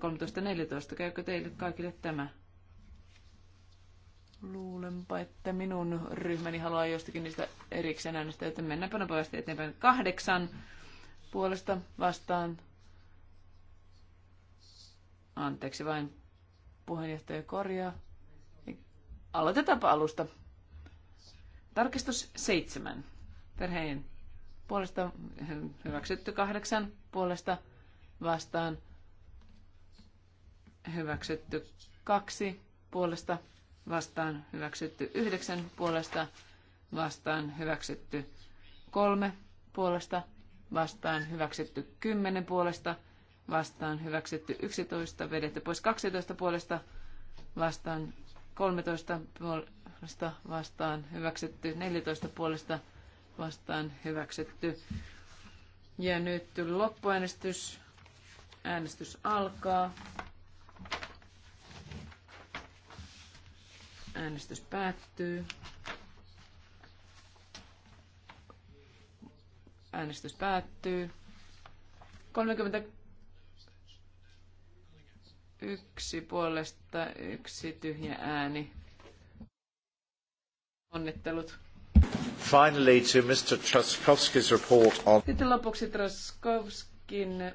13, 14. Käykö teille kaikille tämä? Luulenpa, että minun ryhmäni haluaa jostakin niistä erikseen äänestää, joten mennäänpä nopeasti eteenpäin. Kahdeksan puolesta vastaan. Anteeksi vain, puheenjohtaja korjaa. Aloitetaanpa alusta. Tarkistus seitsemän perheen puolesta hyväksytty kahdeksan puolesta vastaan hyväksytty kaksi puolesta vastaan hyväksytty yhdeksän puolesta vastaan hyväksytty kolme puolesta vastaan hyväksytty kymmenen puolesta vastaan hyväksytty yksitoista vedetty pois kaksitoista puolesta vastaan kolmetoista puolesta vastaan hyväksytty neljätoista puolesta vastaan hyväksytty. Ja nyt loppuäänestys. Äänestys alkaa. Äänestys päättyy. Äänestys päättyy. 31 puolesta, yksi tyhjä ääni. Onnittelut finally to Mr. Trzaskowski's report on... Sitten lopuksi Trzaskowskin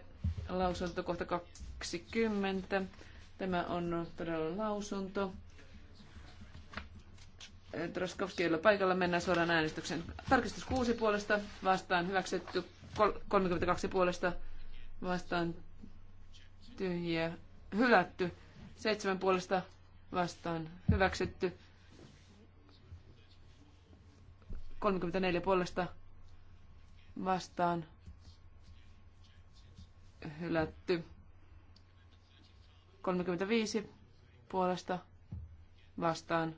lausunto kohta 20. Tämä on todella lausunto. Troskovski ei ole paikalla, mennään suoraan äänestyksen. Tarkistus 6 puolesta, vastaan hyväksytty 32 puolesta, vastaan tyhjiä, hylätty 7 puolesta, vastaan hyväksytty 34 puolesta vastaan hylätty. 35 puolesta vastaan.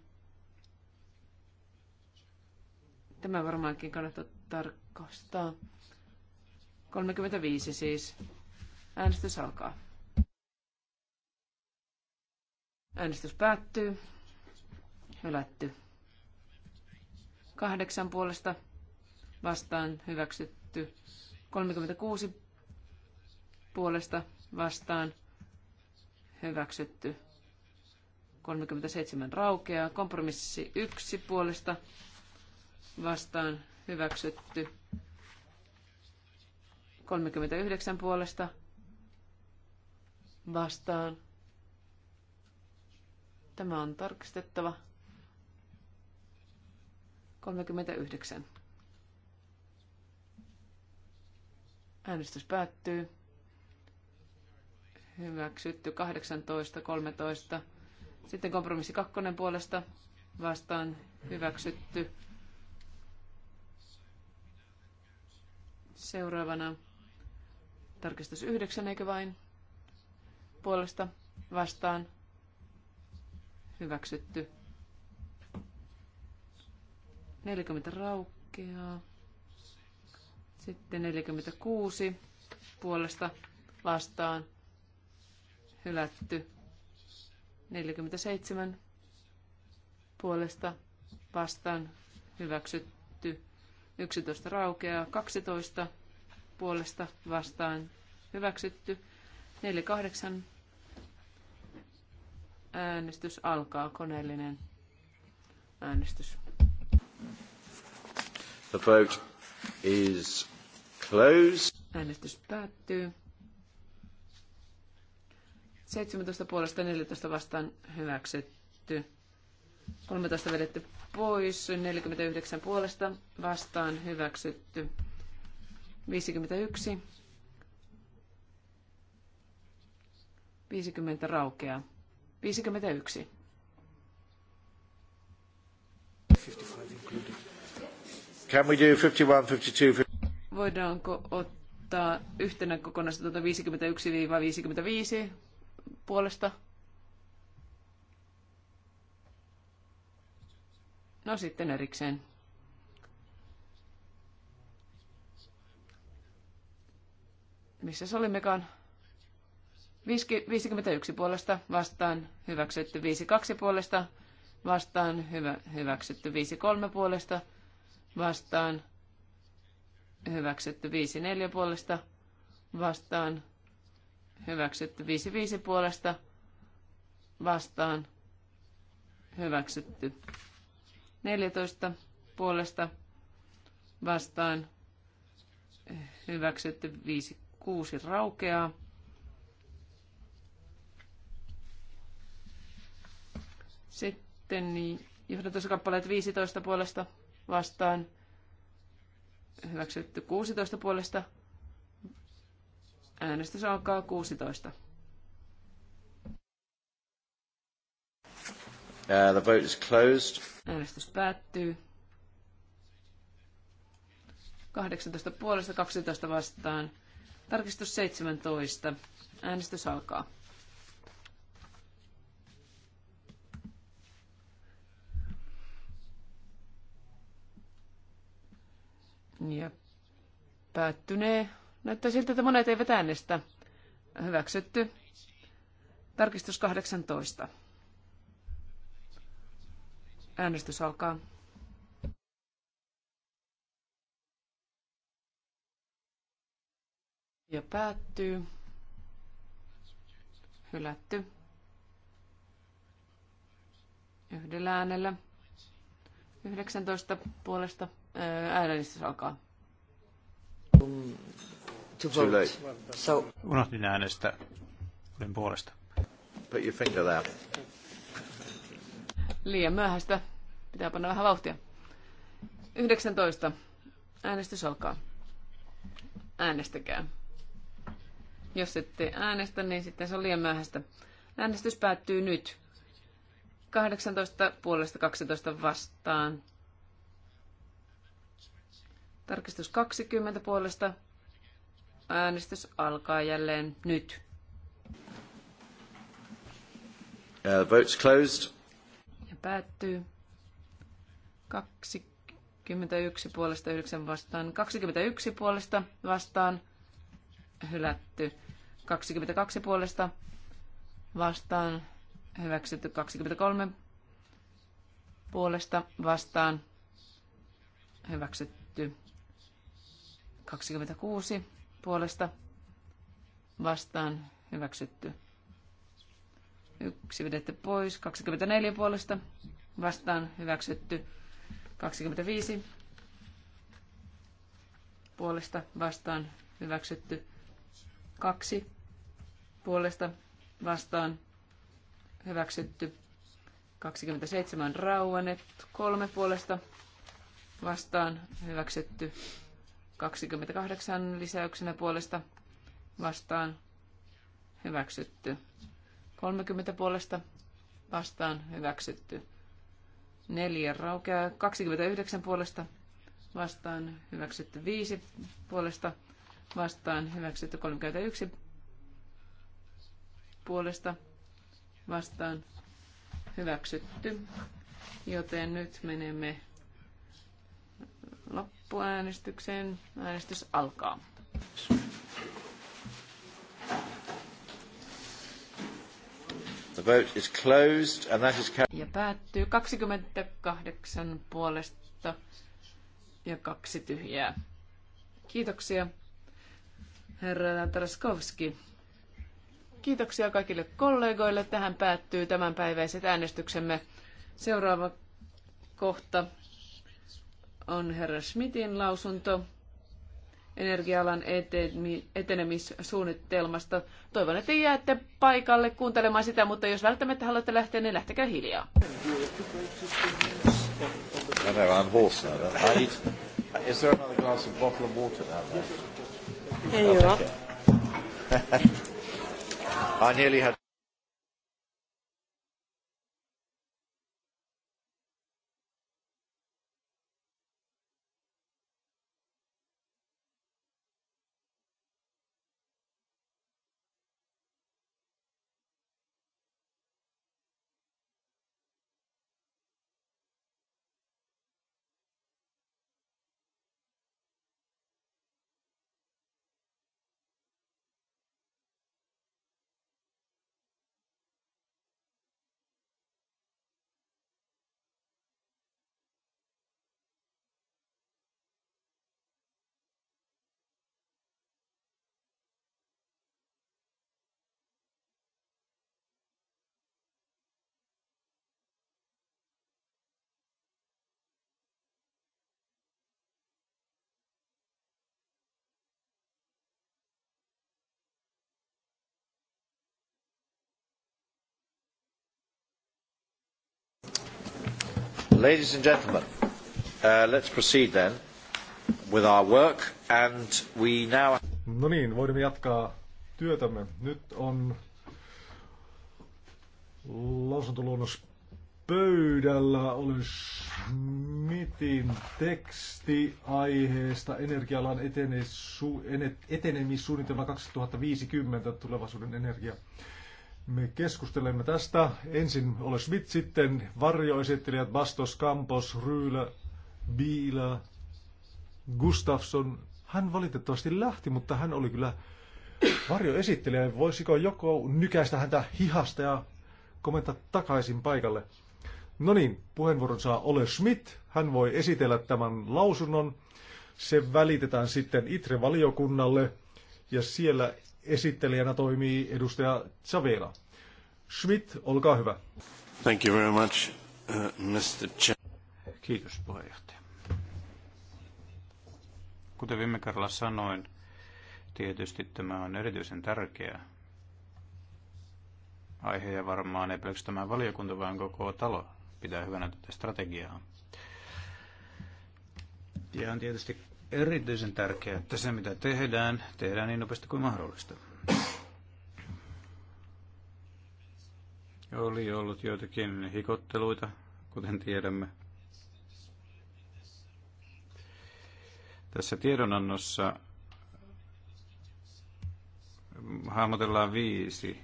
Tämä varmaankin kannattaa tarkastaa. 35 siis. Äänestys alkaa. Äänestys päättyy. Hylätty. Kahdeksan puolesta vastaan hyväksytty. 36 puolesta vastaan hyväksytty. 37 raukeaa. Kompromissi 1 puolesta vastaan hyväksytty. 39 puolesta vastaan. Tämä on tarkistettava. 39. Äänestys päättyy. Hyväksytty 18, 13. Sitten kompromissi kakkonen puolesta vastaan hyväksytty. Seuraavana tarkistus 9, eikö vain? Puolesta vastaan hyväksytty. 40 raukkeaa. Sitten 46 puolesta vastaan hylätty. 47 puolesta vastaan hyväksytty. 11 raukeaa. 12 puolesta vastaan hyväksytty. 48 äänestys alkaa koneellinen äänestys. The vote is closed. Äänestys päättyy. 17 puolesta 14 vastaan hyväksytty. 13 vedetty pois, 49 puolesta vastaan hyväksytty. 51. 50 raukeaa. 51. Can we do 51, 52, 50? Voidaanko ottaa yhtenä kokonaisuutta tuota 51-55 puolesta? No sitten erikseen. Missä se olimmekaan? 51 puolesta vastaan hyväksytty 52 puolesta vastaan hyvä, hyväksytty 53 puolesta vastaan hyväksytty 5-4 puolesta vastaan hyväksytty 5-5 puolesta vastaan hyväksytty 14 puolesta vastaan hyväksytty 5-6 raukeaa. Sitten niin, johdatuskappaleet 15 puolesta vastaan hyväksytty 16 puolesta. Äänestys alkaa 16. Uh, the vote is closed. Äänestys päättyy. 18 puolesta 12 vastaan. Tarkistus 17. Äänestys alkaa. Ja päättynee. Näyttää siltä, että monet eivät äänestä. Hyväksytty. Tarkistus 18. Äänestys alkaa. Ja päättyy. Hylätty. Yhdellä äänellä. 19 puolesta Äänestys alkaa. To vote. So. Unohdin äänestää. Olin puolesta. Put your finger there. Liian myöhäistä. Pitää panna vähän vauhtia. 19. Äänestys alkaa. Äänestäkää. Jos ette äänestä, niin sitten se on liian myöhäistä. Äänestys päättyy nyt. 18 puolesta 12 vastaan. Tarkistus 20 puolesta. Äänestys alkaa jälleen nyt. Uh, votes closed. Ja päättyy. 21 puolesta 9 vastaan. 21 puolesta vastaan. Hylätty. 22 puolesta vastaan. Hyväksytty 23 puolesta vastaan. Hyväksytty 26 puolesta vastaan hyväksytty. Yksi vedette pois. 24 puolesta vastaan hyväksytty. 25 puolesta vastaan hyväksytty. 2 puolesta vastaan hyväksytty. 27 rauhanet. 3 puolesta vastaan hyväksytty. 28 lisäyksenä puolesta vastaan hyväksytty. 30 puolesta vastaan hyväksytty. 4 raukeaa. 29 puolesta vastaan hyväksytty. 5 puolesta vastaan hyväksytty. 31 puolesta vastaan hyväksytty. Joten nyt menemme loppuäänestykseen. Äänestys alkaa. The vote is closed and that is... Ja päättyy 28 puolesta ja kaksi tyhjää. Kiitoksia, herra Taraskovski. Kiitoksia kaikille kollegoille. Tähän päättyy tämänpäiväiset äänestyksemme. Seuraava kohta on herra Schmidtin lausunto energialan etenemissuunnitelmasta. Toivon, että jäätte paikalle kuuntelemaan sitä, mutta jos välttämättä haluatte lähteä, niin lähtekää hiljaa. No, I nearly had... Ladies and gentlemen, uh, let's proceed then with our work and we now... No niin, voimme jatkaa työtämme. Nyt on lausuntoluonnos pöydällä oli Schmidtin teksti aiheesta energialan etenemissuunnitelma 2050 tulevaisuuden energia. Me keskustelemme tästä. Ensin Ole Schmidt, sitten varjoesittelijät Bastos, Campos, Ryylä, Biila, Gustafsson. Hän valitettavasti lähti, mutta hän oli kyllä varjoesittelijä. Voisiko joko nykäistä häntä hihasta ja komenta takaisin paikalle? No niin, puheenvuoron saa Ole Schmidt. Hän voi esitellä tämän lausunnon. Se välitetään sitten ITRE-valiokunnalle ja siellä esittelijänä toimii edustaja Xavera. Schmidt, olkaa hyvä. Thank you very much, uh, Mr. Ch- Kiitos puheenjohtaja. Kuten viime kerralla sanoin, tietysti tämä on erityisen tärkeä aihe ja varmaan ei pelkästään tämä valiokunta, vaan koko talo pitää hyvänä tätä strategiaa. Ja on tietysti erityisen tärkeää, että se mitä tehdään, tehdään niin nopeasti kuin mahdollista. Oli ollut joitakin hikotteluita, kuten tiedämme. Tässä tiedonannossa hahmotellaan viisi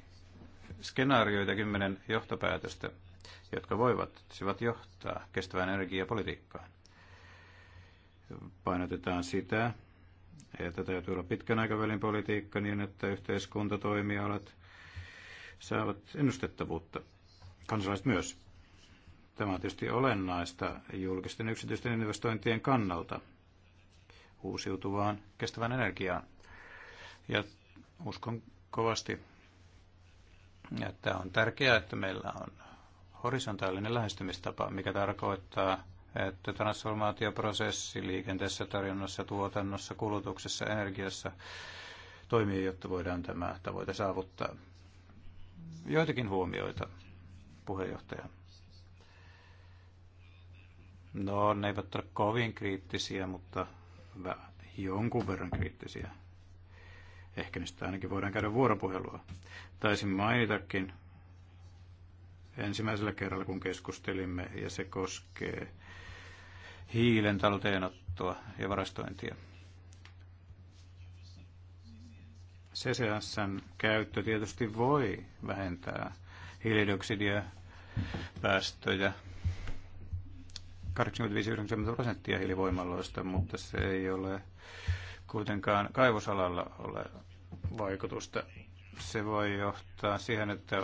skenaarioita, kymmenen johtopäätöstä, jotka voivat johtaa kestävään energiapolitiikkaan painotetaan sitä, että täytyy olla pitkän aikavälin politiikka niin, että yhteiskuntatoimialat saavat ennustettavuutta. Kansalaiset myös. Tämä on tietysti olennaista julkisten yksityisten investointien kannalta uusiutuvaan kestävän energiaan. Ja uskon kovasti, että on tärkeää, että meillä on horisontaalinen lähestymistapa, mikä tarkoittaa että transformaatioprosessi liikenteessä, tarjonnassa, tuotannossa, kulutuksessa, energiassa toimii, jotta voidaan tämä tavoite saavuttaa. Joitakin huomioita, puheenjohtaja. No, ne eivät ole kovin kriittisiä, mutta jonkun verran kriittisiä. Ehkä niistä ainakin voidaan käydä vuoropuhelua. Taisin mainitakin ensimmäisellä kerralla, kun keskustelimme, ja se koskee hiilen talteenottoa ja varastointia. CCSn käyttö tietysti voi vähentää hiilidioksidia päästöjä 85-90 prosenttia hiilivoimaloista, mutta se ei ole kuitenkaan kaivosalalla ole vaikutusta. Se voi johtaa siihen, että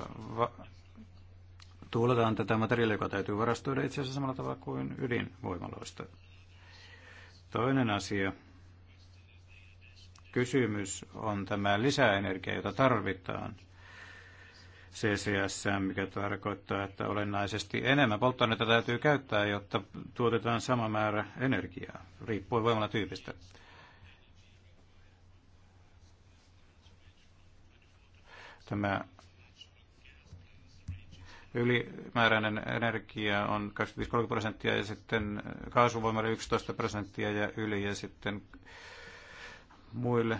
tuuletaan tätä materiaalia, joka täytyy varastoida itse asiassa samalla tavalla kuin ydinvoimaloista. Toinen asia, kysymys on tämä lisäenergia, jota tarvitaan CCS, mikä tarkoittaa, että olennaisesti enemmän polttoainetta täytyy käyttää, jotta tuotetaan sama määrä energiaa, riippuen voimalatyypistä. Tämä ylimääräinen energia on 25-30 prosenttia ja sitten kaasuvoimalle 11 prosenttia ja yli ja sitten muille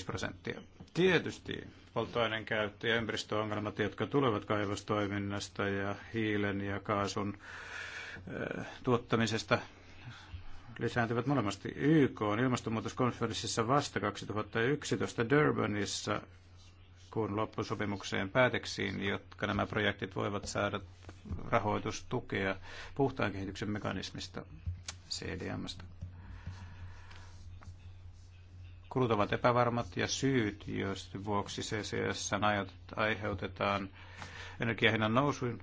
40-45 prosenttia. Tietysti polttoaineen käyttö ja ympäristöongelmat, jotka tulevat kaivostoiminnasta ja hiilen ja kaasun tuottamisesta lisääntyvät molemmasti. YK on ilmastonmuutoskonferenssissa vasta 2011 Durbanissa syyskuun loppusopimukseen päätöksiin, jotka nämä projektit voivat saada rahoitustukea puhtaan kehityksen mekanismista CDMstä. Kulut ovat epävarmat ja syyt, joista vuoksi CCS aiheutetaan energiahinnan nousuin,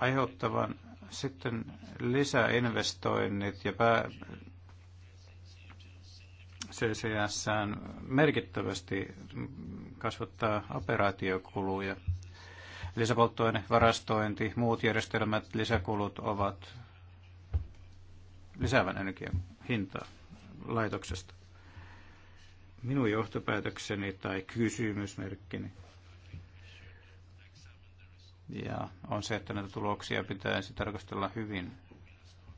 aiheuttavan sitten lisäinvestoinnit ja pää, CCS merkittävästi kasvattaa operaatiokuluja. Lisäpolttoaine, varastointi, muut järjestelmät, lisäkulut ovat lisäävän energian hintaa laitoksesta. Minun johtopäätökseni tai kysymysmerkkini ja on se, että näitä tuloksia pitäisi tarkastella hyvin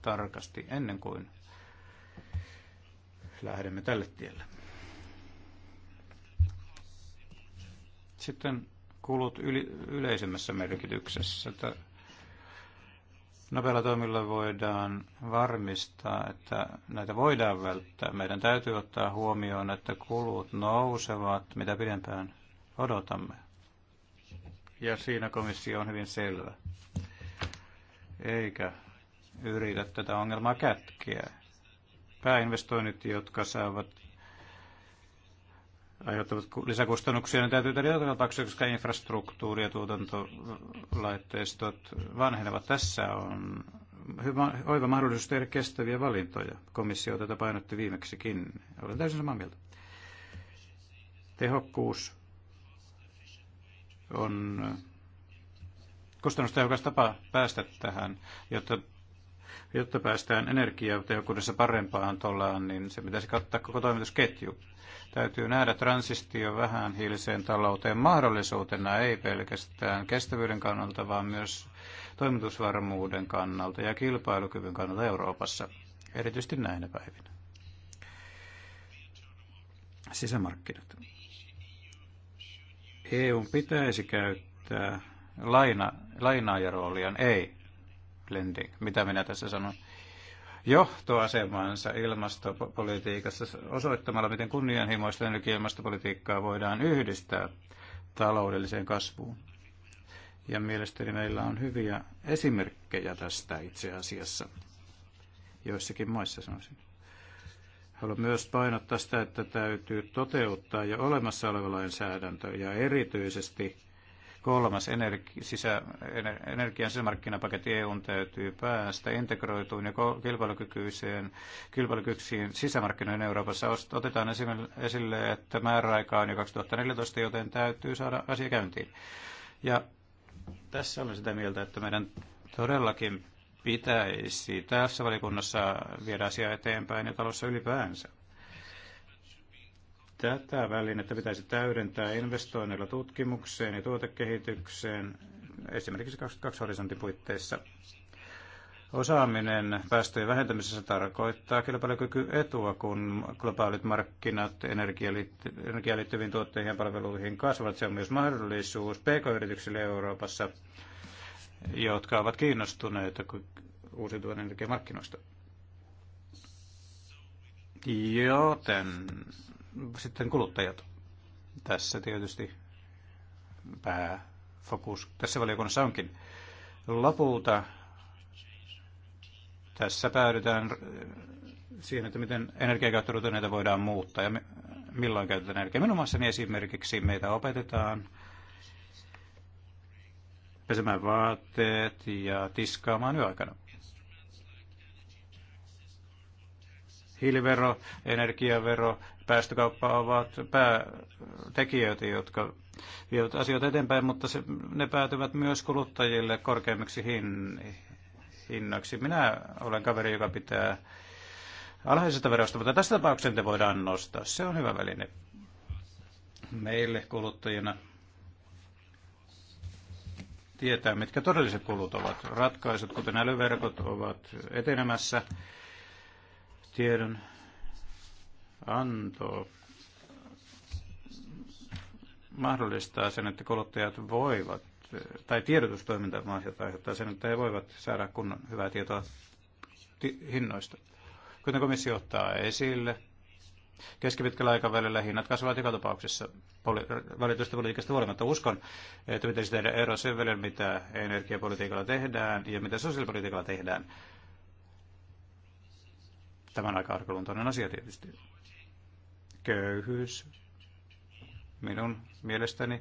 tarkasti ennen kuin lähdemme tälle tielle. Sitten kulut yleisemmässä merkityksessä. nopealla toimilla voidaan varmistaa, että näitä voidaan välttää. Meidän täytyy ottaa huomioon, että kulut nousevat, mitä pidempään odotamme. Ja siinä komissio on hyvin selvä. Eikä yritä tätä ongelmaa kätkeä pääinvestoinnit, jotka saavat aiheuttavat lisäkustannuksia, niin täytyy tehdä jotain tapauksia, koska infrastruktuuri ja tuotantolaitteistot vanhenevat. Tässä on hyvä, oiva mahdollisuus tehdä kestäviä valintoja. Komissio tätä painotti viimeksikin. Olen täysin samaa mieltä. Tehokkuus on kustannustehokas tapa päästä tähän, jotta Jotta päästään energiatehokkuudessa parempaan tolaan, niin se pitäisi kattaa koko toimitusketju. Täytyy nähdä transistio vähän hiiliseen talouteen mahdollisuutena, ei pelkästään kestävyyden kannalta, vaan myös toimitusvarmuuden kannalta ja kilpailukyvyn kannalta Euroopassa, erityisesti näinä päivinä. Sisämarkkinat. EU pitäisi käyttää laina, lainaajarooliaan, ei blending. Mitä minä tässä sanon? johtoasemansa ilmastopolitiikassa osoittamalla, miten kunnianhimoista energia-ilmastopolitiikkaa voidaan yhdistää taloudelliseen kasvuun. Ja mielestäni meillä on hyviä esimerkkejä tästä itse asiassa joissakin maissa, sanoisin. Haluan myös painottaa sitä, että täytyy toteuttaa jo olemassa oleva lainsäädäntö ja erityisesti Kolmas, energi- sisä, ener- energian sisämarkkinapaketti EUn täytyy päästä integroituun ja kilpailukykyiseen kilpailukyksiin sisämarkkinoiden Euroopassa. Otetaan esille, että määräaika on jo 2014, joten täytyy saada asia käyntiin. Ja tässä olen sitä mieltä, että meidän todellakin pitäisi tässä valikunnassa viedä asiaa eteenpäin ja talossa ylipäänsä. Tätä välinettä pitäisi täydentää investoinneilla tutkimukseen ja tuotekehitykseen, esimerkiksi 22 horisontin puitteissa. Osaaminen päästöjen vähentämisessä tarkoittaa kilpailukykyetua, kun globaalit markkinat energiaan liittyviin tuotteihin ja palveluihin kasvavat. Se on myös mahdollisuus pk-yrityksille Euroopassa, jotka ovat kiinnostuneita uusiutuvan energiamarkkinoista. Joten sitten kuluttajat. Tässä tietysti pääfokus tässä valiokunnassa onkin. Lopulta tässä päädytään siihen, että miten energiakäyttöruutuneita voidaan muuttaa ja milloin käytetään energiaa. Minun maassani esimerkiksi meitä opetetaan pesemään vaatteet ja tiskaamaan yöaikana. Hiilivero, energiavero, päästökauppa ovat päätekijöitä, jotka vievät asioita eteenpäin, mutta se, ne päätyvät myös kuluttajille korkeimmiksi hin, hinnoiksi. Minä olen kaveri, joka pitää alhaisesta verosta, mutta tässä tapauksessa te voidaan nostaa. Se on hyvä väline meille kuluttajina tietää, mitkä todelliset kulut ovat. Ratkaisut, kuten älyverkot, ovat etenemässä tiedon antoi mahdollistaa sen, että kuluttajat voivat, tai tiedotustoiminta aiheuttaa sen, että he voivat saada kunnon hyvää tietoa hinnoista. Kuten komissio ottaa esille, keskipitkällä aikavälillä hinnat kasvavat joka tapauksessa poli- valitusta politiikasta huolimatta. Uskon, että pitäisi tehdä ero sen välillä, mitä energiapolitiikalla tehdään ja mitä sosiaalipolitiikalla tehdään. Tämän aika arkaluontoinen asia tietysti köyhyys minun mielestäni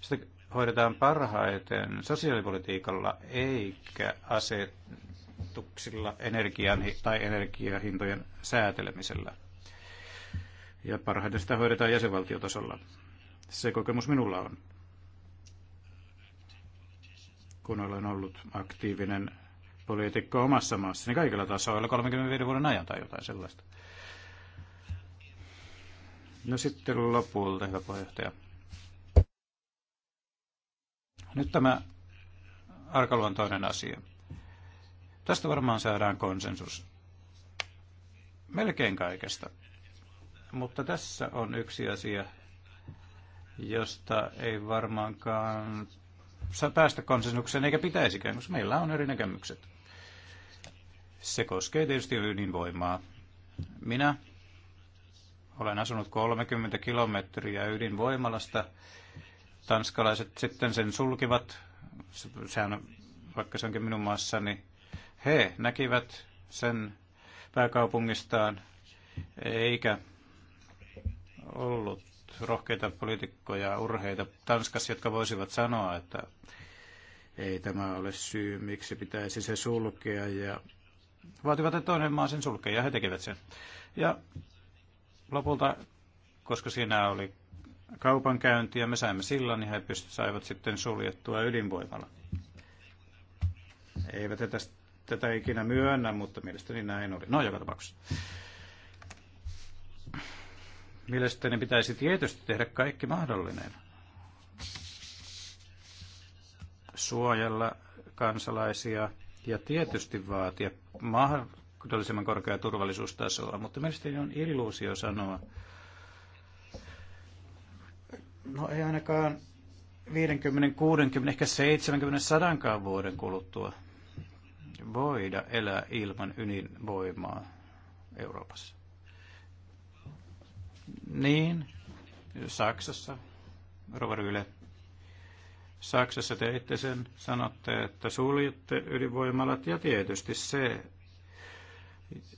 sitä hoidetaan parhaiten sosiaalipolitiikalla eikä asetuksilla energian tai energiahintojen säätelemisellä. Ja parhaiten sitä hoidetaan jäsenvaltiotasolla. Se kokemus minulla on, kun olen ollut aktiivinen poliitikko omassa maassani kaikilla tasoilla 35 vuoden ajan tai jotain sellaista. No sitten lopulta, hyvä puheenjohtaja. Nyt tämä arkaluontoinen asia. Tästä varmaan saadaan konsensus. Melkein kaikesta. Mutta tässä on yksi asia, josta ei varmaankaan saa päästä konsensukseen eikä pitäisikään, koska meillä on eri näkemykset. Se koskee tietysti ydinvoimaa. Minä olen asunut 30 kilometriä ydinvoimalasta. Tanskalaiset sitten sen sulkivat. Sehän, vaikka se onkin minun maassani, he näkivät sen pääkaupungistaan, eikä ollut rohkeita poliitikkoja, urheita Tanskassa, jotka voisivat sanoa, että ei tämä ole syy, miksi pitäisi se sulkea. Ja vaativat, että toinen maa sen sulkee, ja he tekevät sen. Ja lopulta, koska siinä oli kaupankäynti ja me saimme sillan, niin he pyst- saivat sitten suljettua ydinvoimalla. Eivät he tästä, tätä ikinä myönnä, mutta mielestäni näin oli. No, joka tapauksessa. Mielestäni pitäisi tietysti tehdä kaikki mahdollinen. Suojella kansalaisia ja tietysti vaatia mahdollisimman korkeaa turvallisuustasoa, mutta mielestäni on illuusio sanoa, no ei ainakaan 50, 60, ehkä 70, 100 vuoden kuluttua voida elää ilman ydinvoimaa Euroopassa. Niin, Saksassa, Rova Saksassa teitte sen, sanotte, että suljette ydinvoimalat ja tietysti se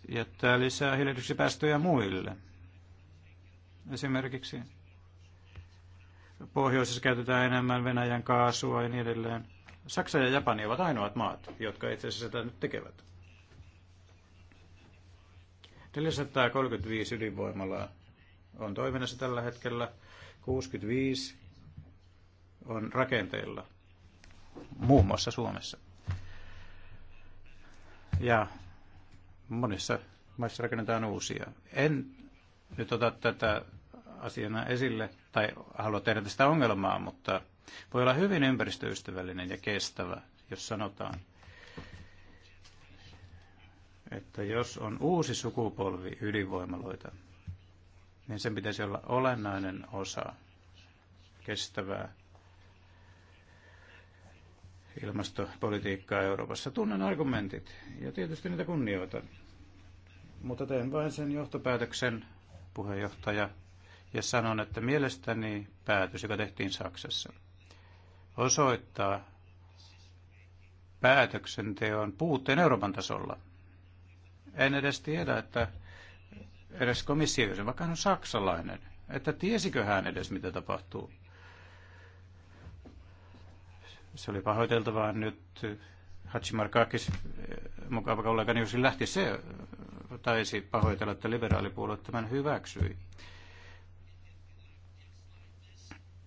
jättää lisää päästöjä muille. Esimerkiksi pohjoisessa käytetään enemmän Venäjän kaasua ja niin edelleen. Saksa ja Japani ovat ainoat maat, jotka itse asiassa sitä nyt tekevät. 435 ydinvoimalaa on toiminnassa tällä hetkellä, 65 on rakenteilla, muun muassa Suomessa. Ja monissa maissa rakennetaan uusia. En nyt ota tätä asiana esille tai halua tehdä tästä ongelmaa, mutta voi olla hyvin ympäristöystävällinen ja kestävä, jos sanotaan, että jos on uusi sukupolvi ydinvoimaloita, niin sen pitäisi olla olennainen osa kestävää ilmastopolitiikkaa Euroopassa. Tunnen argumentit ja tietysti niitä kunnioitan. Mutta teen vain sen johtopäätöksen, puheenjohtaja, ja sanon, että mielestäni päätös, joka tehtiin Saksassa, osoittaa päätöksenteon puutteen Euroopan tasolla. En edes tiedä, että edes komissio, vaikka hän on saksalainen, että tiesikö hän edes, mitä tapahtuu. Se oli pahoiteltavaa nyt. Kakis, mukava niin jos lähti se, taisi pahoitella, että liberaalipuolue tämän hyväksyi.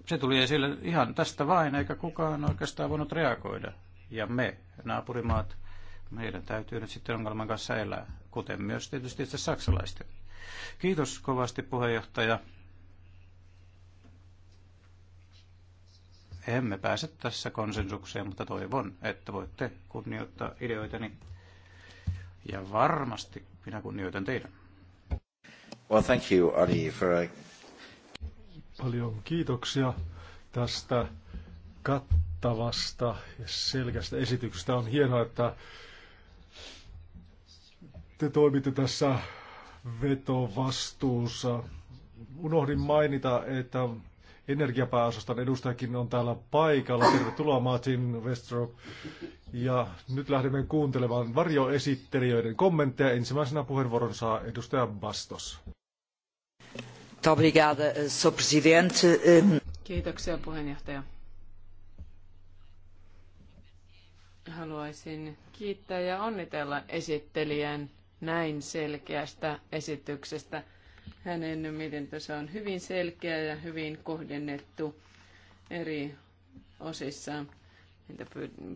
Se tuli esille ihan tästä vain, eikä kukaan oikeastaan voinut reagoida. Ja me, naapurimaat, meidän täytyy nyt sitten ongelman kanssa elää, kuten myös tietysti itse saksalaisten. Kiitos kovasti puheenjohtaja. Emme pääse tässä konsensukseen, mutta toivon, että voitte kunnioittaa ideoitani. Ja varmasti minä kunnioitan teidän. Well, thank you, Ari, for a... Paljon kiitoksia tästä kattavasta ja selkeästä esityksestä. On hienoa, että te toimitte tässä vetovastuussa. Unohdin mainita, että energiapääosaston edustajakin on täällä paikalla. Tervetuloa Martin Westro. Ja nyt lähdemme kuuntelemaan varjoesittelijöiden kommentteja. Ensimmäisenä puheenvuoron saa edustaja Bastos. Eh, ehm, Kiitoksia puheenjohtaja. Haluaisin kiittää ja onnitella esittelijän näin selkeästä esityksestä – hänen mietintönsä on hyvin selkeä ja hyvin kohdennettu eri osissa.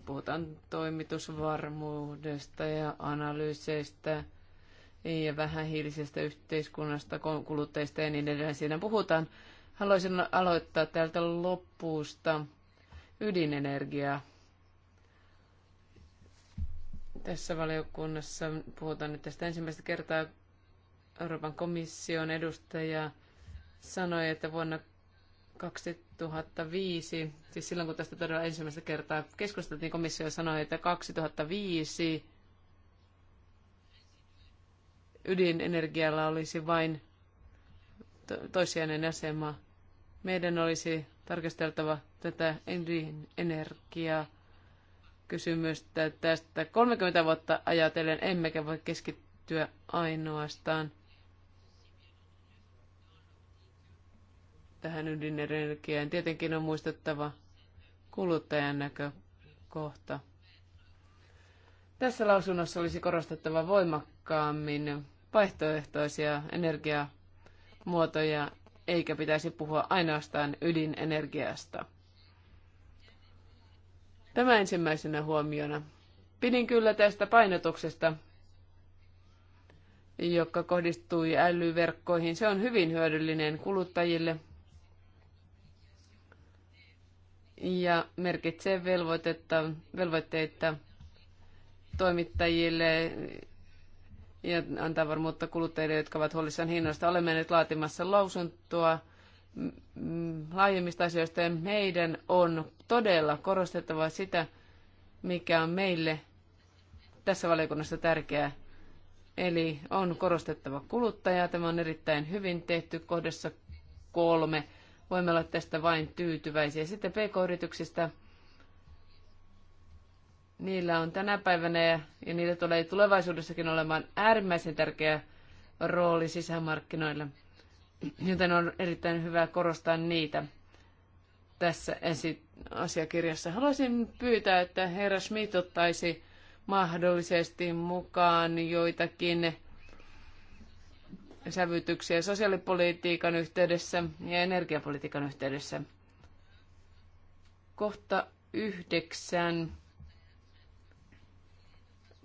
puhutaan toimitusvarmuudesta ja analyyseistä ja vähähiilisestä yhteiskunnasta, kuluttajista ja niin edelleen. Siinä puhutaan. Haluaisin aloittaa täältä loppuusta ydinenergiaa. Tässä valiokunnassa puhutaan nyt tästä ensimmäistä kertaa Euroopan komission edustaja sanoi, että vuonna 2005, siis silloin kun tästä todella ensimmäistä kertaa keskusteltiin, komissio sanoi, että 2005 ydinenergialla olisi vain toissijainen asema. Meidän olisi tarkasteltava tätä ydinenergiaa kysymystä tästä 30 vuotta ajatellen, emmekä voi keskittyä ainoastaan tähän ydinenergiaan. Tietenkin on muistettava kuluttajan näkökohta. Tässä lausunnossa olisi korostettava voimakkaammin vaihtoehtoisia energiamuotoja, eikä pitäisi puhua ainoastaan ydinenergiasta. Tämä ensimmäisenä huomiona. Pidin kyllä tästä painotuksesta, joka kohdistui älyverkkoihin. Se on hyvin hyödyllinen kuluttajille – ja merkitsee velvoitetta, velvoitteita toimittajille ja antaa varmuutta kuluttajille, jotka ovat huolissaan hinnoista. Olemme nyt laatimassa lausuntoa laajemmista asioista ja meidän on todella korostettava sitä, mikä on meille tässä valiokunnassa tärkeää. Eli on korostettava kuluttajaa. Tämä on erittäin hyvin tehty kohdassa kolme voimme olla tästä vain tyytyväisiä. Sitten pk-yrityksistä. Niillä on tänä päivänä ja, ja niillä tulee tulevaisuudessakin olemaan äärimmäisen tärkeä rooli sisämarkkinoille. joten on erittäin hyvä korostaa niitä tässä esi- asiakirjassa. Haluaisin pyytää, että herra Schmidt ottaisi mahdollisesti mukaan joitakin sävytyksiä sosiaalipolitiikan yhteydessä ja energiapolitiikan yhteydessä. Kohta yhdeksän.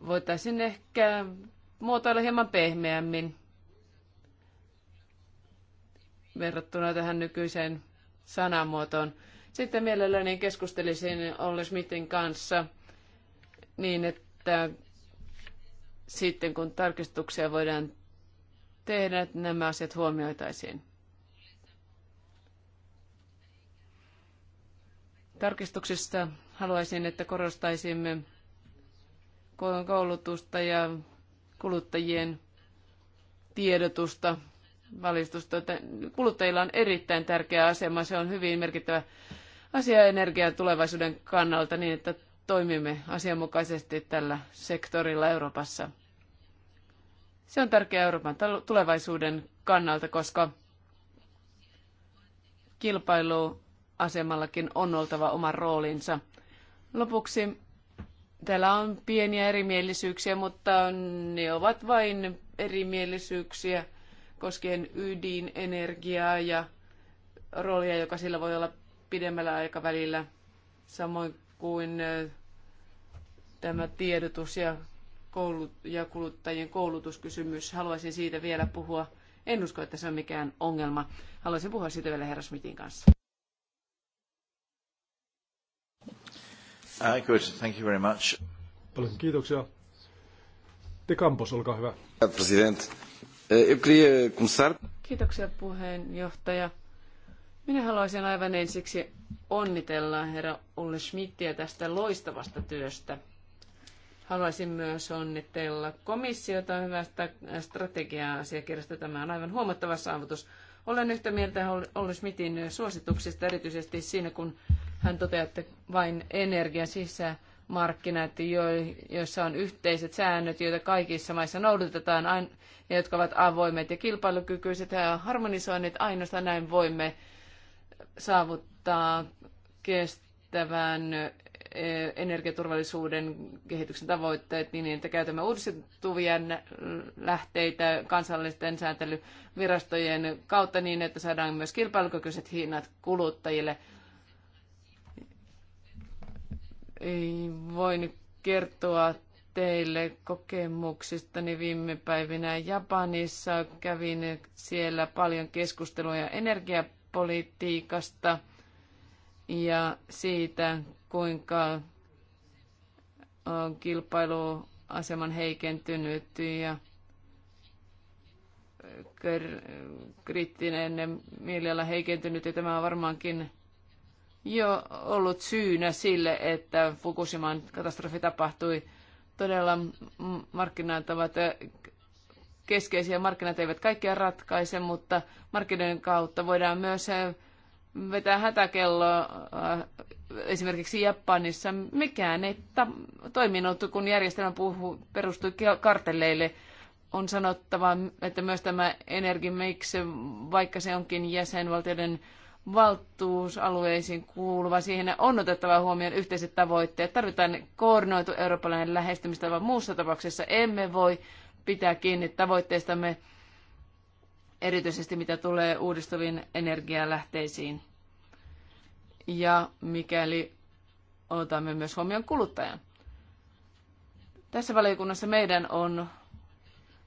Voitaisiin ehkä muotoilla hieman pehmeämmin verrattuna tähän nykyiseen sanamuotoon. Sitten mielelläni keskustelisin Olle Smithin kanssa niin, että sitten kun tarkistuksia voidaan tehdä, että nämä asiat huomioitaisiin. Tarkistuksista haluaisin, että korostaisimme koulutusta ja kuluttajien tiedotusta, valistusta. Kuluttajilla on erittäin tärkeä asema. Se on hyvin merkittävä asia energian tulevaisuuden kannalta niin, että toimimme asianmukaisesti tällä sektorilla Euroopassa. Se on tärkeä Euroopan tulevaisuuden kannalta, koska kilpailuasemallakin on oltava oma roolinsa. Lopuksi täällä on pieniä erimielisyyksiä, mutta ne ovat vain erimielisyyksiä koskien ydinenergiaa ja roolia, joka sillä voi olla pidemmällä aikavälillä, samoin kuin äh, tämä tiedotus ja koulut- ja kuluttajien koulutuskysymys. Haluaisin siitä vielä puhua. En usko, että se on mikään ongelma. Haluaisin puhua siitä vielä herra Smithin kanssa. Uh, good. Thank you very much. Paljon kiitoksia. De Campos, olkaa hyvä. President. Äh, kiitoksia puheenjohtaja. Minä haluaisin aivan ensiksi onnitella herra Olle Schmidtiä tästä loistavasta työstä. Haluaisin myös onnitella komissiota hyvästä strategia-asiakirjasta. Tämä on aivan huomattava saavutus. Olen yhtä mieltä Olli Smithin suosituksista, erityisesti siinä, kun hän toteaa, että vain energia sisämarkkinat, joissa on yhteiset säännöt, joita kaikissa maissa noudatetaan, ja jotka ovat avoimet ja kilpailukykyiset ja harmonisoinnit, ainoastaan näin voimme saavuttaa kestävän Eh, energiaturvallisuuden kehityksen tavoitteet niin, että käytämme uudistuvia lähteitä kansallisten sääntelyvirastojen kautta niin, että saadaan myös kilpailukykyiset hinnat kuluttajille. Ei Voin kertoa teille kokemuksistani viime päivinä Japanissa. Kävin siellä paljon keskusteluja energiapolitiikasta ja siitä, kuinka on kilpailuaseman heikentynyt ja kriittinen mielellä heikentynyt ja tämä on varmaankin jo ollut syynä sille, että Fukushiman katastrofi tapahtui. Todella markkinat ovat keskeisiä, markkinat eivät kaikkea ratkaise, mutta markkinoiden kautta voidaan myös vetää hätäkelloa äh, esimerkiksi Japanissa. Mikään ei toiminut, kun järjestelmä puhu, perustui kartelleille. On sanottava, että myös tämä energimix, vaikka se onkin jäsenvaltioiden valtuusalueisiin kuuluva, siihen on otettava huomioon yhteiset tavoitteet. Tarvitaan koordinoitu eurooppalainen lähestymistapa. Muussa tapauksessa emme voi pitää kiinni tavoitteistamme, erityisesti mitä tulee uudistuviin energialähteisiin ja mikäli otamme myös huomioon kuluttajan. Tässä valiokunnassa meidän on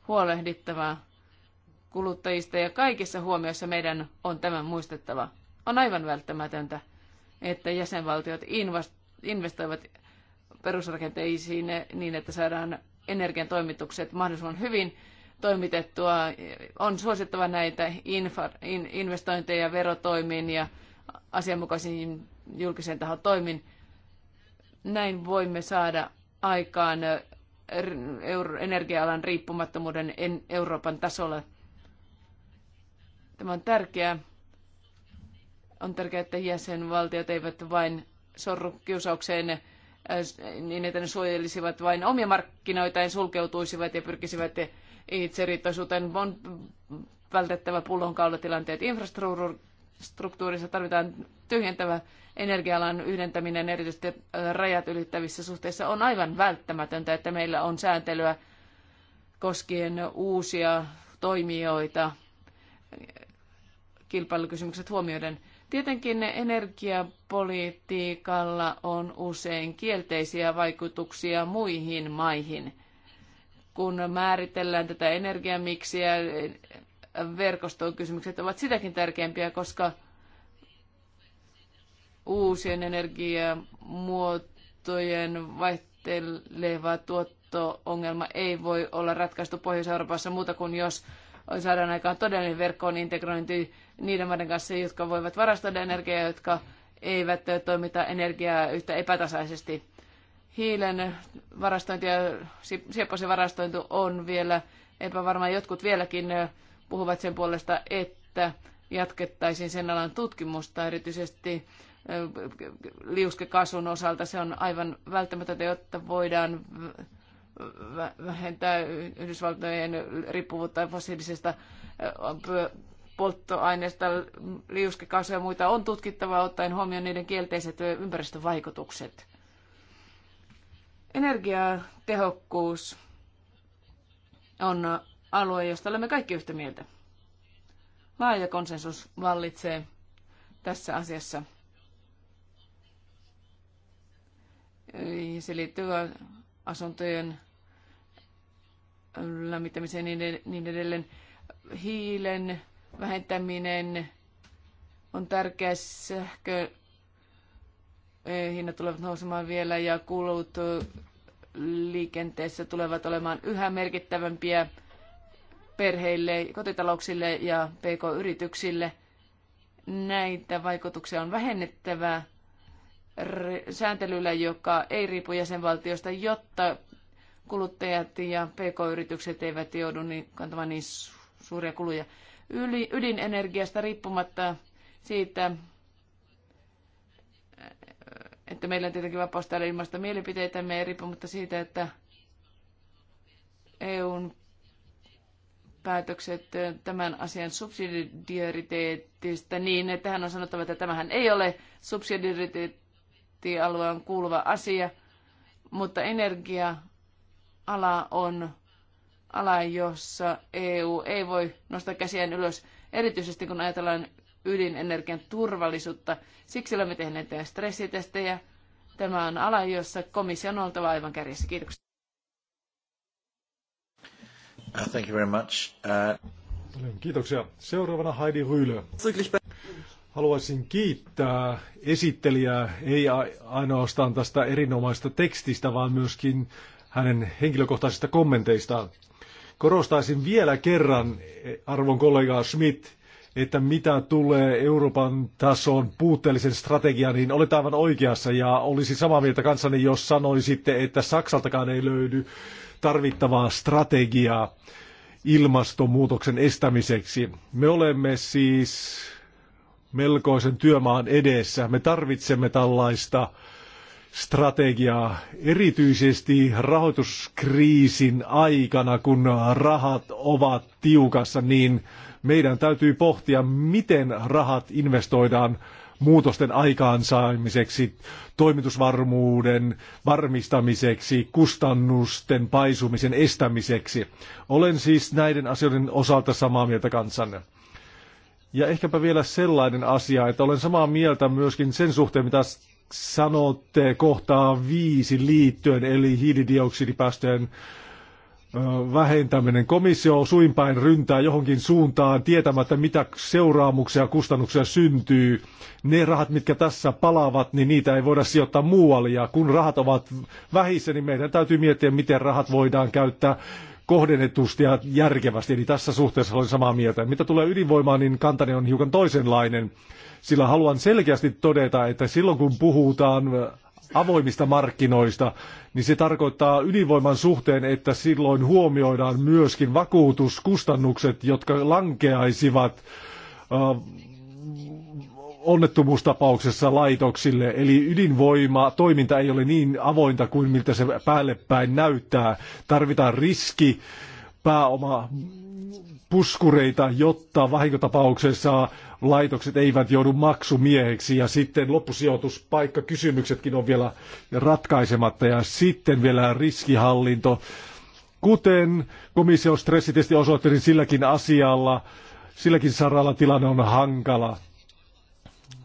huolehdittava kuluttajista ja kaikissa huomioissa meidän on tämän muistettava. On aivan välttämätöntä, että jäsenvaltiot investoivat perusrakenteisiin niin, että saadaan energian toimitukset mahdollisimman hyvin toimitettua. On suosittava näitä investointeja verotoimiin ja asianmukaisin julkisen tahon toimin. Näin voimme saada aikaan eh, energia-alan riippumattomuuden Euroopan tasolla. Tämä on tärkeää. On tärkeää, että jäsenvaltiot eivät vain sorru kiusaukseen eh, niin, että ne suojelisivat vain omia ja sulkeutuisivat ja pyrkisivät itse riittoisuuteen. On vältettävä pullonkaulatilanteet. infrastruktuurin infrastruktuurissa tarvitaan tyhjentävä energialan yhdentäminen erityisesti äh, rajat ylittävissä suhteissa on aivan välttämätöntä, että meillä on sääntelyä koskien uusia toimijoita kilpailukysymykset huomioiden. Tietenkin energiapolitiikalla on usein kielteisiä vaikutuksia muihin maihin. Kun määritellään tätä energiamiksiä, kysymykset ovat sitäkin tärkeämpiä, koska uusien energiamuotojen vaihteleva tuotto-ongelma ei voi olla ratkaistu Pohjois-Euroopassa muuta kuin jos saadaan aikaan todellinen verkkoon integrointi niiden maiden kanssa, jotka voivat varastoida energiaa, jotka eivät toimita energiaa yhtä epätasaisesti. Hiilen varastointi ja sieppasen varastointi on vielä epävarmaa. Jotkut vieläkin puhuvat sen puolesta, että jatkettaisiin sen alan tutkimusta, erityisesti liuskekasvun osalta. Se on aivan välttämätöntä, jotta voidaan vähentää Yhdysvaltojen riippuvuutta fossiilisesta polttoaineesta liuskekasveja ja muita on tutkittava ottaen huomioon niiden kielteiset ympäristövaikutukset. Energiatehokkuus on alue, josta olemme kaikki yhtä mieltä. Laaja konsensus vallitsee tässä asiassa. Se liittyy asuntojen lämmittämiseen ja niin-, niin edelleen. Hiilen vähentäminen on tärkeä sähkö. E, hinnat tulevat nousemaan vielä ja kulut liikenteessä tulevat olemaan yhä merkittävämpiä perheille, kotitalouksille ja pk-yrityksille. Näitä vaikutuksia on vähennettävä sääntelyllä, joka ei riipu jäsenvaltiosta, jotta kuluttajat ja pk-yritykset eivät joudu niin, kantamaan niin suuria kuluja. Yli, ydinenergiasta riippumatta siitä, että meillä on tietenkin vapaus täällä ilmaista ei riippumatta siitä, että EUn päätökset tämän asian subsidiariteetista niin, että hän on sanottava, että tämähän ei ole subsidiariteettialueen kuuluva asia, mutta energia-ala on ala, jossa EU ei voi nostaa käsiään ylös, erityisesti kun ajatellaan ydinenergian turvallisuutta. Siksi olemme tehneet stressitestejä. Tämä on ala, jossa komission on oltava aivan kärjessä. Kiitoksia. Uh, thank you very much. Uh... kiitoksia. Seuraavana Heidi Ryylö. Haluaisin kiittää esittelijää ei ainoastaan tästä erinomaisesta tekstistä, vaan myöskin hänen henkilökohtaisista kommenteistaan. Korostaisin vielä kerran, arvon kollega Schmidt, että mitä tulee Euroopan tason puutteellisen strategiaan, niin olet aivan oikeassa ja olisi samaa mieltä kanssani, jos sanoisitte, että Saksaltakaan ei löydy tarvittavaa strategiaa ilmastonmuutoksen estämiseksi. Me olemme siis melkoisen työmaan edessä. Me tarvitsemme tällaista strategiaa erityisesti rahoituskriisin aikana, kun rahat ovat tiukassa, niin meidän täytyy pohtia, miten rahat investoidaan muutosten aikaansaamiseksi, toimitusvarmuuden varmistamiseksi, kustannusten paisumisen estämiseksi. Olen siis näiden asioiden osalta samaa mieltä kanssanne. Ja ehkäpä vielä sellainen asia, että olen samaa mieltä myöskin sen suhteen, mitä sanotte kohtaa viisi liittyen, eli hiilidioksidipäästöjen vähentäminen. Komissio päin ryntää johonkin suuntaan tietämättä, mitä seuraamuksia ja kustannuksia syntyy. Ne rahat, mitkä tässä palaavat, niin niitä ei voida sijoittaa muualle. Ja kun rahat ovat vähissä, niin meidän täytyy miettiä, miten rahat voidaan käyttää kohdennetusti ja järkevästi. Eli tässä suhteessa olen samaa mieltä. Mitä tulee ydinvoimaan, niin kantani on hiukan toisenlainen. Sillä haluan selkeästi todeta, että silloin kun puhutaan avoimista markkinoista, niin se tarkoittaa ydinvoiman suhteen, että silloin huomioidaan myöskin vakuutuskustannukset, jotka lankeaisivat onnettomuustapauksessa laitoksille. Eli ydinvoima, toiminta ei ole niin avointa kuin miltä se päälle päin näyttää. Tarvitaan riski, pääoma, puskureita, jotta vahinkotapauksessa laitokset eivät joudu maksumieheksi ja sitten loppusijoituspaikka kysymyksetkin on vielä ratkaisematta ja sitten vielä riskihallinto. Kuten komission stressitesti osoitti, niin silläkin asialla, silläkin saralla tilanne on hankala.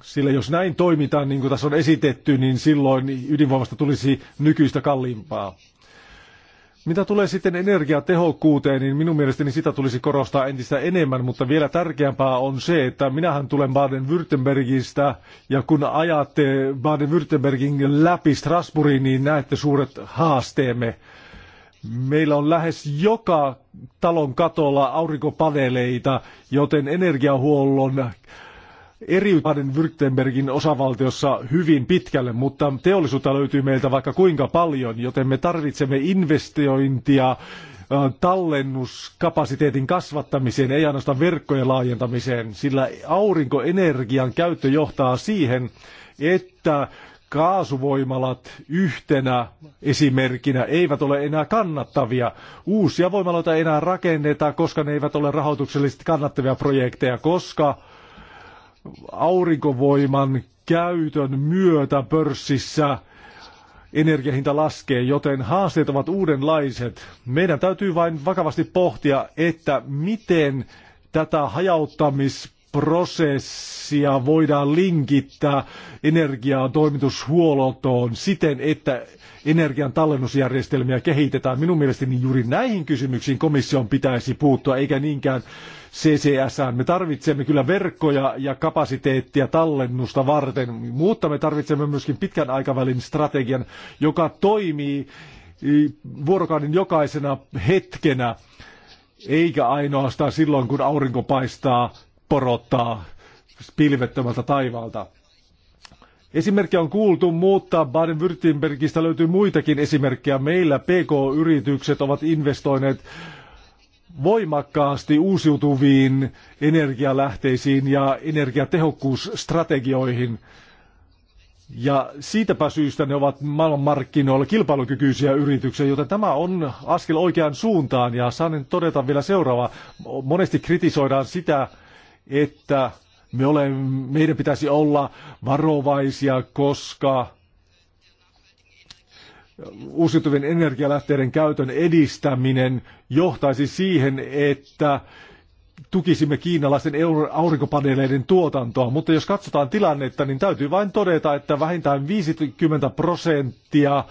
Sillä jos näin toimitaan, niin kuin tässä on esitetty, niin silloin ydinvoimasta tulisi nykyistä kalliimpaa. Mitä tulee sitten energiatehokkuuteen, niin minun mielestäni sitä tulisi korostaa entistä enemmän, mutta vielä tärkeämpää on se, että minähän tulen Baden-Württembergistä, ja kun ajatte Baden-Württembergin läpi Strasbourgiin, niin näette suuret haasteemme. Meillä on lähes joka talon katolla aurinkopaneeleita, joten energiahuollon eri Baden-Württembergin osavaltiossa hyvin pitkälle, mutta teollisuutta löytyy meiltä vaikka kuinka paljon, joten me tarvitsemme investointia tallennuskapasiteetin kasvattamiseen, ei ainoastaan verkkojen laajentamiseen, sillä aurinkoenergian käyttö johtaa siihen, että kaasuvoimalat yhtenä esimerkkinä eivät ole enää kannattavia. Uusia voimaloita ei enää rakenneta, koska ne eivät ole rahoituksellisesti kannattavia projekteja, koska aurinkovoiman käytön myötä pörssissä energiahinta laskee, joten haasteet ovat uudenlaiset. Meidän täytyy vain vakavasti pohtia, että miten tätä hajauttamis prosessia voidaan linkittää energiaa toimitushuoltoon siten, että energian tallennusjärjestelmiä kehitetään. Minun mielestäni juuri näihin kysymyksiin komission pitäisi puuttua, eikä niinkään CCS. Me tarvitsemme kyllä verkkoja ja kapasiteettia tallennusta varten, mutta me tarvitsemme myöskin pitkän aikavälin strategian, joka toimii vuorokauden jokaisena hetkenä eikä ainoastaan silloin, kun aurinko paistaa porottaa pilvettömältä taivaalta. Esimerkkejä on kuultu, mutta Baden-Württembergistä löytyy muitakin esimerkkejä. Meillä PK-yritykset ovat investoineet voimakkaasti uusiutuviin energialähteisiin ja energiatehokkuusstrategioihin. Ja siitäpä syystä ne ovat maailmanmarkkinoilla kilpailukykyisiä yrityksiä, joten tämä on askel oikeaan suuntaan. Ja saan todeta vielä seuraava. Monesti kritisoidaan sitä, että me olemme, meidän pitäisi olla varovaisia, koska uusiutuvien energialähteiden käytön edistäminen johtaisi siihen, että tukisimme kiinalaisten aurinkopaneeleiden tuotantoa, mutta jos katsotaan tilannetta, niin täytyy vain todeta, että vähintään 50 prosenttia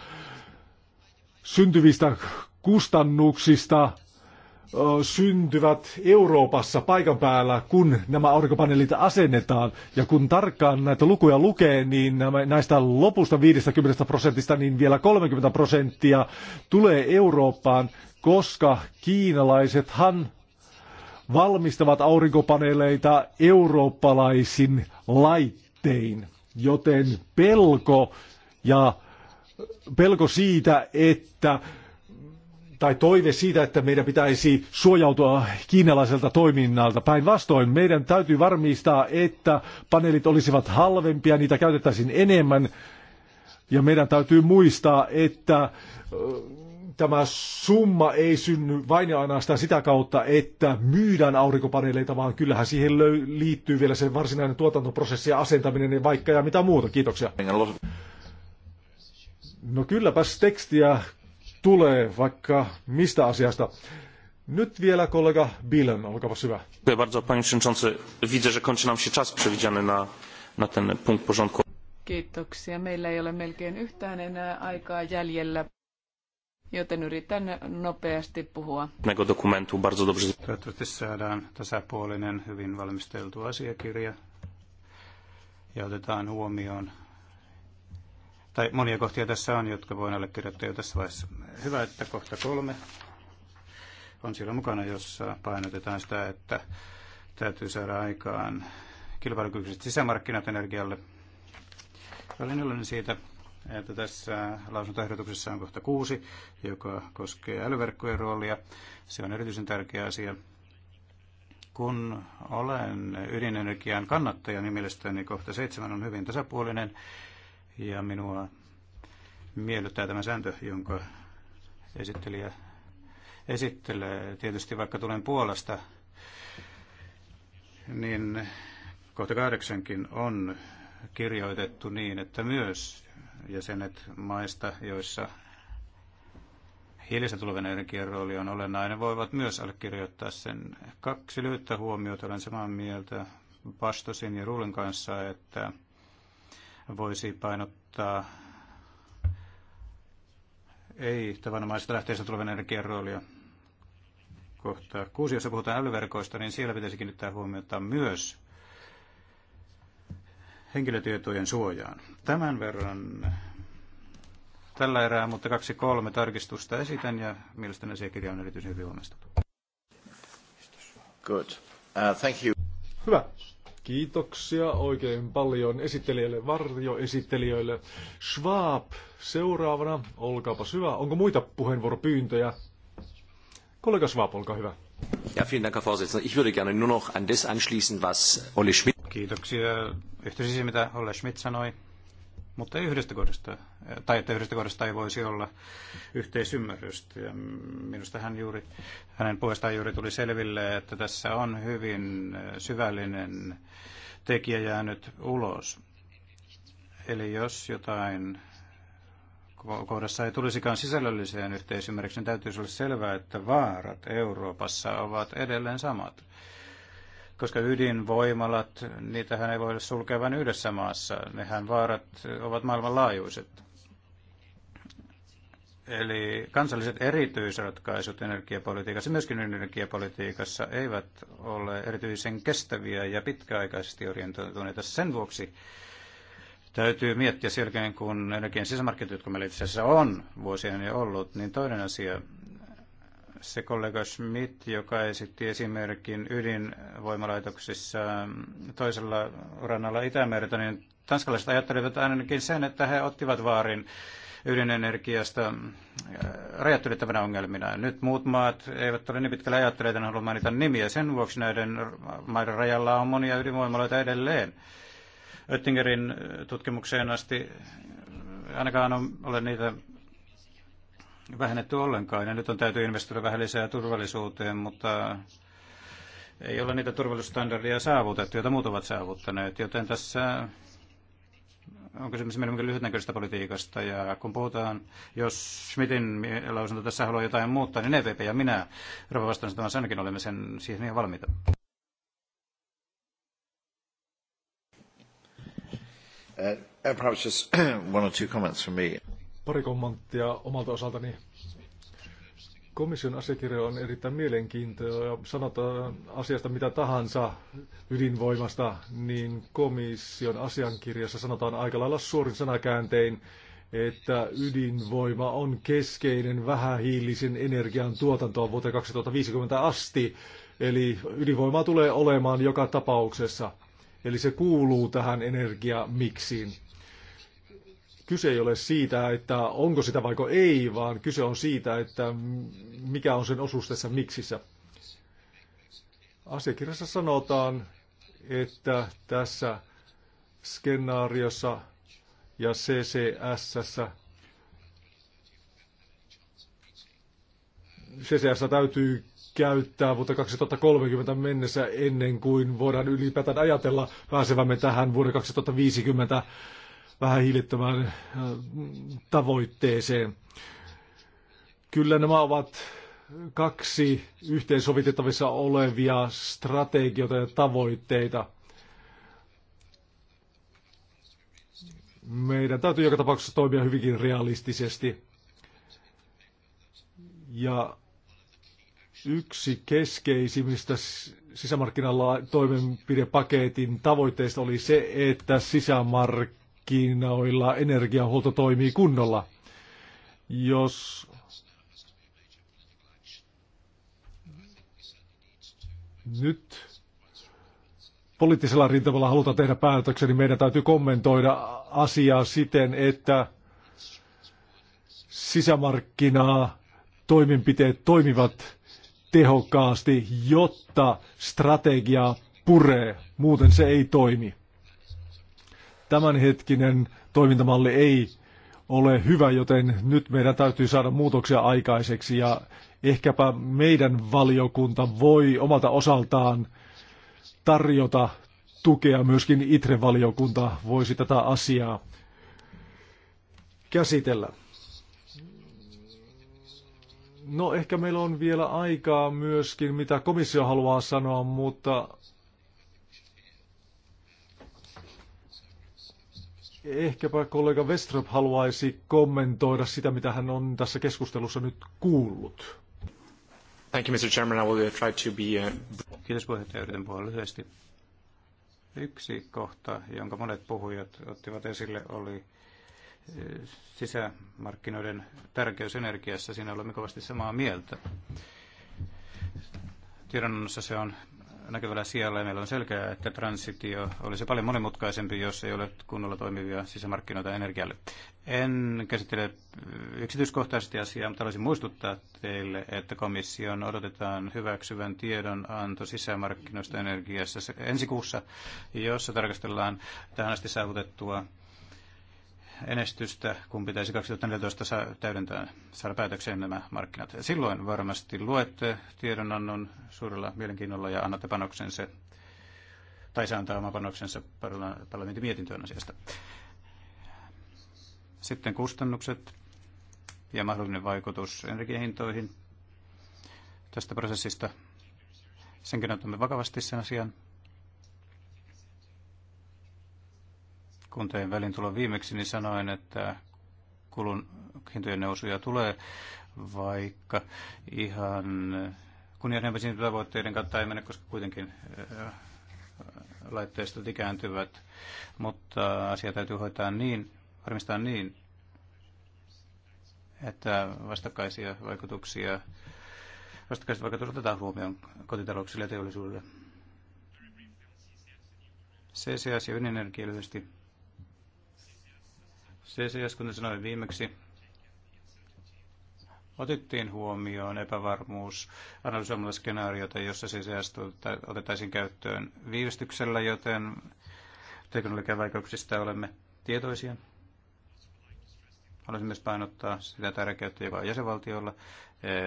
syntyvistä kustannuksista syntyvät Euroopassa paikan päällä, kun nämä aurinkopaneelit asennetaan. Ja kun tarkkaan näitä lukuja lukee, niin näistä lopusta 50 prosentista, niin vielä 30 prosenttia tulee Eurooppaan, koska kiinalaisethan valmistavat aurinkopaneeleita eurooppalaisin laittein. Joten pelko ja pelko siitä, että tai toive siitä, että meidän pitäisi suojautua kiinalaiselta toiminnalta. Päinvastoin meidän täytyy varmistaa, että paneelit olisivat halvempia, niitä käytettäisiin enemmän. Ja meidän täytyy muistaa, että tämä summa ei synny vain ja ainoastaan sitä kautta, että myydään aurinkopaneeleita, vaan kyllähän siihen liittyy vielä se varsinainen tuotantoprosessi ja asentaminen ja vaikka ja mitä muuta. Kiitoksia. No kylläpäs tekstiä tulee, vaikka mistä asiasta. Nyt vielä kollega Bilen, olkaa hyvä. Dziękuję bardzo, panie przewodniczący. Widzę, że kończy nam się czas przewidziany na, na ten punkt porządku. Kiitoksia. Meillä ei ole melkein yhtään enää aikaa jäljellä, joten yritän nopeasti puhua. dokumentu bardzo dobrze. Toivottavasti saadaan tasapuolinen, hyvin valmisteltu asiakirja ja otetaan huomioon tai monia kohtia tässä on, jotka voin allekirjoittaa jo tässä vaiheessa. Hyvä, että kohta kolme on siellä mukana, jossa painotetaan sitä, että täytyy saada aikaan kilpailukykyiset sisämarkkinat energialle. Olen iloinen siitä, että tässä lausuntoehdotuksessa on kohta kuusi, joka koskee älyverkkojen roolia. Se on erityisen tärkeä asia. Kun olen ydinenergian kannattaja, niin mielestäni kohta seitsemän on hyvin tasapuolinen ja minua miellyttää tämä sääntö, jonka esittelijä esittelee. Tietysti vaikka tulen Puolasta, niin kohta kahdeksankin on kirjoitettu niin, että myös jäsenet maista, joissa hiilisen tulevan energian rooli on olennainen, voivat myös allekirjoittaa sen. Kaksi lyhyttä huomiota olen samaa mieltä Pastosin ja Ruulin kanssa, että voisi painottaa ei tavanomaisesta lähteestä tulevan energian roolia. kohtaa. kuusi, jossa puhutaan älyverkoista, niin siellä pitäisi kiinnittää huomiota myös henkilötietojen suojaan. Tämän verran tällä erää, mutta kaksi kolme tarkistusta esitän ja mielestäni asiakirja on erityisen hyvin onnistunut. Good. Uh, thank you. Hyvä. Kiitoksia oikein paljon esittelijöille, varjoesittelijöille. Schwab, seuraavana, olkaapa hyvä. Onko muita puheenvuoropyyntöjä? Kollega Schwab, olkaa hyvä. Ja, vielen Dank, Herr Vorsitzender. Ich würde gerne nur noch an das anschließen, was Olle Schmidt... Kiitoksia. Yhtyisin, siis, mitä Olle Schmidt sanoi. Mutta yhdestä kohdasta, tai että yhdestä kohdasta ei voisi olla yhteisymmärrystä. Ja minusta hän juuri, hänen puolestaan juuri tuli selville, että tässä on hyvin syvällinen tekijä jäänyt ulos. Eli jos jotain kohdassa ei tulisikaan sisällölliseen yhteisymmärrykseen, niin täytyisi olla selvää, että vaarat Euroopassa ovat edelleen samat koska ydinvoimalat, niitähän ei voida sulkea vain yhdessä maassa. Nehän vaarat ovat maailmanlaajuiset. Eli kansalliset erityisratkaisut energiapolitiikassa, myöskin energiapolitiikassa, eivät ole erityisen kestäviä ja pitkäaikaisesti orientoituneita. Sen vuoksi täytyy miettiä sen jälkeen, kun energian sisämarkkinat, jotka meillä itse asiassa on vuosien jo ollut, niin toinen asia, se kollega Schmidt, joka esitti esimerkin ydinvoimalaitoksissa toisella rannalla Itämerta, niin tanskalaiset ajattelivat ainakin sen, että he ottivat vaarin ydinenergiasta äh, rajat ylittävänä ongelmina. Nyt muut maat eivät ole niin pitkällä ajattelijoita, en halua mainita nimiä. Sen vuoksi näiden maiden rajalla on monia ydinvoimaloita edelleen. Oettingerin tutkimukseen asti ainakaan ole niitä vähennetty ollenkaan. Ja nyt on täytyy investoida vähän lisää turvallisuuteen, mutta ei ole niitä turvallisuusstandardeja saavutettu, joita muut ovat saavuttaneet. Joten tässä on kysymys enemmänkin lyhytnäköisestä politiikasta. Ja kun puhutaan, jos Schmidtin lausunto tässä haluaa jotain muuttaa, niin EVP ja minä Rova vastaan ainakin olemme sen, siihen ihan valmiita. Uh, perhaps just one or two comments from me pari kommenttia omalta osaltani. Komission asiakirja on erittäin mielenkiintoinen. ja Sanotaan asiasta mitä tahansa ydinvoimasta, niin komission asiankirjassa sanotaan aika lailla suorin sanakääntein, että ydinvoima on keskeinen vähähiilisen energian tuotantoa vuoteen 2050 asti. Eli ydinvoimaa tulee olemaan joka tapauksessa. Eli se kuuluu tähän energiamiksiin. Kyse ei ole siitä, että onko sitä vaiko ei, vaan kyse on siitä, että mikä on sen osuus tässä miksissä. Asiakirjassa sanotaan, että tässä skenaariossa ja CCS CCS täytyy käyttää vuotta 2030 mennessä ennen kuin voidaan ylipäätään ajatella pääsevämme tähän vuoden 2050 vähän hiilettömään äh, tavoitteeseen. Kyllä nämä ovat kaksi yhteensovitettavissa olevia strategioita ja tavoitteita. Meidän täytyy joka tapauksessa toimia hyvinkin realistisesti. Ja yksi keskeisimmistä toimenpidepaketin tavoitteista oli se, että sisämark markkinoilla energiahuolto toimii kunnolla. Jos nyt poliittisella rintamalla halutaan tehdä päätöksen, niin meidän täytyy kommentoida asiaa siten, että sisämarkkinaa toimenpiteet toimivat tehokkaasti, jotta strategia puree. Muuten se ei toimi tämänhetkinen toimintamalli ei ole hyvä, joten nyt meidän täytyy saada muutoksia aikaiseksi ja ehkäpä meidän valiokunta voi omalta osaltaan tarjota tukea. Myöskin ITRE-valiokunta voisi tätä asiaa käsitellä. No ehkä meillä on vielä aikaa myöskin, mitä komissio haluaa sanoa, mutta Ehkäpä kollega Westrop haluaisi kommentoida sitä, mitä hän on tässä keskustelussa nyt kuullut. Thank you, Mr. Chairman. I will uh, try to be, uh... Kiitos puheenjohtaja. Yritän puhua lyhyesti. Yksi kohta, jonka monet puhujat ottivat esille, oli uh, sisämarkkinoiden tärkeys energiassa. Siinä olemme kovasti samaa mieltä. Tiedonannossa se on näkyvällä sijalla. Meillä on selkeää, että transitio olisi paljon monimutkaisempi, jos ei ole kunnolla toimivia sisämarkkinoita energialle. En käsittele äh, yksityiskohtaisesti asiaa, mutta haluaisin muistuttaa teille, että komission odotetaan hyväksyvän tiedonanto sisämarkkinoista energiassa ensi kuussa, jossa tarkastellaan tähän asti saavutettua enestystä, kun pitäisi 2014 saa, täydentää, saada päätökseen nämä markkinat. Silloin varmasti luette tiedonannon suurella mielenkiinnolla ja annatte panoksensa, tai se antaa oman panoksensa parlamentin mietintöön asiasta. Sitten kustannukset ja mahdollinen vaikutus energiahintoihin tästä prosessista. Senkin otamme vakavasti sen asian. Kun tein välintulon viimeksi, niin sanoin, että kulun hintojen nousuja tulee, vaikka ihan kunnianhimoisiin tavoitteiden kautta ei mene, koska kuitenkin äh, laitteistot ikääntyvät, mutta asia täytyy hoitaa niin, varmistaa niin, että vastakkaisia vaikutuksia, vastakkaiset vaikutukset otetaan huomioon kotitalouksille ja teollisuudelle. CCS ja ydinenergia niin lyhyesti. CCS, kun sanoin viimeksi, otettiin huomioon epävarmuus analysoimalla skenaariota, jossa CCS otettaisiin käyttöön viivästyksellä, joten teknologian vaikeuksista olemme tietoisia. Haluaisin myös painottaa sitä tärkeyttä, joka on jäsenvaltioilla,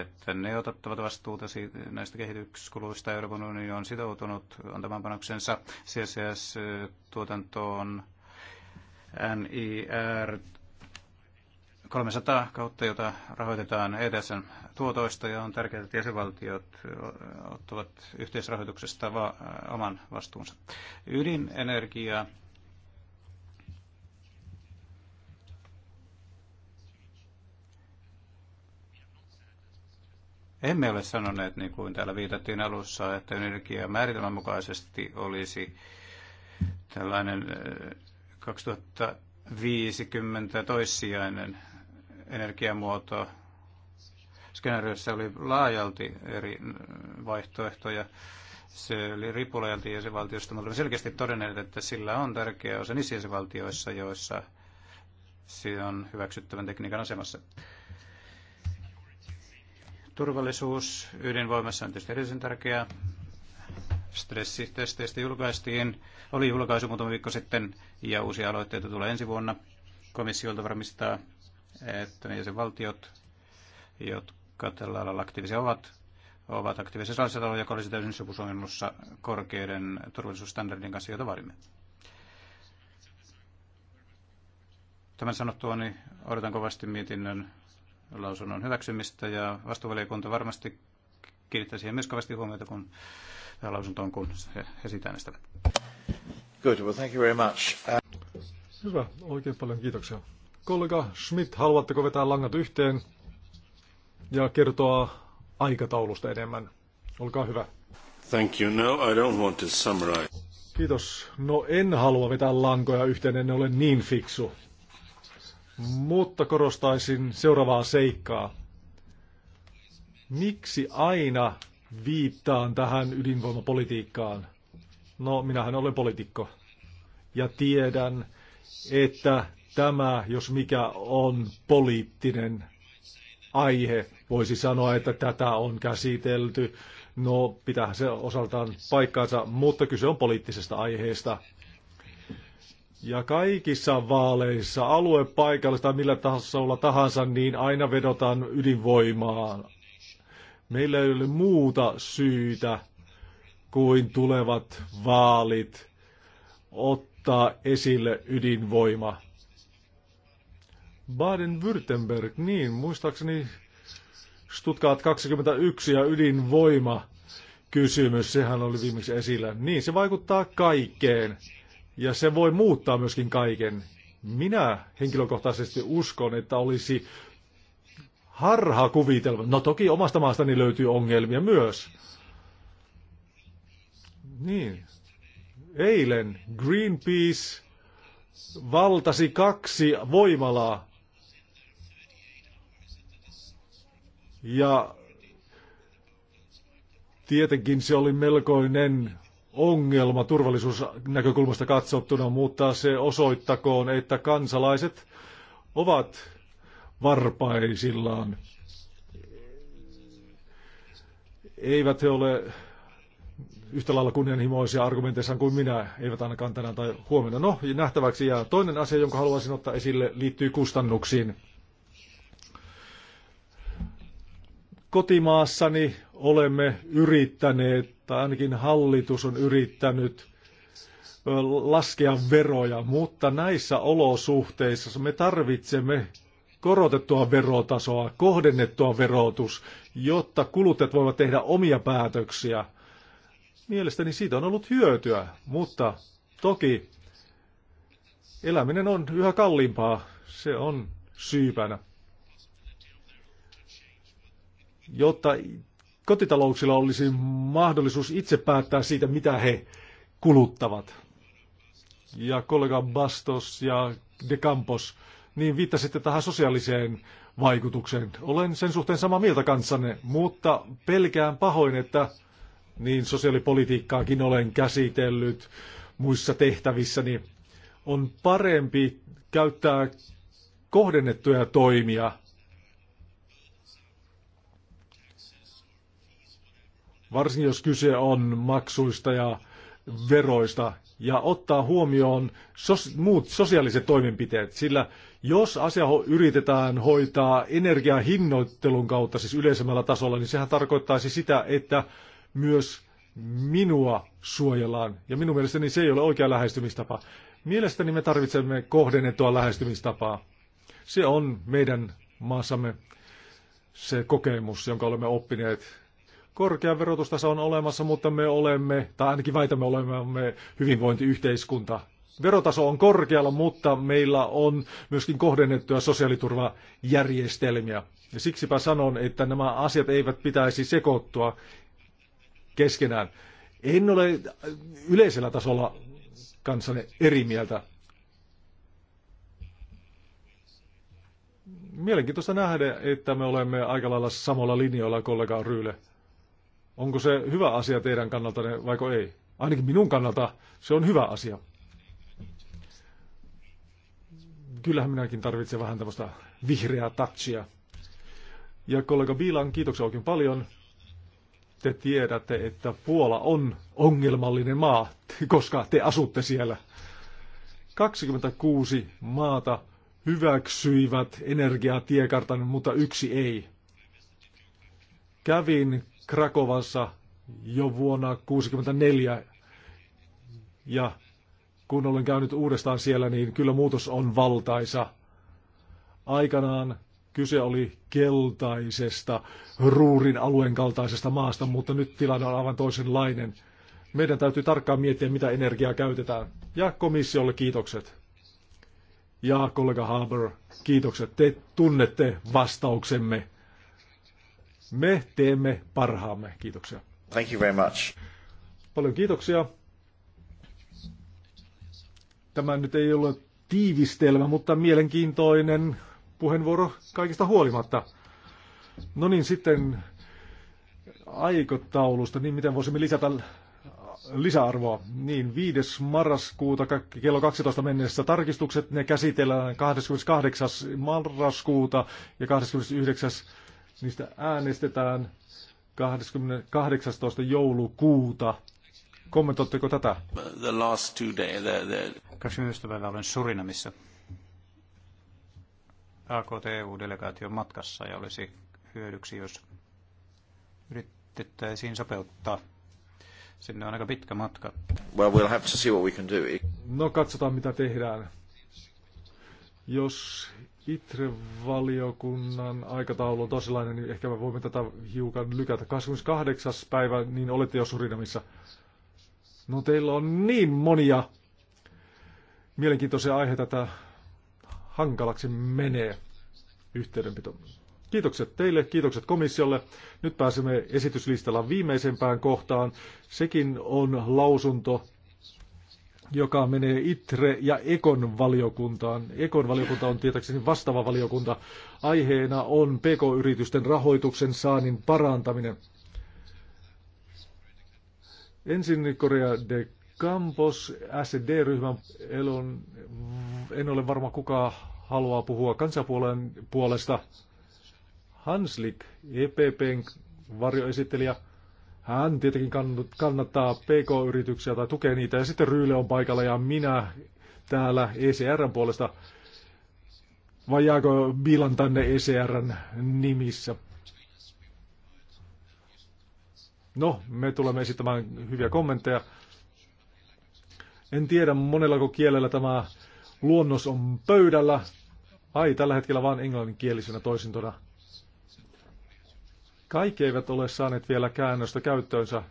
että ne otettavat vastuuta näistä kehityskuluista. Euroopan unioni on sitoutunut antamaan panoksensa CCS-tuotantoon NIR 300 kautta, jota rahoitetaan ETSn tuotoista ja on tärkeää, että jäsenvaltiot ottavat yhteisrahoituksesta va- oman vastuunsa. Ydinenergia Emme ole sanoneet, niin kuin täällä viitattiin alussa, että energia määritelmän mukaisesti olisi tällainen 2050 toissijainen energiamuoto. Skenaariossa oli laajalti eri vaihtoehtoja. Se oli riippulajalti jäsenvaltioista, mutta olemme selkeästi todenneet, että sillä on tärkeä osa niissä jäsenvaltioissa, joissa se on hyväksyttävän tekniikan asemassa. Turvallisuus ydinvoimassa on tietysti erityisen tärkeää stressitesteistä julkaistiin, oli julkaisu muutama viikko sitten ja uusia aloitteita tulee ensi vuonna. Komissiolta varmistaa, että ne jäsenvaltiot, jotka tällä alalla aktiivisia ovat, ovat aktiivisia sellaisia taloja, joka olisi täysin sopusoinnussa korkeiden turvallisuusstandardin kanssa, joita vaadimme. Tämän sanottua niin odotan kovasti mietinnön lausunnon hyväksymistä ja vastuuvaliokunta varmasti kiinnittää siihen myös kovasti huomiota, kun tähän lausuntoon, kun he, he siitä äänestävät. Good, well thank you very much. Uh... Hyvä, oikein paljon kiitoksia. Kollega Schmidt, haluatteko vetää langat yhteen ja kertoa aikataulusta enemmän? Olkaa hyvä. Thank you. No, I don't want to summarize. Kiitos. No en halua vetää lankoja yhteen, en ole niin fiksu. Mutta korostaisin seuraavaa seikkaa. Miksi aina viittaan tähän ydinvoimapolitiikkaan. No, minähän olen poliitikko ja tiedän, että tämä, jos mikä on poliittinen aihe, voisi sanoa, että tätä on käsitelty. No, pitää se osaltaan paikkaansa, mutta kyse on poliittisesta aiheesta. Ja kaikissa vaaleissa, alue paikallista millä tasolla tahansa, niin aina vedotaan ydinvoimaan Meillä ei ole muuta syytä kuin tulevat vaalit ottaa esille ydinvoima. Baden-Württemberg, niin muistaakseni Stuttgart 21 ja ydinvoima kysymys, sehän oli viimeksi esillä. Niin, se vaikuttaa kaikkeen ja se voi muuttaa myöskin kaiken. Minä henkilökohtaisesti uskon, että olisi Harha kuvitelma. No toki omasta maastani löytyy ongelmia myös. Niin. Eilen Greenpeace valtasi kaksi voimalaa. Ja tietenkin se oli melkoinen ongelma turvallisuusnäkökulmasta katsottuna, mutta se osoittakoon, että kansalaiset ovat varpaisillaan. Eivät he ole yhtä lailla kunnianhimoisia argumenteissaan kuin minä, eivät ainakaan tänään tai huomenna. No, nähtäväksi jää. Toinen asia, jonka haluaisin ottaa esille, liittyy kustannuksiin. Kotimaassani olemme yrittäneet, tai ainakin hallitus on yrittänyt, laskea veroja, mutta näissä olosuhteissa me tarvitsemme korotettua verotasoa, kohdennettua verotus, jotta kuluttajat voivat tehdä omia päätöksiä. Mielestäni siitä on ollut hyötyä, mutta toki eläminen on yhä kalliimpaa. Se on syypänä. Jotta kotitalouksilla olisi mahdollisuus itse päättää siitä, mitä he kuluttavat. Ja kollega Bastos ja De Campos niin viittasitte tähän sosiaaliseen vaikutukseen. Olen sen suhteen samaa mieltä kanssanne, mutta pelkään pahoin, että niin sosiaalipolitiikkaakin olen käsitellyt muissa tehtävissä, niin on parempi käyttää kohdennettuja toimia. Varsinkin jos kyse on maksuista ja veroista ja ottaa huomioon sos- muut sosiaaliset toimenpiteet, sillä jos asia yritetään hoitaa energiahinnoittelun kautta, siis yleisemmällä tasolla, niin sehän tarkoittaisi sitä, että myös minua suojellaan. Ja minun mielestäni se ei ole oikea lähestymistapa. Mielestäni me tarvitsemme kohdennettua lähestymistapaa. Se on meidän maassamme se kokemus, jonka olemme oppineet. Korkea verotustaso on olemassa, mutta me olemme, tai ainakin väitämme olemme hyvinvointiyhteiskunta verotaso on korkealla, mutta meillä on myöskin kohdennettuja sosiaaliturvajärjestelmiä. Ja siksipä sanon, että nämä asiat eivät pitäisi sekoittua keskenään. En ole yleisellä tasolla kanssanne eri mieltä. Mielenkiintoista nähdä, että me olemme aika lailla samalla linjoilla kollega Ryyle. Onko se hyvä asia teidän kannaltanne vaiko ei? Ainakin minun kannalta se on hyvä asia. kyllähän minäkin tarvitsen vähän tämmöistä vihreää touchia. Ja kollega Bilan kiitoksia oikein paljon. Te tiedätte, että Puola on ongelmallinen maa, koska te asutte siellä. 26 maata hyväksyivät energiatiekartan, mutta yksi ei. Kävin Krakovassa jo vuonna 1964 ja kun olen käynyt uudestaan siellä, niin kyllä muutos on valtaisa. Aikanaan kyse oli keltaisesta ruurin alueen kaltaisesta maasta, mutta nyt tilanne on aivan toisenlainen. Meidän täytyy tarkkaan miettiä, mitä energiaa käytetään. Ja komissiolle kiitokset. Ja kollega Haber, kiitokset. Te tunnette vastauksemme. Me teemme parhaamme. Kiitoksia. Thank you very much. Paljon kiitoksia. Tämä nyt ei ole tiivistelmä, mutta mielenkiintoinen puheenvuoro kaikista huolimatta. No niin, sitten aikotaulusta, niin miten voisimme lisätä lisäarvoa. Niin 5. marraskuuta kello 12 mennessä tarkistukset, ne käsitellään 28. marraskuuta ja 29. niistä äänestetään 20, 18. joulukuuta. Kommentoitteko tätä? The last two day, the, the... Kaksi ystävällä olen Surinamissa AKTU delegaation matkassa ja olisi hyödyksi, jos yritettäisiin sopeuttaa. Sinne on aika pitkä matka. Well, we'll have to see what we can do. No katsotaan mitä tehdään. Jos ITRE-valiokunnan aikataulu on tosilainen, niin ehkä me voimme tätä hiukan lykätä. 28. päivä, niin olette jo Surinamissa. No teillä on niin monia mielenkiintoisia aiheita tämä hankalaksi menee yhteydenpito. Kiitokset teille, kiitokset komissiolle. Nyt pääsemme esityslistalla viimeisempään kohtaan. Sekin on lausunto, joka menee ITRE ja EKON valiokuntaan. EKON valiokunta on tietääkseni vastaava valiokunta. Aiheena on PK-yritysten rahoituksen saannin parantaminen. Ensin Korea de Kampos, SD-ryhmän, en ole varma kuka haluaa puhua kansapuolen puolesta. Hanslik, EPPn varjoesittelijä, hän tietenkin kannattaa PK-yrityksiä tai tukee niitä. Ja sitten Ryyle on paikalla ja minä täällä ECRn puolesta. Vai jääkö Bilan tänne ECRn nimissä? No, me tulemme esittämään hyviä kommentteja. En tiedä monellako kielellä tämä luonnos on pöydällä. Ai, tällä hetkellä vain englanninkielisenä toisintona. Kaikki eivät ole saaneet vielä käännöstä käyttöönsä,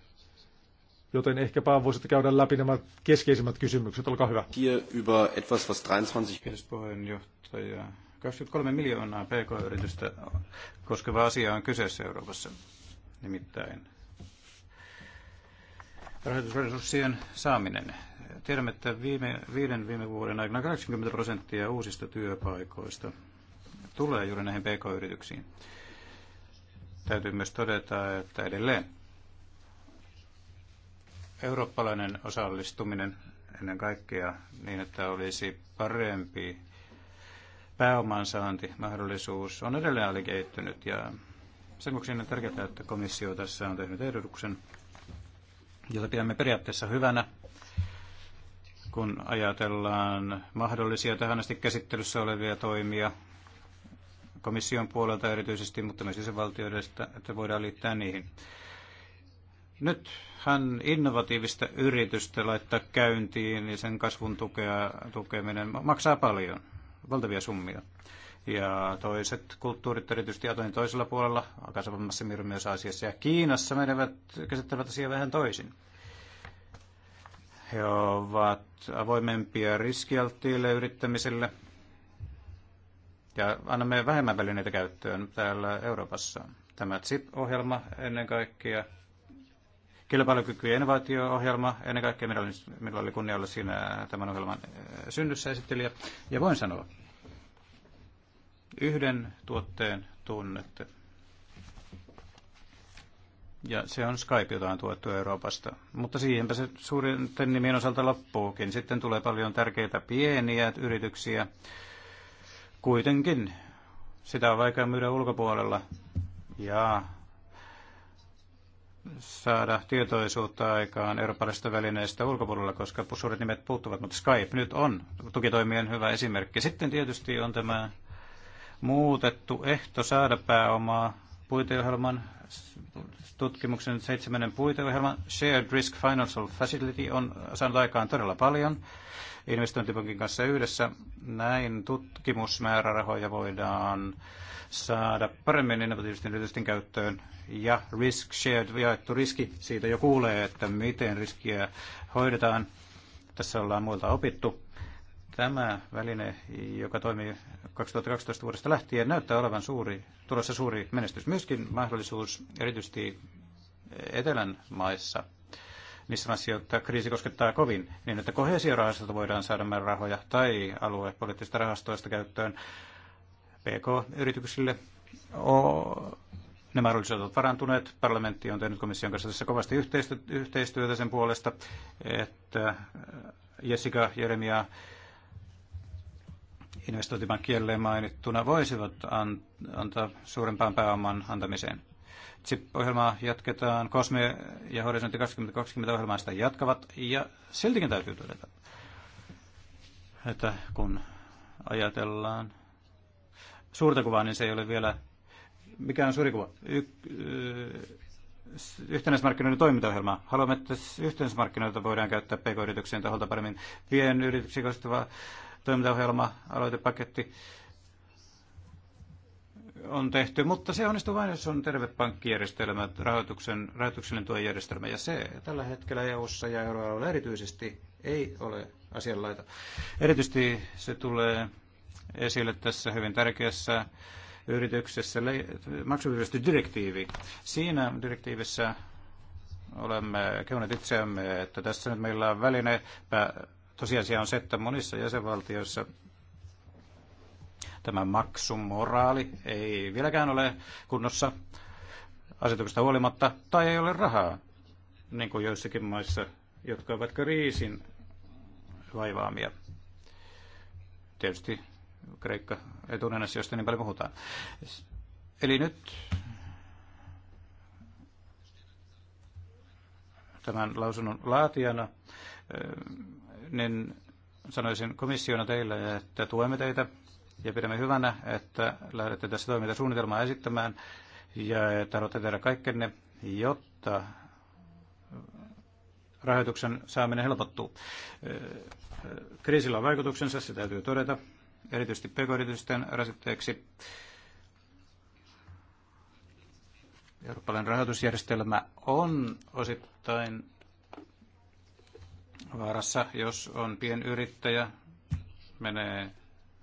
joten ehkäpä voisitte käydä läpi nämä keskeisimmät kysymykset. Olkaa hyvä. Kiel über etwas, was 23... 23 miljoonaa pk-yritystä koskeva asia on kyseessä Euroopassa. Nimittäin rahoitusresurssien saaminen tiedämme, että viime, viiden viime vuoden aikana 80 prosenttia uusista työpaikoista tulee juuri näihin pk-yrityksiin. Täytyy myös todeta, että edelleen eurooppalainen osallistuminen ennen kaikkea niin, että olisi parempi mahdollisuus on edelleen alikehittynyt ja sen vuoksi on tärkeää, että komissio tässä on tehnyt ehdotuksen, jota pidämme periaatteessa hyvänä kun ajatellaan mahdollisia tähän asti käsittelyssä olevia toimia komission puolelta erityisesti, mutta myös jäsenvaltioiden, että voidaan liittää niihin. Nyt hän innovatiivista yritystä laittaa käyntiin ja sen kasvun tukea, tukeminen maksaa paljon, valtavia summia. Ja toiset kulttuurit, erityisesti Atonin toisella puolella, kasvamassa myös Aasiassa ja Kiinassa, menevät käsittävät asiaa vähän toisin. He ovat avoimempia riskialttiille yrittämiselle ja annamme vähemmän välineitä käyttöön täällä Euroopassa. Tämä ZIP-ohjelma ennen kaikkea, kilpailukyky- ja innovaatio-ohjelma, ennen kaikkea millä oli, minulla oli kunnia olla siinä tämän ohjelman eh, synnyssä esittelijä. Ja voin sanoa, yhden tuotteen tunnette ja se on Skype, jota on tuettu Euroopasta. Mutta siihenpä se suurin nimien osalta loppuukin. Sitten tulee paljon tärkeitä pieniä yrityksiä. Kuitenkin sitä on vaikea myydä ulkopuolella ja saada tietoisuutta aikaan eurooppalaisista välineistä ulkopuolella, koska suuret nimet puuttuvat, mutta Skype nyt on tukitoimien hyvä esimerkki. Sitten tietysti on tämä muutettu ehto saada pääomaa puiteohjelman tutkimuksen seitsemännen puiteohjelma Shared Risk Financial Facility on saanut aikaan todella paljon investointipankin kanssa yhdessä. Näin tutkimusmäärärahoja voidaan saada paremmin innovatiivisten yritysten käyttöön ja risk shared, jaettu riski, siitä jo kuulee, että miten riskiä hoidetaan. Tässä ollaan muilta opittu. Tämä väline, joka toimii 2012 vuodesta lähtien, näyttää olevan suuri tulossa suuri menestys. Myöskin mahdollisuus erityisesti etelän maissa, missä asioita kriisi koskettaa kovin, niin että kohesiorahastolta voidaan saada rahoja tai aluepoliittisista rahastoista käyttöön PK-yrityksille. Ne mahdollisuudet ovat varantuneet. Parlamentti on tehnyt komission kanssa tässä kovasti yhteistyötä sen puolesta, että Jessica Jeremia investointipankki jälleen mainittuna voisivat antaa suurempaan pääoman antamiseen. zip ohjelmaa jatketaan, kosme ja Horisontti 2020 ohjelmaa sitä jatkavat, ja siltikin täytyy todeta, että kun ajatellaan suurta kuvaa, niin se ei ole vielä, mikään suuri kuva, y- yhtenäismarkkinoiden toimintaohjelma. Haluamme, että yhtenäismarkkinoita voidaan käyttää pk-yrityksien taholta paremmin. Pienyrityksiä koskeva toimintaohjelma, aloitepaketti on tehty, mutta se onnistuu vain, jos on terve pankkijärjestelmä, rahoituksen, rahoituksellinen tuojärjestelmä, ja se tällä hetkellä EU:ssa ja euroalueella erityisesti ei ole asianlaita. Erityisesti se tulee esille tässä hyvin tärkeässä yrityksessä direktiivi. Siinä direktiivissä olemme keuneet itseämme, että tässä nyt meillä on väline Tosiasia on se, että monissa jäsenvaltioissa tämä maksumoraali ei vieläkään ole kunnossa asetuksesta huolimatta, tai ei ole rahaa, niin kuin joissakin maissa, jotka ovat kriisin vaivaamia. Tietysti Kreikka etunenässä, josta niin paljon puhutaan. Eli nyt tämän lausunnon laatijana niin sanoisin komissiona teille, että tuemme teitä ja pidämme hyvänä, että lähdette tässä toimintasuunnitelmaa esittämään ja että tehdä kaikkenne, jotta rahoituksen saaminen helpottuu. Kriisillä on vaikutuksensa, se täytyy todeta, erityisesti pk-yritysten rasitteeksi. Eurooppalainen rahoitusjärjestelmä on osittain vaarassa, jos on pienyrittäjä, menee,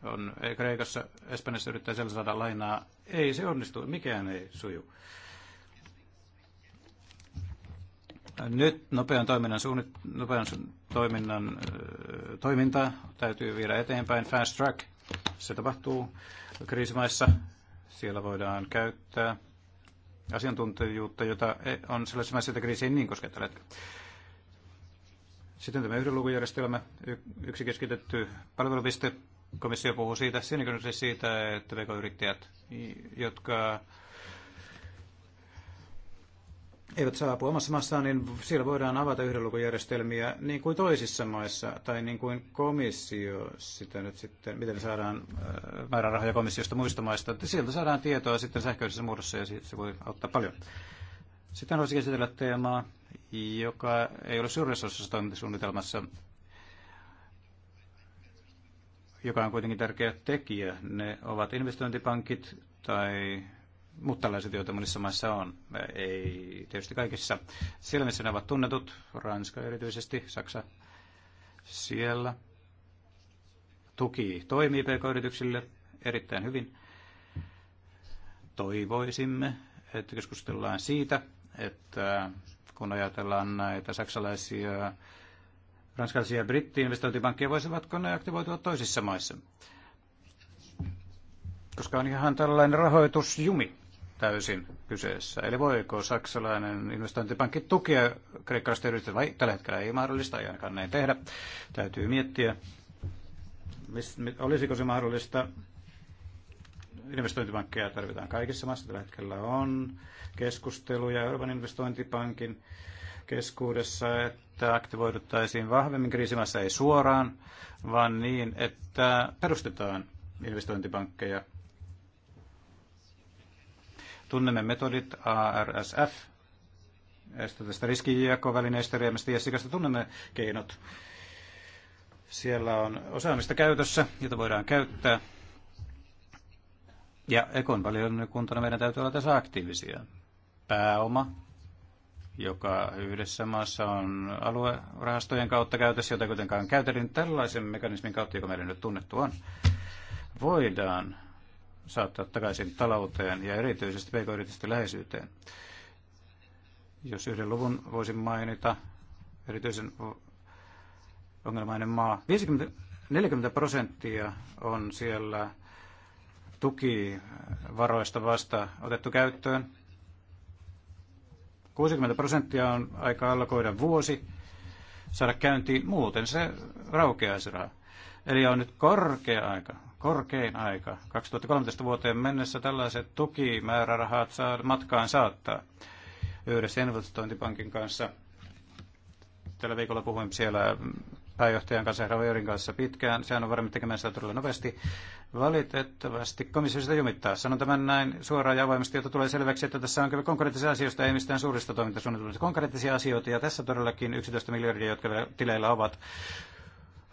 on Kreikassa, Espanjassa yrittää siellä saada lainaa. Ei se onnistu, mikään ei suju. Nyt nopean toiminnan, suunnit, nopean toiminnan ö, toiminta täytyy viedä eteenpäin. Fast track, se tapahtuu kriisimaissa. Siellä voidaan käyttää asiantuntijuutta, jota e-, on sellaisessa maissa, että kriisi ei niin koske tällä hetkellä. Sitten tämä yhden lukujärjestelmä, yksi keskitetty palvelupiste. Komissio puhuu siitä, siinäkin on siis siitä, että vk yrittäjät jotka eivät saa apua omassa maassaan, niin siellä voidaan avata yhden niin kuin toisissa maissa, tai niin kuin komissio sitä nyt sitten, miten saadaan äh, määrärahoja komissiosta muista maista, että sieltä saadaan tietoa sitten sähköisessä muodossa ja se voi auttaa paljon. Sitten haluaisin käsitellä teemaa, joka ei ole syrjäisessä toimintasuunnitelmassa, joka on kuitenkin tärkeä tekijä. Ne ovat investointipankit tai muut tällaiset, joita monissa maissa on. Ei tietysti kaikissa. Siellä, missä ne ovat tunnetut, Ranska erityisesti, Saksa, siellä tuki toimii pk-yrityksille erittäin hyvin. Toivoisimme, että keskustellaan siitä, että kun ajatellaan näitä saksalaisia, ranskalaisia ja britti-investointipankkeja, voisivatko ne aktivoitua toisissa maissa? Koska on ihan tällainen rahoitusjumi täysin kyseessä. Eli voiko saksalainen investointipankki tukea kreikkalaista yritystä vai tällä hetkellä ei mahdollista, ei ainakaan näin tehdä. Täytyy miettiä, olisiko se mahdollista investointipankkeja tarvitaan kaikissa maissa. Tällä hetkellä on keskusteluja Euroopan investointipankin keskuudessa, että aktivoiduttaisiin vahvemmin kriisimässä ei suoraan, vaan niin, että perustetaan investointipankkeja. Tunnemme metodit ARSF, tästä riskijakovälineistä, riemästä ja sikasta tunnemme keinot. Siellä on osaamista käytössä, jota voidaan käyttää ja Ekon valiokuntana meidän täytyy olla tässä aktiivisia. Pääoma, joka yhdessä maassa on aluerahastojen kautta käytössä, jota kuitenkaan käytetään tällaisen mekanismin kautta, joka meidän nyt tunnettu on, voidaan saattaa takaisin talouteen ja erityisesti pk-yritysten läheisyyteen. Jos yhden luvun voisin mainita, erityisen ongelmainen maa, 50, 40 prosenttia on siellä tukivaroista vasta otettu käyttöön. 60 prosenttia on aika allokoida vuosi saada käyntiin, muuten se raukeaisi raha. Eli on nyt korkea aika, korkein aika, 2013 vuoteen mennessä tällaiset tukimäärärahat saa matkaan saattaa yhdessä investointipankin kanssa. Tällä viikolla puhuin siellä pääjohtajan kanssa, herra kanssa pitkään. Sehän on varmasti tekemään sitä todella nopeasti. Valitettavasti komissio sitä jumittaa. Sanon tämän näin suoraan ja avoimesti, jotta tulee selväksi, että tässä on kyllä konkreettisia asioita, ei mistään suurista toimintasuunnitelmista. Konkreettisia asioita, ja tässä todellakin 11 miljardia, jotka tileillä ovat,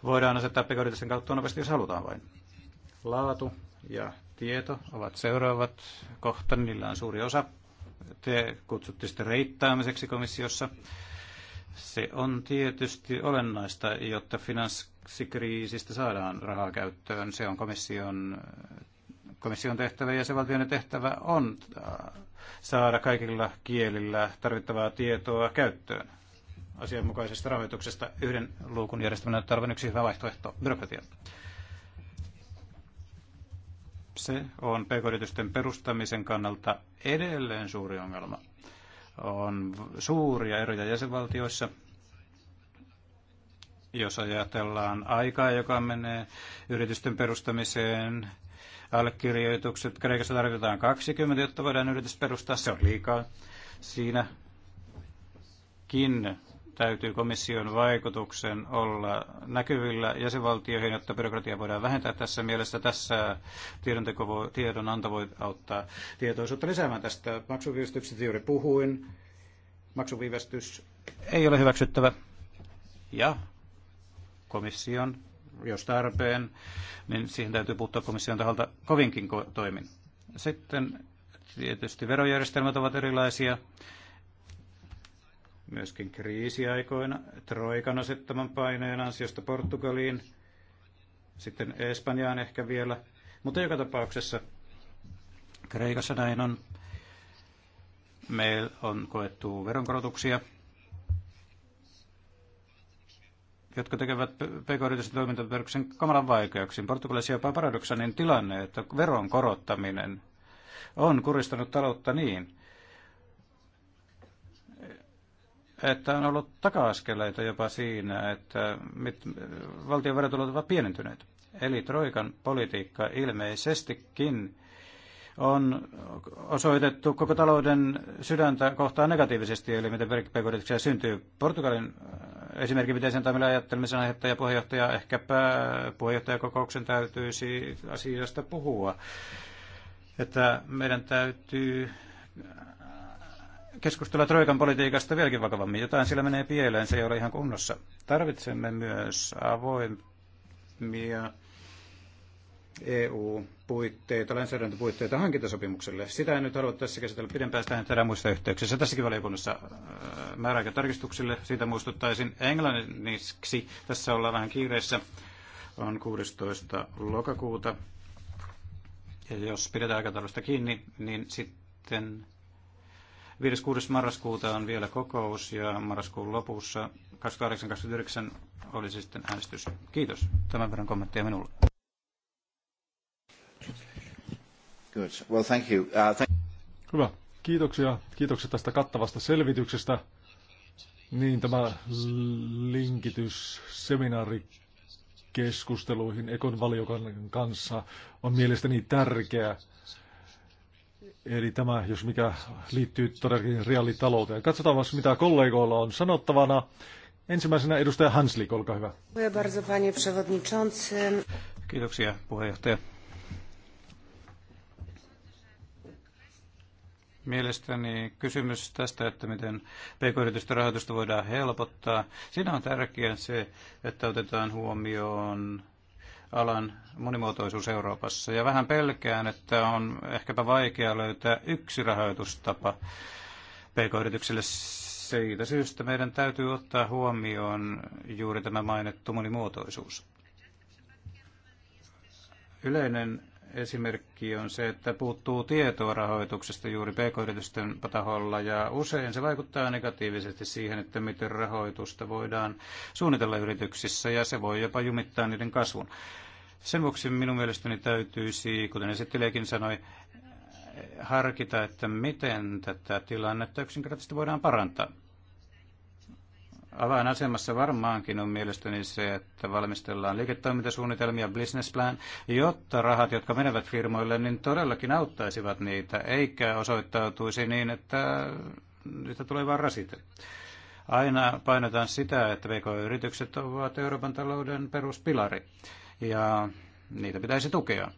voidaan asettaa pk kautta nopeasti, jos halutaan vain. Laatu ja tieto ovat seuraavat kohta, niillä on suuri osa. Te kutsutte sitä reittaamiseksi komissiossa. Se on tietysti olennaista, jotta finanssikriisistä saadaan rahaa käyttöön. Se on komission, komission tehtävä ja se valtion tehtävä on äh, saada kaikilla kielillä tarvittavaa tietoa käyttöön asianmukaisesta rahoituksesta. Yhden luukun järjestelmän näyttää yksi hyvä vaihtoehto byrokratia. Se on pk-yritysten perustamisen kannalta edelleen suuri ongelma on suuria eroja jäsenvaltioissa. Jos ajatellaan aikaa, joka menee yritysten perustamiseen, allekirjoitukset, Kreikassa tarvitaan 20, jotta voidaan yritys perustaa, se on liikaa. Siinäkin täytyy komission vaikutuksen olla näkyvillä jäsenvaltioihin, jotta byrokratia voidaan vähentää tässä mielessä. Tässä tiedonteko voi, tiedonanto voi auttaa tietoisuutta lisäämään tästä. Maksuviivästyksestä juuri puhuin. Maksuviivästys ei ole hyväksyttävä. Ja komission, jos tarpeen, niin siihen täytyy puuttua komission taholta kovinkin toimin. Sitten tietysti verojärjestelmät ovat erilaisia myöskin kriisiaikoina Troikan asettaman paineen ansiosta Portugaliin, sitten Espanjaan ehkä vielä, mutta joka tapauksessa Kreikassa näin on. Meillä on koettu veronkorotuksia, jotka tekevät pk-yritysten toimintaperuksen kamalan vaikeuksiin. Portugalissa jopa paradoksanin tilanne, että veron korottaminen on kuristanut taloutta niin, että on ollut taka-askeleita jopa siinä, että mit, valtion verotulot ovat pienentyneet. Eli Troikan politiikka ilmeisestikin on osoitettu koko talouden sydäntä kohtaan negatiivisesti, eli miten pk syntyy. Portugalin äh, esimerkki pitäisi sen meille ajattelemisen aihetta, ja puheenjohtaja, ehkäpä puheenjohtajakokouksen täytyisi asiasta puhua. Että meidän täytyy keskustella Troikan politiikasta vieläkin vakavammin. Jotain sillä menee pieleen, se ei ole ihan kunnossa. Tarvitsemme myös avoimia EU-puitteita, lainsäädäntöpuitteita hankintasopimukselle. Sitä en nyt halua tässä käsitellä pidempään, sitä tehdään muissa yhteyksissä. Tässäkin valiokunnassa äh, määräaikatarkistuksille, siitä muistuttaisin englanniksi. Tässä ollaan vähän kiireessä, on 16. lokakuuta. Ja jos pidetään aikataulusta kiinni, niin sitten 5.6. marraskuuta on vielä kokous ja marraskuun lopussa 28.29 olisi sitten äänestys. Kiitos. Tämän verran kommentteja minulle. Good. Well, thank you. Uh, thank... Hyvä. Kiitoksia. Kiitoksia tästä kattavasta selvityksestä. Niin, tämä linkitys seminaarikeskusteluihin Ekon valiokunnan kanssa on mielestäni tärkeä. Eli tämä, jos mikä, liittyy todellakin reaalitalouteen. Katsotaan, mitä kollegoilla on sanottavana. Ensimmäisenä edustaja Hansli, olkaa hyvä. Kiitoksia, puheenjohtaja. Mielestäni kysymys tästä, että miten pk-yritysten rahoitusta voidaan helpottaa, siinä on tärkeää se, että otetaan huomioon alan monimuotoisuus Euroopassa. Ja vähän pelkään, että on ehkäpä vaikea löytää yksi rahoitustapa pk-yrityksille siitä syystä meidän täytyy ottaa huomioon juuri tämä mainittu monimuotoisuus. Yleinen esimerkki on se, että puuttuu tietoa rahoituksesta juuri pk-yritysten taholla ja usein se vaikuttaa negatiivisesti siihen, että miten rahoitusta voidaan suunnitella yrityksissä ja se voi jopa jumittaa niiden kasvun. Sen vuoksi minun mielestäni täytyisi, kuten esittelijäkin sanoi, harkita, että miten tätä tilannetta yksinkertaisesti voidaan parantaa. Avainasemassa varmaankin on mielestäni se, että valmistellaan liiketoimintasuunnitelmia, business plan, jotta rahat, jotka menevät firmoille, niin todellakin auttaisivat niitä, eikä osoittautuisi niin, että niitä tulee vain rasite. Aina painotan sitä, että VK-yritykset ovat Euroopan talouden peruspilari ja niitä pitäisi tukea.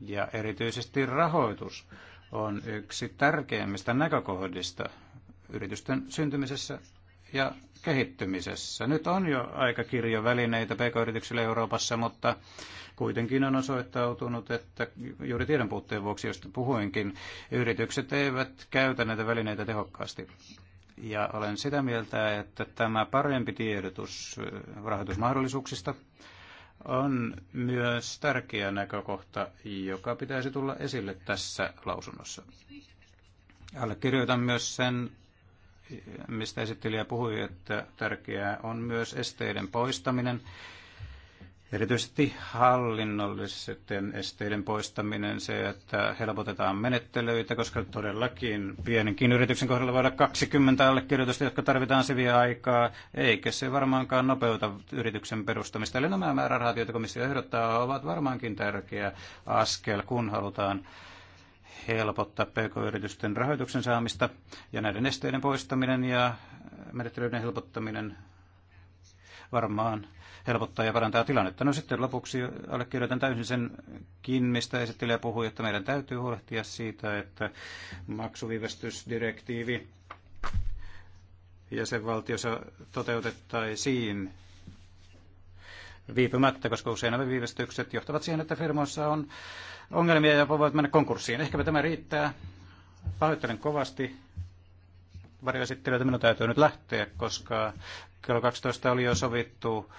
Ja erityisesti rahoitus on yksi tärkeimmistä näkökohdista yritysten syntymisessä ja kehittymisessä. Nyt on jo aika kirjo välineitä pk-yrityksille Euroopassa, mutta kuitenkin on osoittautunut, että juuri tiedon puutteen vuoksi, josta puhuinkin, yritykset eivät käytä näitä välineitä tehokkaasti. Ja olen sitä mieltä, että tämä parempi tiedotus rahoitusmahdollisuuksista on myös tärkeä näkökohta, joka pitäisi tulla esille tässä lausunnossa. Allekirjoitan myös sen mistä esittelijä puhui, että tärkeää on myös esteiden poistaminen. Erityisesti hallinnollisten esteiden poistaminen, se, että helpotetaan menettelyitä, koska todellakin pienenkin yrityksen kohdalla voidaan 20 allekirjoitusta, jotka tarvitaan se aikaa, eikä se varmaankaan nopeuta yrityksen perustamista. Eli nämä määrärahat, joita komissio ehdottaa, ovat varmaankin tärkeä askel, kun halutaan helpottaa pk-yritysten rahoituksen saamista ja näiden esteiden poistaminen ja menettelyiden helpottaminen varmaan helpottaa ja parantaa tilannetta. No sitten lopuksi allekirjoitan täysin senkin, mistä esittelijä puhui, että meidän täytyy huolehtia siitä, että maksuviivästysdirektiivi valtiossa toteutettaisiin viipymättä, koska usein nämä viivästykset johtavat siihen, että firmoissa on ongelmia ja voivat mennä konkurssiin. Ehkäpä tämä riittää. Pahoittelen kovasti varjoesittelijöitä. Minun täytyy nyt lähteä, koska kello 12 oli jo sovittu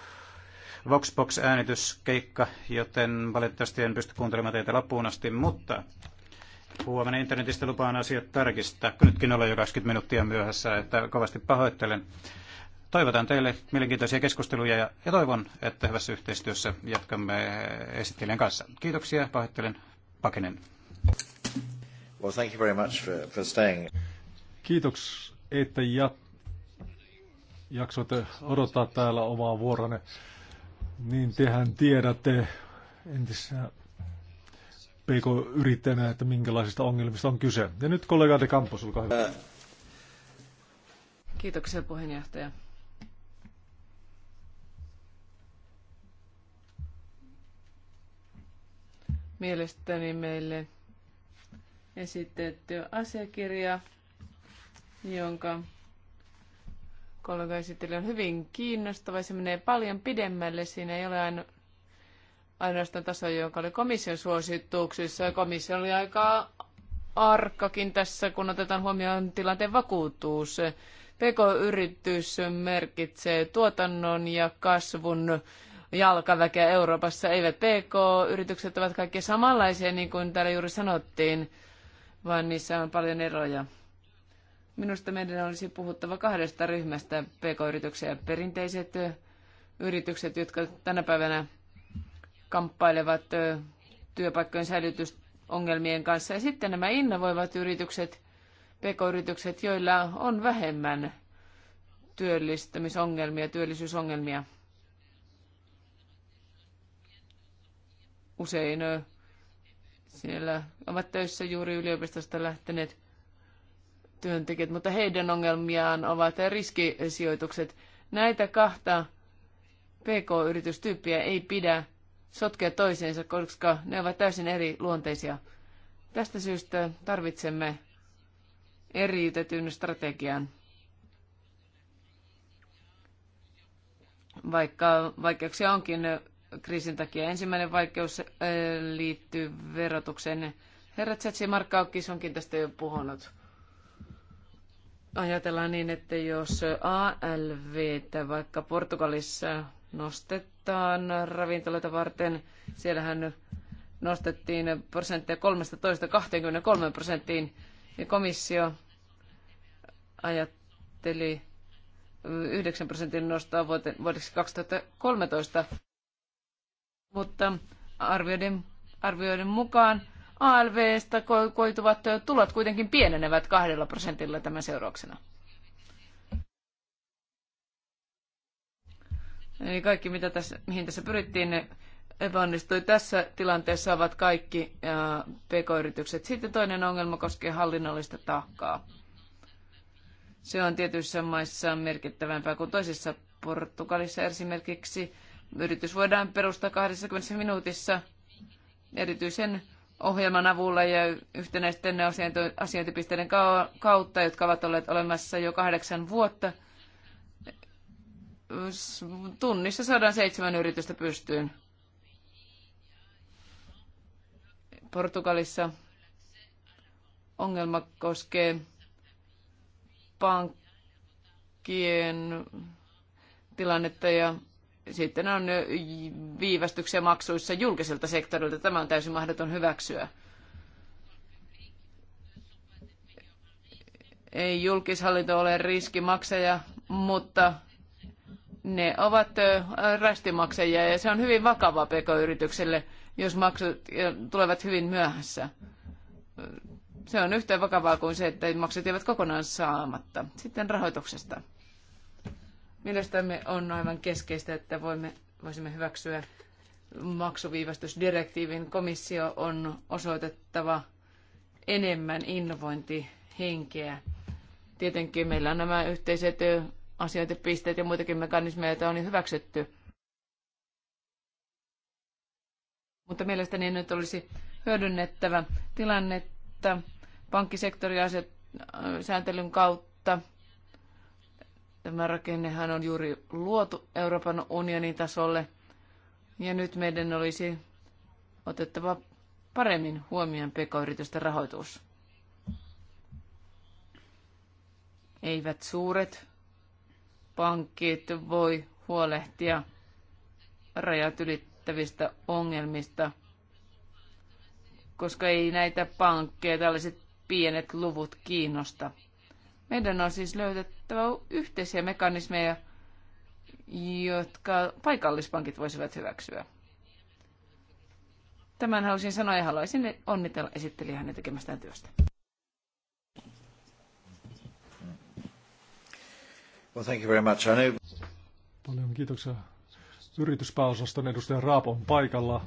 Voxbox-äänityskeikka, joten valitettavasti en pysty kuuntelemaan teitä loppuun asti, mutta huomenna internetistä lupaan asiat tarkistaa. Nytkin olen jo 20 minuuttia myöhässä, että kovasti pahoittelen. Toivotan teille mielenkiintoisia keskusteluja ja, ja toivon, että hyvässä yhteistyössä jatkamme esittelijän kanssa. Kiitoksia, pahoittelen, pakenen. Well, thank you very much for, for staying. Kiitos, että ja, jaksoitte odottaa täällä omaa vuoronne. Niin tehän tiedätte entisessä PK-yrittäjänä, että minkälaisista ongelmista on kyse. Ja nyt kollega De Campos, olkaa hyvä. Kiitoksia puheenjohtaja. mielestäni meille esitetty asiakirja, jonka kollega esitteli, on hyvin kiinnostava. Se menee paljon pidemmälle. Siinä ei ole aino, ainoastaan taso, joka oli komission suosituksissa. Komissio oli aika arkkakin tässä, kun otetaan huomioon tilanteen vakuutuus. PK-yritys merkitsee tuotannon ja kasvun jalkaväkeä Euroopassa. Eivät PK-yritykset ovat kaikki samanlaisia, niin kuin täällä juuri sanottiin, vaan niissä on paljon eroja. Minusta meidän olisi puhuttava kahdesta ryhmästä PK-yrityksiä. Perinteiset yritykset, jotka tänä päivänä kamppailevat työpaikkojen säilytysongelmien kanssa. Ja sitten nämä innovoivat yritykset, pk-yritykset, joilla on vähemmän työllistämisongelmia, työllisyysongelmia. usein siellä ovat töissä juuri yliopistosta lähteneet työntekijät, mutta heidän ongelmiaan ovat riskisijoitukset. Näitä kahta PK-yritystyyppiä ei pidä sotkea toiseensa, koska ne ovat täysin eri luonteisia. Tästä syystä tarvitsemme eriytetyn strategian. Vaikka vaikeuksia onkin kriisin takia. Ensimmäinen vaikeus äh, liittyy verotukseen. Herra Tsetsi Markkaukis onkin tästä jo puhunut. Ajatellaan niin, että jos ALV vaikka Portugalissa nostetaan ravintoloita varten, siellähän nostettiin prosenttia 13-23 prosenttiin, ja komissio ajatteli 9 prosentin nostaa vuodeksi 2013 mutta arvioiden, arvioiden mukaan ALVstä koituvat tulot kuitenkin pienenevät kahdella prosentilla tämän seurauksena. Eli kaikki, mitä tässä, mihin tässä pyrittiin, epäonnistui tässä tilanteessa, ovat kaikki pk-yritykset. Sitten toinen ongelma koskee hallinnollista tahkaa. Se on tietyissä maissa merkittävämpää kuin toisissa Portugalissa esimerkiksi Yritys voidaan perustaa 20 minuutissa erityisen ohjelman avulla ja yhtenäisten asiointipisteiden kautta, jotka ovat olleet olemassa jo kahdeksan vuotta. Tunnissa saadaan seitsemän yritystä pystyyn. Portugalissa ongelma koskee pankkien tilannetta ja sitten on viivästyksiä maksuissa julkiselta sektorilta. Tämä on täysin mahdoton hyväksyä. Ei julkishallinto ole riskimaksaja, mutta ne ovat rastimaksajia ja se on hyvin vakava pk-yritykselle, jos maksut tulevat hyvin myöhässä. Se on yhtä vakavaa kuin se, että maksut jäävät kokonaan saamatta. Sitten rahoituksesta. Mielestämme on aivan keskeistä, että voimme, voisimme hyväksyä maksuviivästysdirektiivin. Komissio on osoitettava enemmän innovointihenkeä. Tietenkin meillä on nämä yhteiset asiointipisteet ja muitakin mekanismeja, joita on jo hyväksytty. Mutta mielestäni nyt olisi hyödynnettävä tilannetta pankkisektorin sääntelyn kautta – Tämä rakennehan on juuri luotu Euroopan unionin tasolle, ja nyt meidän olisi otettava paremmin huomioon pk-yritysten rahoitus. Eivät suuret pankkit voi huolehtia rajat ylittävistä ongelmista, koska ei näitä pankkeja tällaiset pienet luvut kiinnosta. Meidän on siis löydettävä yhteisiä mekanismeja, jotka paikallispankit voisivat hyväksyä. Tämän halusin sanoa ja haluaisin onnitella esittelijä hänen tekemästään työstä. Well, thank you very much. I know... Paljon kiitoksia. Yrityspääosaston edustaja Raapo on paikalla.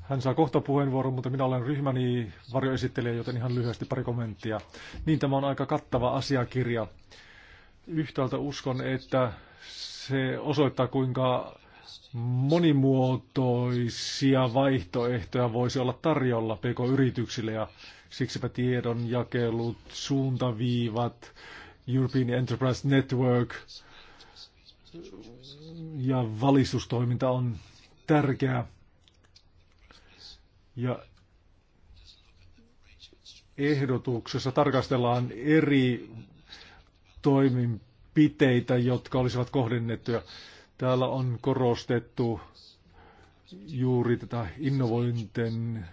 Hän saa kohta puheenvuoron, mutta minä olen ryhmäni varjoesittelijä, joten ihan lyhyesti pari kommenttia. Niin, tämä on aika kattava asiakirja. Yhtäältä uskon, että se osoittaa, kuinka monimuotoisia vaihtoehtoja voisi olla tarjolla pk-yrityksille ja siksipä tiedonjakelut, suuntaviivat, European Enterprise Network ja valistustoiminta on tärkeää. Ja ehdotuksessa tarkastellaan eri toimenpiteitä, jotka olisivat kohdennettuja. Täällä on korostettu juuri tätä innovointen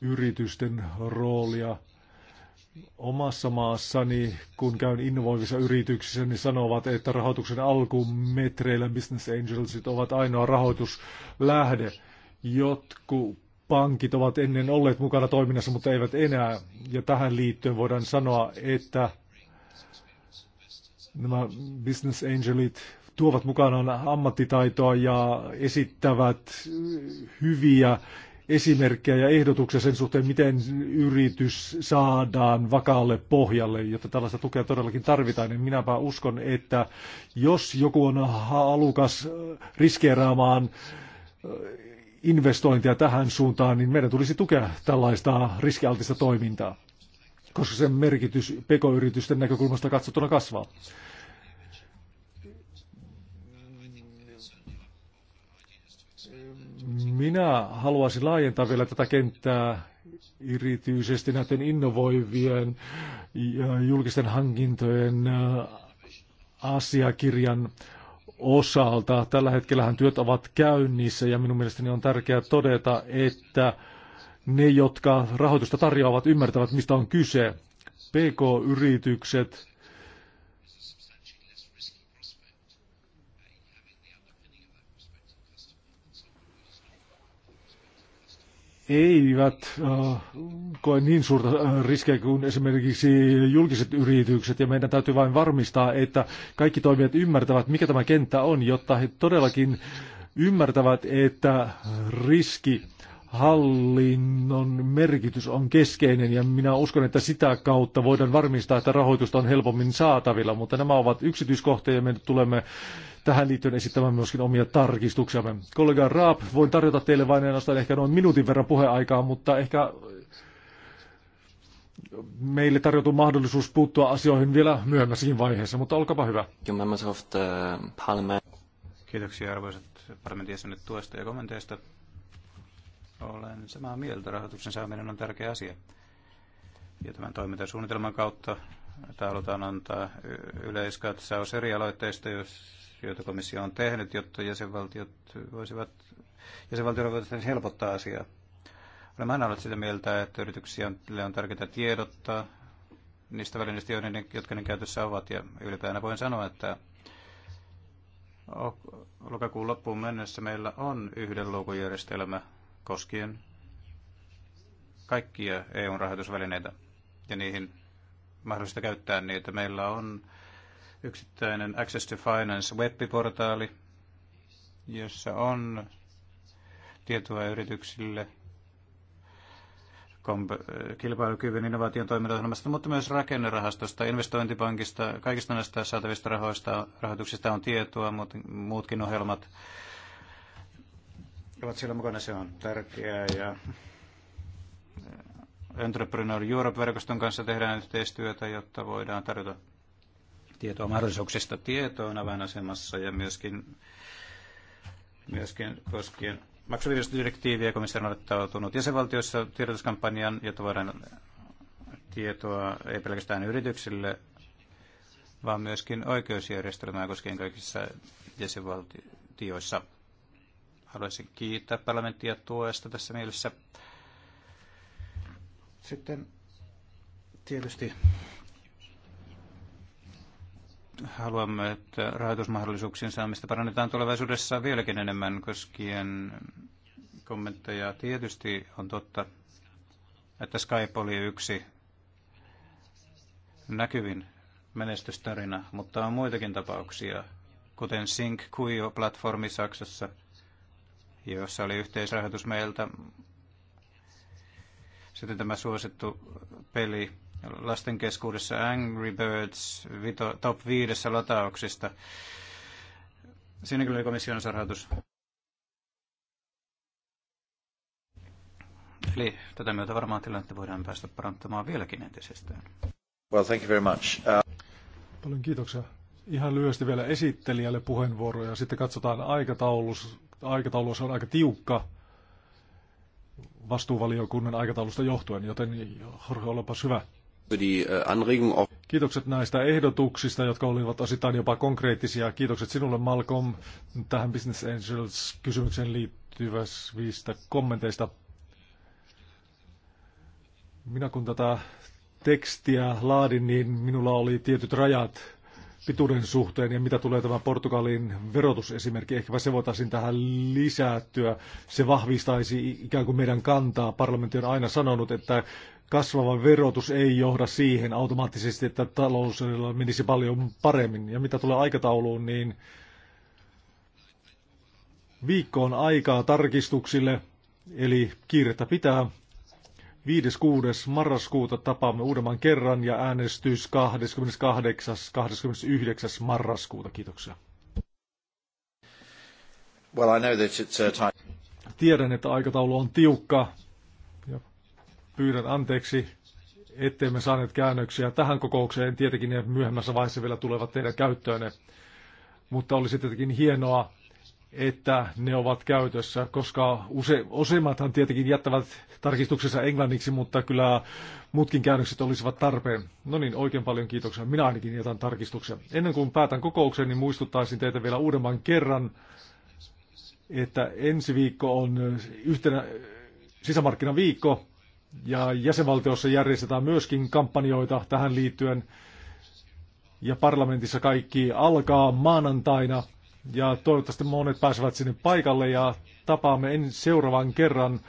yritysten roolia. Omassa maassani, kun käyn innovoivissa yrityksissä, niin sanovat, että rahoituksen alkumetreillä business angelsit ovat ainoa rahoituslähde. Jotkut pankit ovat ennen olleet mukana toiminnassa, mutta eivät enää. Ja tähän liittyen voidaan sanoa, että nämä business angelit tuovat mukanaan ammattitaitoa ja esittävät hyviä esimerkkejä ja ehdotuksia sen suhteen, miten yritys saadaan vakaalle pohjalle, jotta tällaista tukea todellakin tarvitaan, niin minäpä uskon, että jos joku on halukas riskeeraamaan investointia tähän suuntaan, niin meidän tulisi tukea tällaista riskialtista toimintaa, koska sen merkitys pekoyritysten näkökulmasta katsottuna kasvaa. Minä haluaisin laajentaa vielä tätä kenttää erityisesti näiden innovoivien ja julkisten hankintojen asiakirjan osalta. Tällä hetkellähän työt ovat käynnissä ja minun mielestäni on tärkeää todeta, että ne, jotka rahoitusta tarjoavat, ymmärtävät, mistä on kyse. PK-yritykset eivät äh, koe niin suurta äh, riskejä kuin esimerkiksi julkiset yritykset, ja meidän täytyy vain varmistaa, että kaikki toimijat ymmärtävät, mikä tämä kenttä on, jotta he todellakin ymmärtävät, että riski hallinnon merkitys on keskeinen ja minä uskon, että sitä kautta voidaan varmistaa, että rahoitusta on helpommin saatavilla, mutta nämä ovat yksityiskohtia ja me tulemme tähän liittyen esittämään myöskin omia tarkistuksiamme. Kollega Raab, voin tarjota teille vain ainoastaan ehkä noin minuutin verran puheaikaa, mutta ehkä meille tarjotu mahdollisuus puuttua asioihin vielä myöhemmässäkin vaiheessa, mutta olkapa hyvä. Kiitoksia arvoisat parlamentin jäsenet tuesta ja kommenteista. Olen samaa mieltä, rahoituksen saaminen on tärkeä asia. Ja tämän toimintasuunnitelman kautta halutaan antaa yleiskatsaus eri aloitteista, jos joita komissio on tehnyt, jotta jäsenvaltiot voisivat, jäsenvaltiot voisivat helpottaa asiaa. Olen aina ollut sitä mieltä, että yrityksiä on tärkeää tiedottaa niistä välineistä, joiden, jotka ne käytössä ovat. Ja ylipäänä voin sanoa, että lokakuun loppuun mennessä meillä on yhden luukujärjestelmä koskien kaikkia eu rahoitusvälineitä ja niihin mahdollista käyttää niitä. Meillä on yksittäinen Access to Finance webbiportaali, jossa on tietoa yrityksille kilpailukyvyn innovaation toimintaohjelmasta, mutta myös rakennerahastosta, investointipankista, kaikista näistä saatavista rahoista, rahoituksista on tietoa, mutta muutkin ohjelmat ovat siellä mukana, se on tärkeää. Ja Entrepreneur Europe-verkoston kanssa tehdään yhteistyötä, jotta voidaan tarjota tietoa mahdollisuuksista tietoon avainasemassa ja myöskin, myöskin koskien maksuvirastodirektiiviä komissio on odottautunut jäsenvaltioissa tiedotuskampanjan, jotta voidaan tietoa ei pelkästään yrityksille, vaan myöskin oikeusjärjestelmää koskien kaikissa jäsenvaltioissa. Haluaisin kiittää parlamenttia tuesta tässä mielessä. Sitten tietysti haluamme, että rahoitusmahdollisuuksien saamista parannetaan tulevaisuudessa vieläkin enemmän koskien kommentteja. Tietysti on totta, että Skype oli yksi näkyvin menestystarina, mutta on muitakin tapauksia, kuten Sync Kuio-platformi Saksassa, jossa oli yhteisrahoitus meiltä. Sitten tämä suosittu peli lasten keskuudessa Angry Birds vito, top viidessä latauksista. Siinä kyllä oli komission sarhautus. Eli tätä myötä varmaan tilannetta voidaan päästä parantamaan vieläkin entisestään. Well, thank you very much. Uh... Paljon kiitoksia. Ihan lyhyesti vielä esittelijälle ja Sitten katsotaan aikataulus. Aikataulu on aika tiukka vastuuvaliokunnan aikataulusta johtuen, joten Jorge, olepas hyvä. Äh, Kiitokset näistä ehdotuksista, jotka olivat osittain jopa konkreettisia. Kiitokset sinulle, Malcolm, tähän Business Angels-kysymykseen liittyvästä kommenteista. Minä kun tätä tekstiä laadin, niin minulla oli tietyt rajat pituuden suhteen ja mitä tulee tämä Portugalin verotusesimerkki, ehkäpä se voitaisiin tähän lisättyä. Se vahvistaisi ikään kuin meidän kantaa. Parlamentti on aina sanonut, että kasvava verotus ei johda siihen automaattisesti, että talous menisi paljon paremmin. Ja mitä tulee aikatauluun, niin viikko on aikaa tarkistuksille, eli kiirettä pitää. 5.6. marraskuuta tapaamme uudemman kerran ja äänestys 28. 29. marraskuuta. Kiitoksia. Well, I know that it's, uh, time. Tiedän, että aikataulu on tiukka, Pyydän anteeksi, ettei me saaneet käännöksiä tähän kokoukseen. Tietenkin ne myöhemmässä vaiheessa vielä tulevat teidän käyttöönne. Mutta olisi tietenkin hienoa, että ne ovat käytössä, koska use, useimmathan tietenkin jättävät tarkistuksessa englanniksi, mutta kyllä muutkin käännökset olisivat tarpeen. No niin, oikein paljon kiitoksia. Minä ainakin jätän tarkistuksia. Ennen kuin päätän kokouksen, niin muistuttaisin teitä vielä uudemman kerran, että ensi viikko on yhtenä sisämarkkinaviikko. Ja jäsenvaltiossa järjestetään myöskin kampanjoita tähän liittyen. Ja parlamentissa kaikki alkaa maanantaina. Ja toivottavasti monet pääsevät sinne paikalle ja tapaamme en seuraavan kerran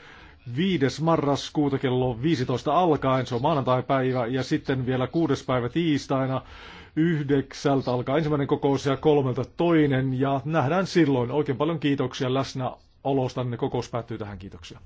5. marraskuuta kello 15 alkaen, se on maanantai-päivä, ja sitten vielä 6. päivä tiistaina yhdeksältä alkaa ensimmäinen kokous ja kolmelta toinen, ja nähdään silloin. Oikein paljon kiitoksia läsnäolostanne. Kokous päättyy tähän. Kiitoksia.